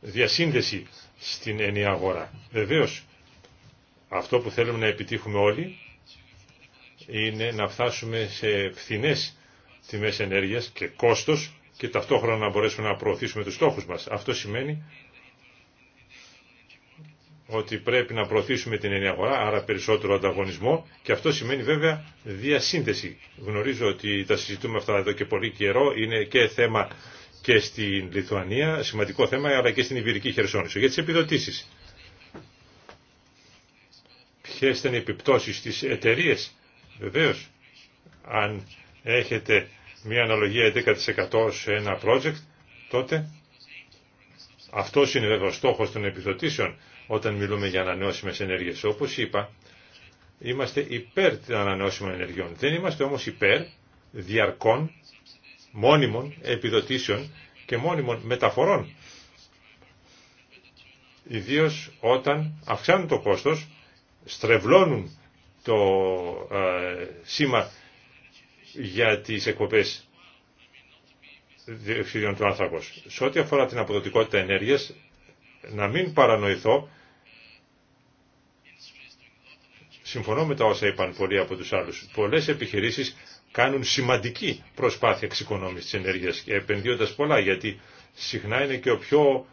διασύνδεση στην ενιαία αγορά. Βεβαίως, αυτό που θέλουμε να επιτύχουμε όλοι είναι να φτάσουμε σε φθηνές τιμές ενέργειας και κόστος και ταυτόχρονα να μπορέσουμε να προωθήσουμε τους στόχους μας. Αυτό σημαίνει ότι πρέπει να προωθήσουμε την ενιαία αγορά, άρα περισσότερο ανταγωνισμό και αυτό σημαίνει βέβαια διασύνδεση. Γνωρίζω ότι τα συζητούμε αυτά εδώ και πολύ καιρό, είναι και θέμα και στην Λιθουανία, σημαντικό θέμα, αλλά και στην Ιβυρική Χερσόνησο. Για τις επιδοτήσεις. Ποιε είναι οι επιπτώσεις στις εταιρείε. Βεβαίως, αν έχετε μια αναλογία 11% σε ένα project, τότε αυτό είναι βέβαια ο στόχος των επιδοτήσεων όταν μιλούμε για ανανεώσιμες ενέργειες. Όπως είπα, είμαστε υπέρ των ανανεώσιμων ενεργειών. Δεν είμαστε όμως υπέρ διαρκών μόνιμων επιδοτήσεων και μόνιμων μεταφορών. Ιδίως όταν αυξάνουν το κόστος, στρεβλώνουν το ε, σήμα για τις εκπομπές διευθυντών του άνθρακος. Σε ό,τι αφορά την αποδοτικότητα ενέργειας, να μην παρανοηθώ, συμφωνώ με τα όσα είπαν πολλοί από τους άλλους. Πολλές επιχειρήσεις κάνουν σημαντική προσπάθεια εξοικονόμηση τη ενέργειας και επενδύοντας πολλά γιατί συχνά είναι και ο πιο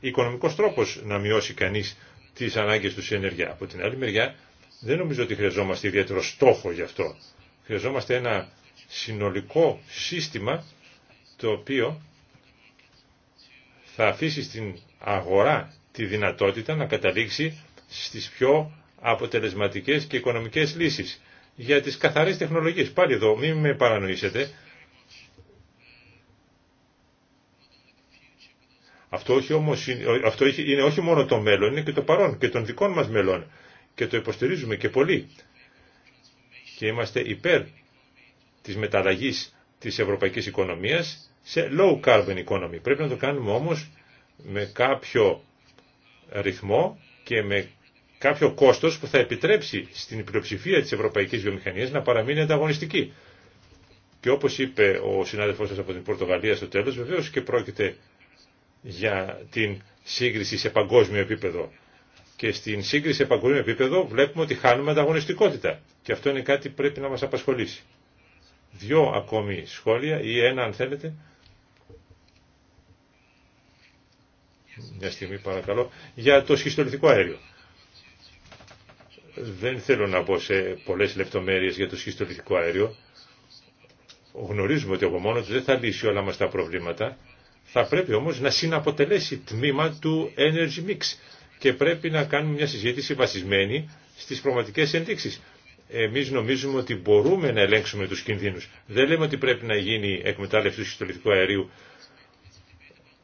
οικονομικός τρόπος να μειώσει κανείς τις ανάγκες του σε ενέργεια. Από την άλλη μεριά δεν νομίζω ότι χρειαζόμαστε ιδιαίτερο στόχο γι' αυτό. Χρειαζόμαστε ένα συνολικό σύστημα το οποίο θα αφήσει στην αγορά τη δυνατότητα να καταλήξει στις πιο αποτελεσματικές και οικονομικές λύσεις για τις καθαρές τεχνολογίες. Πάλι εδώ, μην με παρανοήσετε. Αυτό, όχι όμως, αυτό είναι όχι μόνο το μέλλον, είναι και το παρόν και των δικών μας μελών. Και το υποστηρίζουμε και πολύ. Και είμαστε υπέρ της μεταλλαγής της ευρωπαϊκής οικονομίας σε low carbon economy. Πρέπει να το κάνουμε όμως με κάποιο ρυθμό και με κάποιο κόστος που θα επιτρέψει στην πλειοψηφία της ευρωπαϊκής βιομηχανίας να παραμείνει ανταγωνιστική. Και όπως είπε ο συνάδελφός σας από την Πορτογαλία στο τέλος, βεβαίως και πρόκειται για την σύγκριση σε παγκόσμιο επίπεδο. Και στην σύγκριση σε παγκόσμιο επίπεδο βλέπουμε ότι χάνουμε ανταγωνιστικότητα. Και αυτό είναι κάτι που πρέπει να μας απασχολήσει. Δυο ακόμη σχόλια ή ένα αν θέλετε. Μια στιγμή παρακαλώ. Για το σχιστολιθικό αέριο. Δεν θέλω να πω σε πολλές λεπτομέρειες για το σχιστολιθικό αέριο. Γνωρίζουμε ότι από μόνο του δεν θα λύσει όλα μας τα προβλήματα. Θα πρέπει όμως να συναποτελέσει τμήμα του energy mix και πρέπει να κάνουμε μια συζήτηση βασισμένη στις πραγματικές ενδείξεις. Εμείς νομίζουμε ότι μπορούμε να ελέγξουμε τους κινδύνους. Δεν λέμε ότι πρέπει να γίνει εκμετάλλευση του σχιστολιθικού αερίου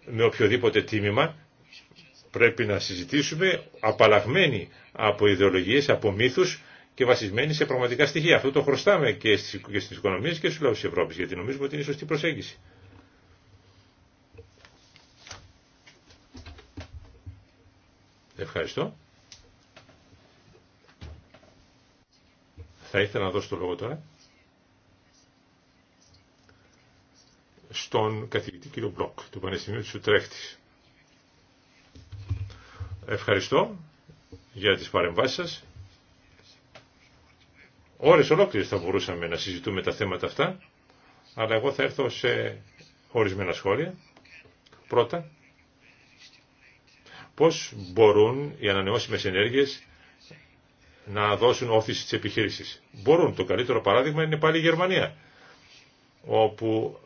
με οποιοδήποτε τίμημα πρέπει να συζητήσουμε απαλλαγμένοι από ιδεολογίες, από μύθους και βασισμένοι σε πραγματικά στοιχεία. Αυτό το χρωστάμε και στις, και οικονομίες και στους λαούς της Ευρώπης, γιατί νομίζουμε ότι είναι η σωστή προσέγγιση. Ευχαριστώ. Θα ήθελα να δώσω το λόγο τώρα στον καθηγητή κύριο Μπλοκ του Πανεπιστημίου τη Ουτρέχτης. Ευχαριστώ για τις παρεμβάσεις σας. Ώρες ολόκληρες θα μπορούσαμε να συζητούμε τα θέματα αυτά, αλλά εγώ θα έρθω σε ορισμένα σχόλια. Πρώτα, πώς μπορούν οι ανανεώσιμες ενέργειες να δώσουν όθηση στις επιχείρησεις. Μπορούν. Το καλύτερο παράδειγμα είναι πάλι η Γερμανία, όπου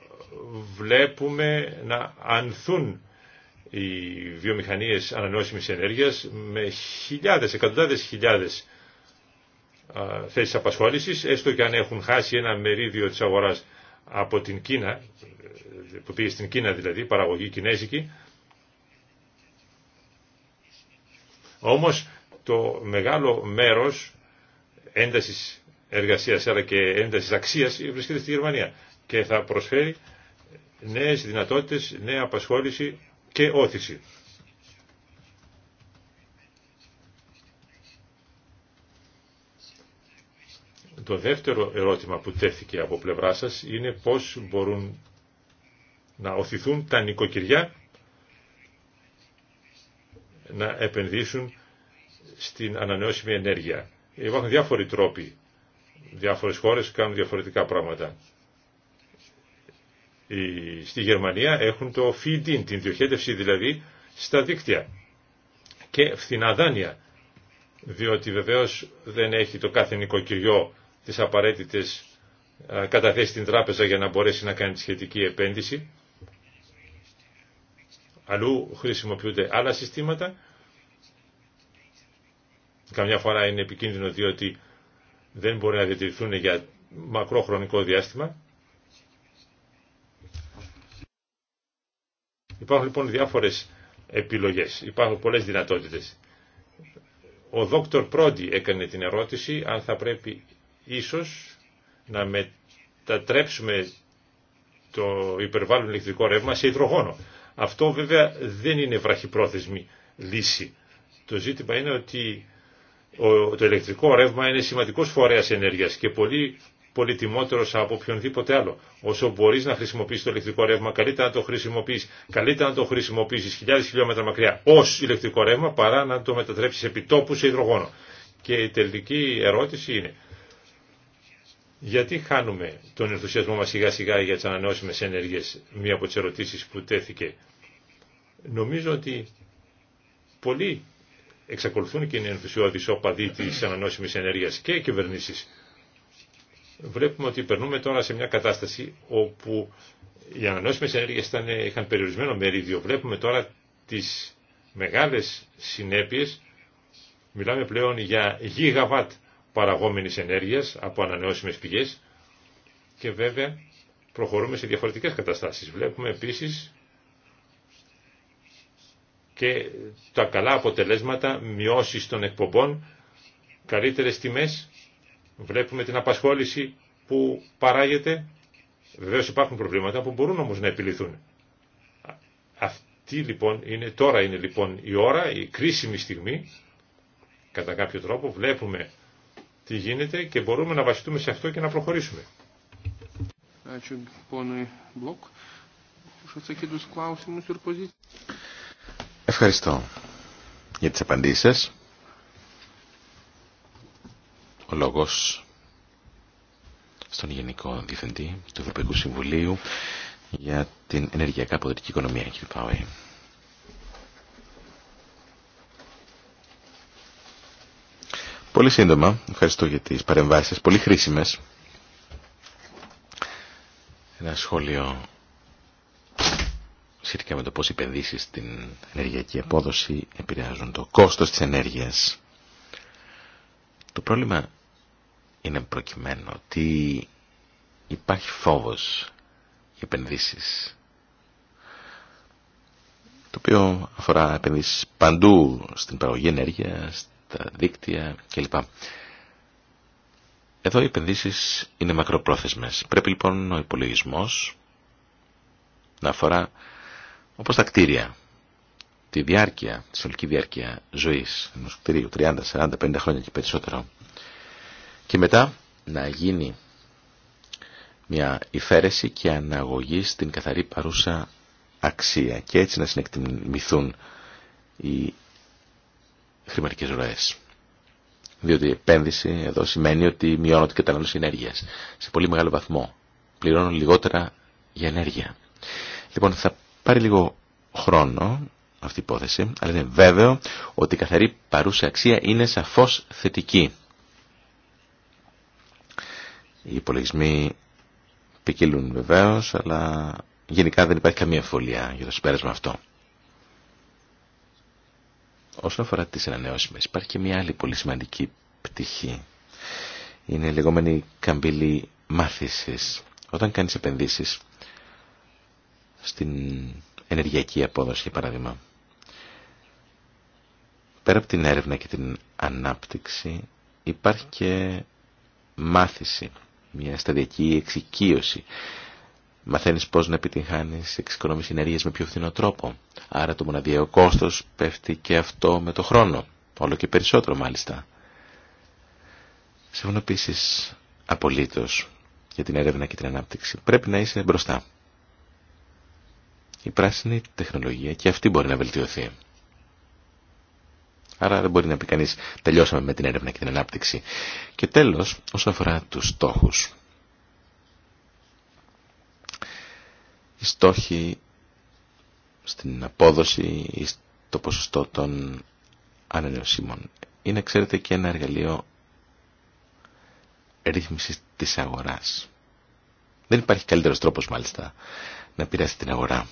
βλέπουμε να ανθούν οι βιομηχανίες ανανεώσιμης ενέργειας με χιλιάδες, εκατοντάδες χιλιάδες θέσεις απασχόλησης, έστω και αν έχουν χάσει ένα μερίδιο της αγοράς από την Κίνα, που πήγε στην Κίνα δηλαδή, παραγωγή κινέζικη. Όμως το μεγάλο μέρος έντασης εργασίας αλλά και έντασης αξίας βρίσκεται στη Γερμανία και θα προσφέρει νέες δυνατότητες, νέα απασχόληση και όθηση. Το δεύτερο ερώτημα που τέθηκε από πλευρά σας είναι πώς μπορούν να οθηθούν τα νοικοκυριά να επενδύσουν στην ανανεώσιμη ενέργεια. Υπάρχουν διάφοροι τρόποι. Διάφορες χώρες κάνουν διαφορετικά πράγματα στη Γερμανία έχουν το feed-in, την διοχέτευση δηλαδή στα δίκτυα και φθηνά δάνεια διότι βεβαίως δεν έχει το κάθε νοικοκυριό τις απαραίτητες καταθέσει στην τράπεζα για να μπορέσει να κάνει τη σχετική επένδυση αλλού χρησιμοποιούνται άλλα συστήματα καμιά φορά είναι επικίνδυνο διότι δεν μπορεί να διατηρηθούν για μακρόχρονικό διάστημα Υπάρχουν λοιπόν διάφορες επιλογές, υπάρχουν πολλές δυνατότητες. Ο Δόκτωρ Πρόντι έκανε την ερώτηση αν θα πρέπει ίσως να μετατρέψουμε το υπερβάλλον ηλεκτρικό ρεύμα σε υδρογόνο. Αυτό βέβαια δεν είναι βραχυπρόθεσμη λύση. Το ζήτημα είναι ότι το ηλεκτρικό ρεύμα είναι σημαντικός φορέας ενέργειας και πολλοί πολύτιμότερο από οποιονδήποτε άλλο. Όσο μπορεί να χρησιμοποιήσει το ηλεκτρικό ρεύμα, καλύτερα να το χρησιμοποιείς, καλύτερα να το χρησιμοποιήσει χιλιάδες χιλιόμετρα μακριά ω ηλεκτρικό ρεύμα παρά να το μετατρέψει επιτόπου σε υδρογόνο. Και η τελική ερώτηση είναι, γιατί χάνουμε τον ενθουσιασμό μα σιγά σιγά για τι ανανεώσιμε ενέργειες, μία από τι ερωτήσει που τέθηκε. Νομίζω ότι πολλοί εξακολουθούν και είναι ενθουσιώδει οπαδοί τη ανανεώσιμη ενέργεια και κυβερνήσει βλέπουμε ότι περνούμε τώρα σε μια κατάσταση όπου οι ανανεώσιμες ενέργειες ήταν, είχαν περιορισμένο μερίδιο. Βλέπουμε τώρα τις μεγάλες συνέπειες. Μιλάμε πλέον για γίγαβατ παραγόμενης ενέργειας από ανανεώσιμες πηγές και βέβαια προχωρούμε σε διαφορετικές καταστάσεις. Βλέπουμε επίσης και τα καλά αποτελέσματα μειώσεις των εκπομπών, καλύτερες τιμές Βλέπουμε την απασχόληση που παράγεται. Βεβαίω υπάρχουν προβλήματα που μπορούν όμως να επιληθούν. Αυτή λοιπόν είναι, τώρα είναι λοιπόν η ώρα, η κρίσιμη στιγμή. Κατά κάποιο τρόπο βλέπουμε τι γίνεται και μπορούμε να βασιστούμε σε αυτό και να προχωρήσουμε. Ευχαριστώ για τις απαντήσεις σας ο λόγος στον Γενικό Διευθυντή του Ευρωπαϊκού Συμβουλίου για την ενεργειακά αποδοτική οικονομία, κύριε Πάουε. Πολύ σύντομα, ευχαριστώ για τις παρεμβάσεις, πολύ χρήσιμες. Ένα σχόλιο σχετικά με το πώς οι επενδύσεις στην ενεργειακή απόδοση επηρεάζουν το κόστος της ενέργειας. Το πρόβλημα είναι προκειμένο ότι υπάρχει φόβος για επενδύσεις το οποίο αφορά επενδύσεις παντού στην παραγωγή ενέργεια, στα δίκτυα κλπ. Εδώ οι επενδύσεις είναι μακροπρόθεσμες. Πρέπει λοιπόν ο υπολογισμός να αφορά όπως τα κτίρια, τη διάρκεια, τη συνολική διάρκεια ζωής ενός κτίριου, 30, 40, 50 χρόνια και περισσότερο και μετά να γίνει μια υφαίρεση και αναγωγή στην καθαρή παρούσα αξία και έτσι να συνεκτιμηθούν οι χρηματικές ροές. Διότι η επένδυση εδώ σημαίνει ότι μειώνω την κατανάλωση ενέργειας σε πολύ μεγάλο βαθμό. Πληρώνω λιγότερα για ενέργεια. Λοιπόν, θα πάρει λίγο χρόνο αυτή η υπόθεση, αλλά είναι βέβαιο ότι η καθαρή παρούσα αξία είναι σαφώς θετική. Οι υπολογισμοί ποικίλουν βεβαίω, αλλά γενικά δεν υπάρχει καμία φωλία για το συμπέρασμα αυτό. Όσον αφορά τις ανανεώσιμες, υπάρχει και μια άλλη πολύ σημαντική πτυχή. Είναι η λεγόμενη καμπύλη μάθησης. Όταν κάνεις επενδύσεις στην ενεργειακή απόδοση, για παράδειγμα, πέρα από την έρευνα και την ανάπτυξη, υπάρχει και μάθηση μια σταδιακή εξοικείωση. Μαθαίνεις πώς να επιτυγχάνεις εξοικονόμηση ενέργεια με πιο φθηνό τρόπο. Άρα το μοναδιαίο κόστος πέφτει και αυτό με το χρόνο. Όλο και περισσότερο μάλιστα. Συμφωνώ επίση απολύτως για την έρευνα και την ανάπτυξη. Πρέπει να είσαι μπροστά. Η πράσινη τεχνολογία και αυτή μπορεί να βελτιωθεί. Άρα δεν μπορεί να πει κανείς τελειώσαμε με την έρευνα και την ανάπτυξη. Και τέλος, όσον αφορά τους στόχους. Οι στόχοι στην απόδοση ή στο ποσοστό των ανανεωσίμων είναι, ξέρετε, και ένα εργαλείο ρύθμισης της αγοράς. Δεν υπάρχει καλύτερος τρόπος, μάλιστα, να πειράσει την αγορά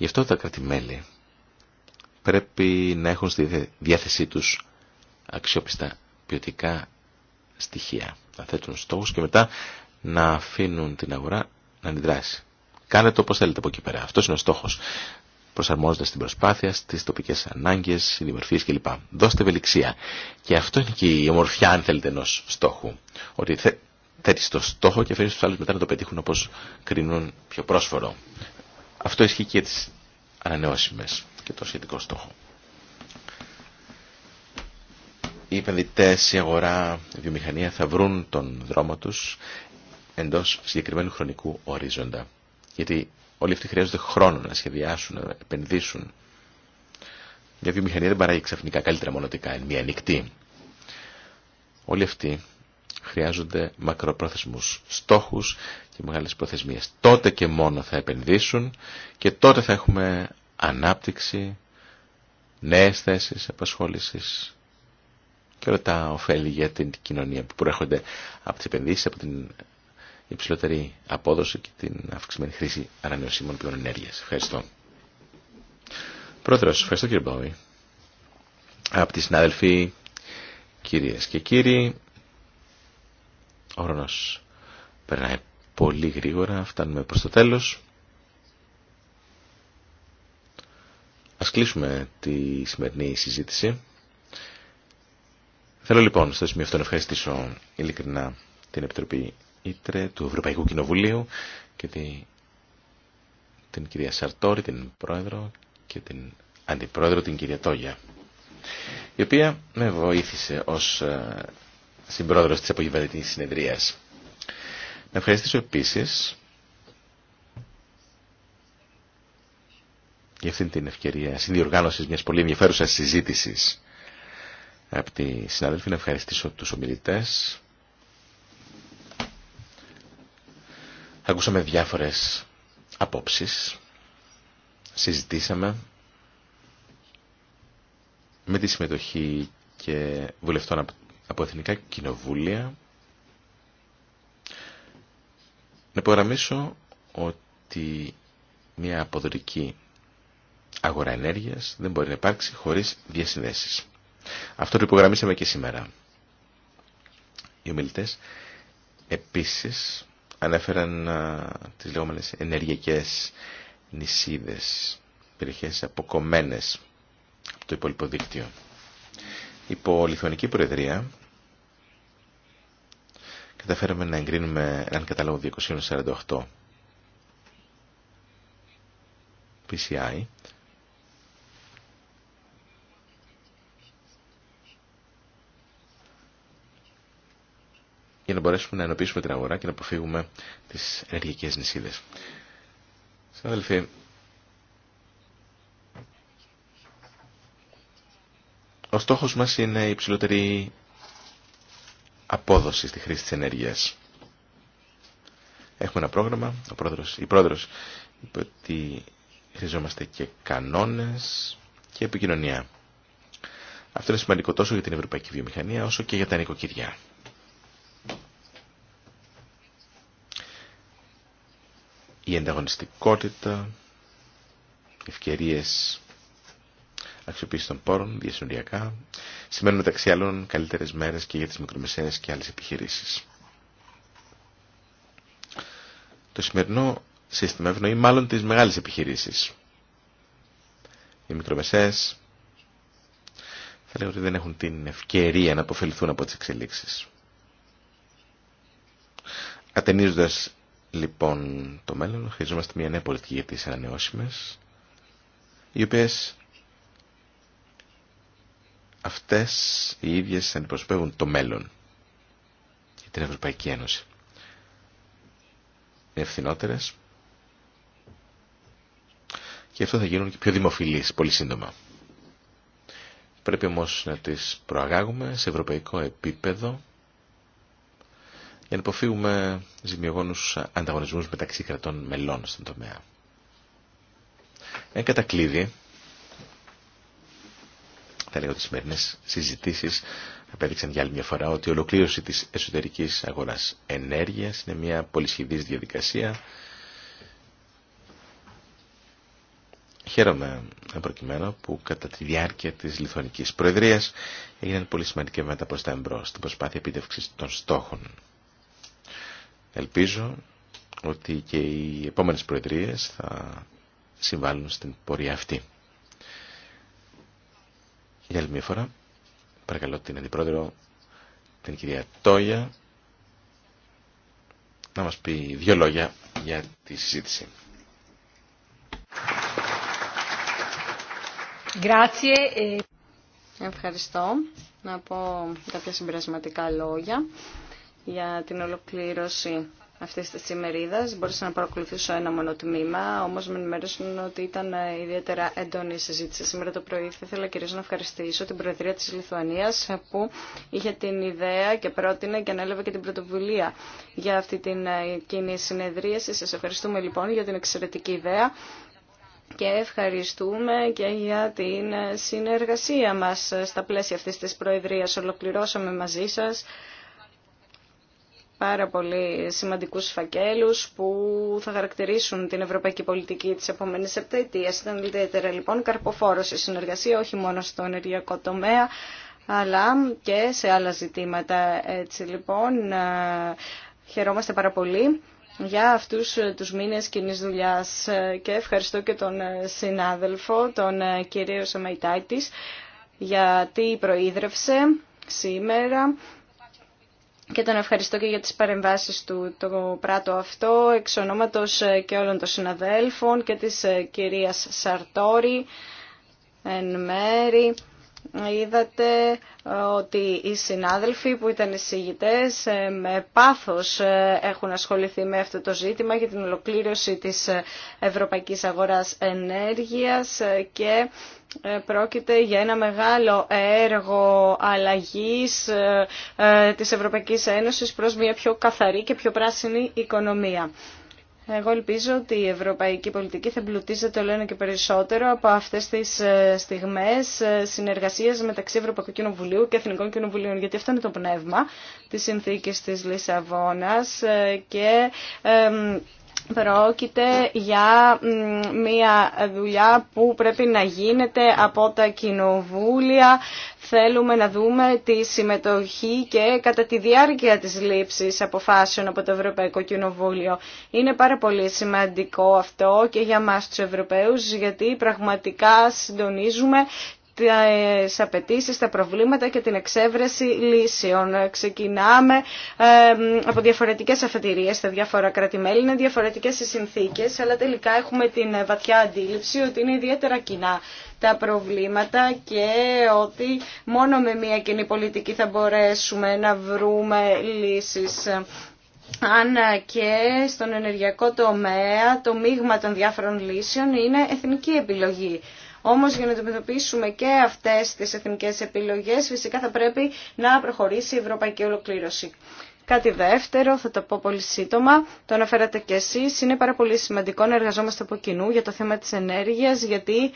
Γι' αυτό τα κρατημέλη πρέπει να έχουν στη διάθεσή τους αξιόπιστα ποιοτικά στοιχεία. Να θέτουν στόχους και μετά να αφήνουν την αγορά να αντιδράσει. Κάνε το όπως θέλετε από εκεί πέρα. Αυτός είναι ο στόχος. Προσαρμόζοντας την προσπάθεια στις τοπικές ανάγκες, δημορφίε κλπ. Δώστε ευελιξία. Και αυτό είναι και η ομορφιά, αν θέλετε, ενό στόχου. Ότι θέτει το στόχο και φέρνει τους άλλους μετά να το πετύχουν όπως κρίνουν πιο πρόσφορο. Αυτό ισχύει και τις ανανεώσιμες και το σχετικό στόχο. Οι επενδυτέ, η αγορά, η βιομηχανία θα βρουν τον δρόμο τους εντός συγκεκριμένου χρονικού ορίζοντα. Γιατί όλοι αυτοί χρειάζονται χρόνο να σχεδιάσουν, να επενδύσουν. Μια βιομηχανία δεν παράγει ξαφνικά καλύτερα μονοτικά, είναι μία νυχτή. Όλοι αυτοί χρειάζονται μακροπρόθεσμους στόχους και μεγάλες προθεσμίες. Τότε και μόνο θα επενδύσουν και τότε θα έχουμε ανάπτυξη, νέες θέσεις απασχόλησης και όλα τα ωφέλη για την κοινωνία που προέρχονται από τις επενδύσεις, από την υψηλότερη απόδοση και την αυξημένη χρήση ανανεωσίμων πλέον ενέργειας. Ευχαριστώ. Πρόεδρος, ευχαριστώ κύριε Από τη συνάδελφοι, κυρίες και κύριοι, ο χρόνος περνάει πολύ γρήγορα, φτάνουμε προς το τέλος. Ας κλείσουμε τη σημερινή συζήτηση. Θέλω λοιπόν στο σημείο αυτό να ευχαριστήσω ειλικρινά την Επιτροπή Ήτρε του Ευρωπαϊκού Κοινοβουλίου και την κυρία Σαρτόρη, την Πρόεδρο και την Αντιπρόεδρο, την κυρία Τόγια η οποία με βοήθησε ως ε, συμπρόεδρο τη απογευματινή συνεδρία. Να ευχαριστήσω επίση για αυτήν την ευκαιρία συνδιοργάνωσης μιας πολύ ενδιαφέρουσα συζήτησης. τη συνάδελφη. να ευχαριστήσω τους ομιλητές. Ακούσαμε διάφορες απόψεις. Συζητήσαμε με τη συμμετοχή και βουλευτών από από εθνικά κοινοβούλια να υπογραμμίσω ότι μια αποδοτική αγορά ενέργειας δεν μπορεί να υπάρξει χωρίς διασυνδέσεις. Αυτό το υπογραμμίσαμε και σήμερα. Οι ομιλητές επίσης ανέφεραν α, τις λεγόμενες ενεργειακές νησίδες, περιοχές αποκομμένες από το υπόλοιπο δίκτυο. Υπό Λιθουανική Προεδρία καταφέραμε να εγκρίνουμε έναν κατάλογο 248 PCI για να μπορέσουμε να ενοποιήσουμε την αγορά και να αποφύγουμε τις ενεργειακές νησίδες. Συνάδελφοι, ο στόχος μας είναι η υψηλότερη απόδοση στη χρήση της ενέργειας. Έχουμε ένα πρόγραμμα, ο πρόεδρος, η πρόεδρος είπε ότι χρειαζόμαστε και κανόνες και επικοινωνία. Αυτό είναι σημαντικό τόσο για την ευρωπαϊκή βιομηχανία όσο και για τα νοικοκυριά. Η ανταγωνιστικότητα, ευκαιρίες αξιοποίηση των πόρων διασυνοριακά σημαίνουν μεταξύ άλλων καλύτερε μέρε και για τι μικρομεσαίε και άλλε επιχειρήσει. Το σημερινό σύστημα ευνοεί μάλλον τι μεγάλε επιχειρήσει. Οι μικρομεσαίε θα λέω ότι δεν έχουν την ευκαιρία να αποφεληθούν από τι εξελίξει. Ατενίζοντας λοιπόν το μέλλον, χρειαζόμαστε μια νέα πολιτική για τι ανανεώσιμε, οι οποίες αυτές οι ίδιες αντιπροσωπεύουν το μέλλον για την Ευρωπαϊκή Ένωση. Είναι ευθυνότερες και αυτό θα γίνουν και πιο δημοφιλείς πολύ σύντομα. Πρέπει όμως να τις προαγάγουμε σε ευρωπαϊκό επίπεδο για να υποφύγουμε ζημιογόνους ανταγωνισμούς μεταξύ κρατών μελών στον τομέα. Ένα κατακλείδι θα λέγω ότι οι σημερινές συζητήσεις απέδειξαν για άλλη μια φορά ότι η ολοκλήρωση της εσωτερικής αγοράς ενέργειας είναι μια πολυσχηδής διαδικασία. Χαίρομαι προκειμένου που κατά τη διάρκεια της Λιθουανικής Προεδρίας έγιναν πολύ σημαντικά βήματα προς τα εμπρός στην προσπάθεια επίτευξης των στόχων. Ελπίζω ότι και οι επόμενες Προεδρίες θα συμβάλλουν στην πορεία αυτή. Για άλλη μια φορά, παρακαλώ την Αντιπρόεδρο, την κυρία Τόγια, να μας πει δύο λόγια για τη συζήτηση. Ε. Ευχαριστώ. Να πω κάποια συμπερασματικά λόγια για την ολοκλήρωση αυτή τη ημερίδας. Μπορούσα να παρακολουθήσω ένα μόνο τμήμα, όμως με ενημέρωσαν ότι ήταν ιδιαίτερα έντονη η συζήτηση. Σήμερα το πρωί θα ήθελα κυρίω να ευχαριστήσω την Προεδρία της Λιθουανίας που είχε την ιδέα και πρότεινε και ανέλαβε και την πρωτοβουλία για αυτή την ε, κοινή συνεδρίαση. Σας ευχαριστούμε λοιπόν για την εξαιρετική ιδέα και ευχαριστούμε και για την ε, συνεργασία μας ε, στα πλαίσια αυτής της Προεδρίας. Ολοκληρώσαμε μαζί σας πάρα πολύ σημαντικούς φακέλους που θα χαρακτηρίσουν την ευρωπαϊκή πολιτική της επόμενης επταετίας. Ήταν ιδιαίτερα λοιπόν καρποφόρος η συνεργασία όχι μόνο στο ενεργειακό τομέα αλλά και σε άλλα ζητήματα. Έτσι λοιπόν ε, χαιρόμαστε πάρα πολύ για αυτούς τους μήνες κοινή δουλειά ε, και ευχαριστώ και τον ε, συνάδελφο, τον κύριο Σαμαϊτάκης, γιατί προείδρευσε σήμερα και τον ευχαριστώ και για τις παρεμβάσεις του το πράτο αυτό εξ ονόματος ε, και όλων των συναδέλφων και της ε, κυρίας Σαρτόρη εν μέρη είδατε ε, ότι οι συνάδελφοι που ήταν εισηγητές ε, με πάθος ε, έχουν ασχοληθεί με αυτό το ζήτημα για την ολοκλήρωση της Ευρωπαϊκής Αγοράς Ενέργειας και πρόκειται για ένα μεγάλο έργο αλλαγής της Ευρωπαϊκής Ένωσης προς μια πιο καθαρή και πιο πράσινη οικονομία. Εγώ ελπίζω ότι η ευρωπαϊκή πολιτική θα εμπλουτίζεται όλο ένα και περισσότερο από αυτές τις ε, στιγμές ε, συνεργασία μεταξύ Ευρωπαϊκού Κοινοβουλίου και Εθνικών Κοινοβουλίων, γιατί αυτό είναι το πνεύμα της συνθήκης της Λισαβόνα. Ε, και Πρόκειται για μια δουλειά που πρέπει να γίνεται από τα κοινοβούλια. Θέλουμε να δούμε τη συμμετοχή και κατά τη διάρκεια της λήψης αποφάσεων από το Ευρωπαϊκό Κοινοβούλιο. Είναι πάρα πολύ σημαντικό αυτό και για μας τους Ευρωπαίους γιατί πραγματικά συντονίζουμε τις απαιτήσει, τα προβλήματα και την εξέβρεση λύσεων. Ξεκινάμε από διαφορετικές αφετηρίες στα διάφορα κράτη-μέλη, είναι διαφορετικές οι συνθήκες, αλλά τελικά έχουμε την βαθιά αντίληψη ότι είναι ιδιαίτερα κοινά τα προβλήματα και ότι μόνο με μια κοινή πολιτική θα μπορέσουμε να βρούμε λύσεις. Αν και στον ενεργειακό τομέα το μείγμα των διάφορων λύσεων είναι εθνική επιλογή. Όμως για να αντιμετωπίσουμε και αυτές τις εθνικές επιλογές φυσικά θα πρέπει να προχωρήσει η ευρωπαϊκή ολοκλήρωση. Κάτι δεύτερο, θα το πω πολύ σύντομα, το αναφέρατε κι εσείς, είναι πάρα πολύ σημαντικό να εργαζόμαστε από κοινού για το θέμα της ενέργειας, γιατί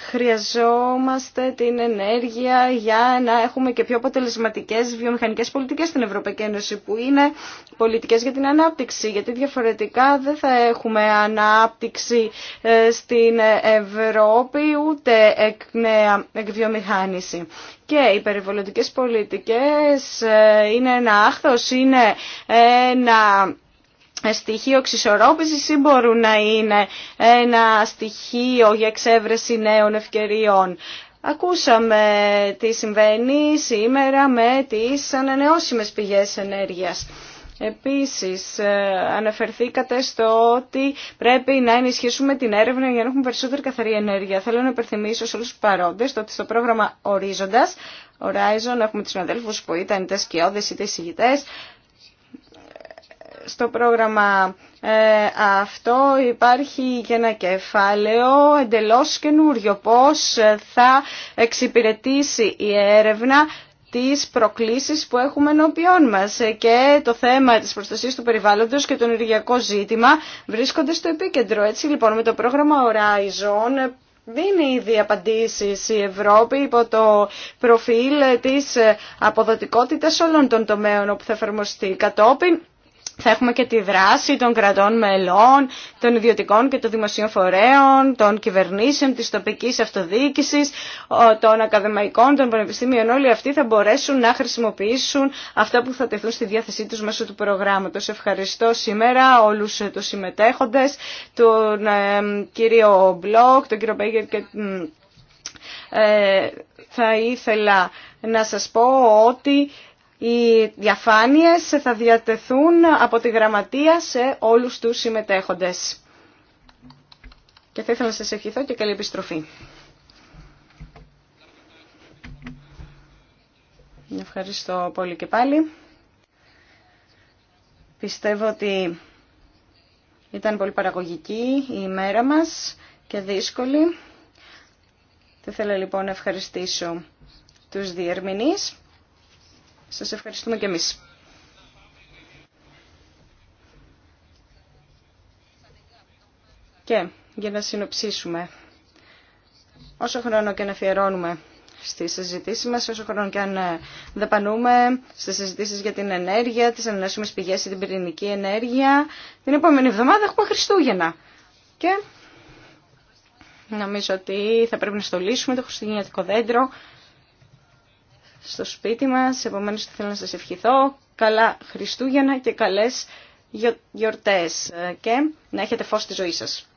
χρειαζόμαστε την ενέργεια για να έχουμε και πιο αποτελεσματικές βιομηχανικές πολιτικές στην Ευρωπαϊκή Ένωση που είναι πολιτικές για την ανάπτυξη γιατί διαφορετικά δεν θα έχουμε ανάπτυξη ε, στην Ευρώπη ούτε εκ νέα εκβιομηχάνηση. Και οι περιβαλλοντικές πολιτικές ε, είναι ένα άχθος, είναι ένα στοιχείο εξισορρόπησης ή μπορούν να είναι ένα στοιχείο για εξέβρεση νέων ευκαιριών. Ακούσαμε τι συμβαίνει σήμερα με τις ανανεώσιμες πηγές ενέργειας. Επίσης, ε, αναφερθήκατε στο ότι πρέπει να ενισχύσουμε την έρευνα για να έχουμε περισσότερη καθαρή ενέργεια. Θέλω να υπερθυμίσω σε όλους τους παρόντες ότι στο πρόγραμμα Ορίζοντας, Horizon, έχουμε του συναδέλφους που ήταν είτε σκιώδες είτε εισηγητές, στο πρόγραμμα ε, αυτό υπάρχει και ένα κεφάλαιο εντελώς καινούριο. Πώς ε, θα εξυπηρετήσει η έρευνα τις προκλήσεις που έχουμε ενώπιόν μας ε, και το θέμα της προστασίας του περιβάλλοντος και το ενεργειακό ζήτημα βρίσκονται στο επίκεντρο. Έτσι λοιπόν με το πρόγραμμα Horizon δίνει ήδη απαντήσεις η Ευρώπη υπό το προφίλ της αποδοτικότητας όλων των τομέων όπου θα εφαρμοστεί κατόπιν θα έχουμε και τη δράση των κρατών μελών, των ιδιωτικών και των δημοσίων φορέων, των κυβερνήσεων, της τοπικής αυτοδιοίκησης, των ακαδημαϊκών, των πανεπιστήμιων. Όλοι αυτοί θα μπορέσουν να χρησιμοποιήσουν αυτά που θα τεθούν στη διάθεσή τους μέσω του προγράμματος. Ευχαριστώ σήμερα όλους τους συμμετέχοντες, τον ε, κύριο Μπλοκ, τον κύριο Μπέγκερ και ε, θα ήθελα να σας πω ότι οι διαφάνειες θα διατεθούν από τη γραμματεία σε όλους τους συμμετέχοντες. Και θα ήθελα να σας ευχηθώ και καλή επιστροφή. Ευχαριστώ πολύ και πάλι. Πιστεύω ότι ήταν πολύ παραγωγική η ημέρα μας και δύσκολη. Θα ήθελα λοιπόν να ευχαριστήσω τους διερμηνείς σας ευχαριστούμε και εμείς. Και για να συνοψίσουμε, όσο χρόνο και να αφιερώνουμε στις συζητήσεις μας, όσο χρόνο και αν ε, δαπανούμε στις συζητήσεις για την ενέργεια, τις ανανεώσιμες πηγές ή την πυρηνική ενέργεια, την επόμενη εβδομάδα έχουμε Χριστούγεννα. Και νομίζω ότι θα πρέπει να στολίσουμε το χριστουγεννιατικό δέντρο στο σπίτι μας. Επομένως θέλω να σας ευχηθώ. Καλά Χριστούγεννα και καλές γιορτές ε, και να έχετε φως στη ζωή σας.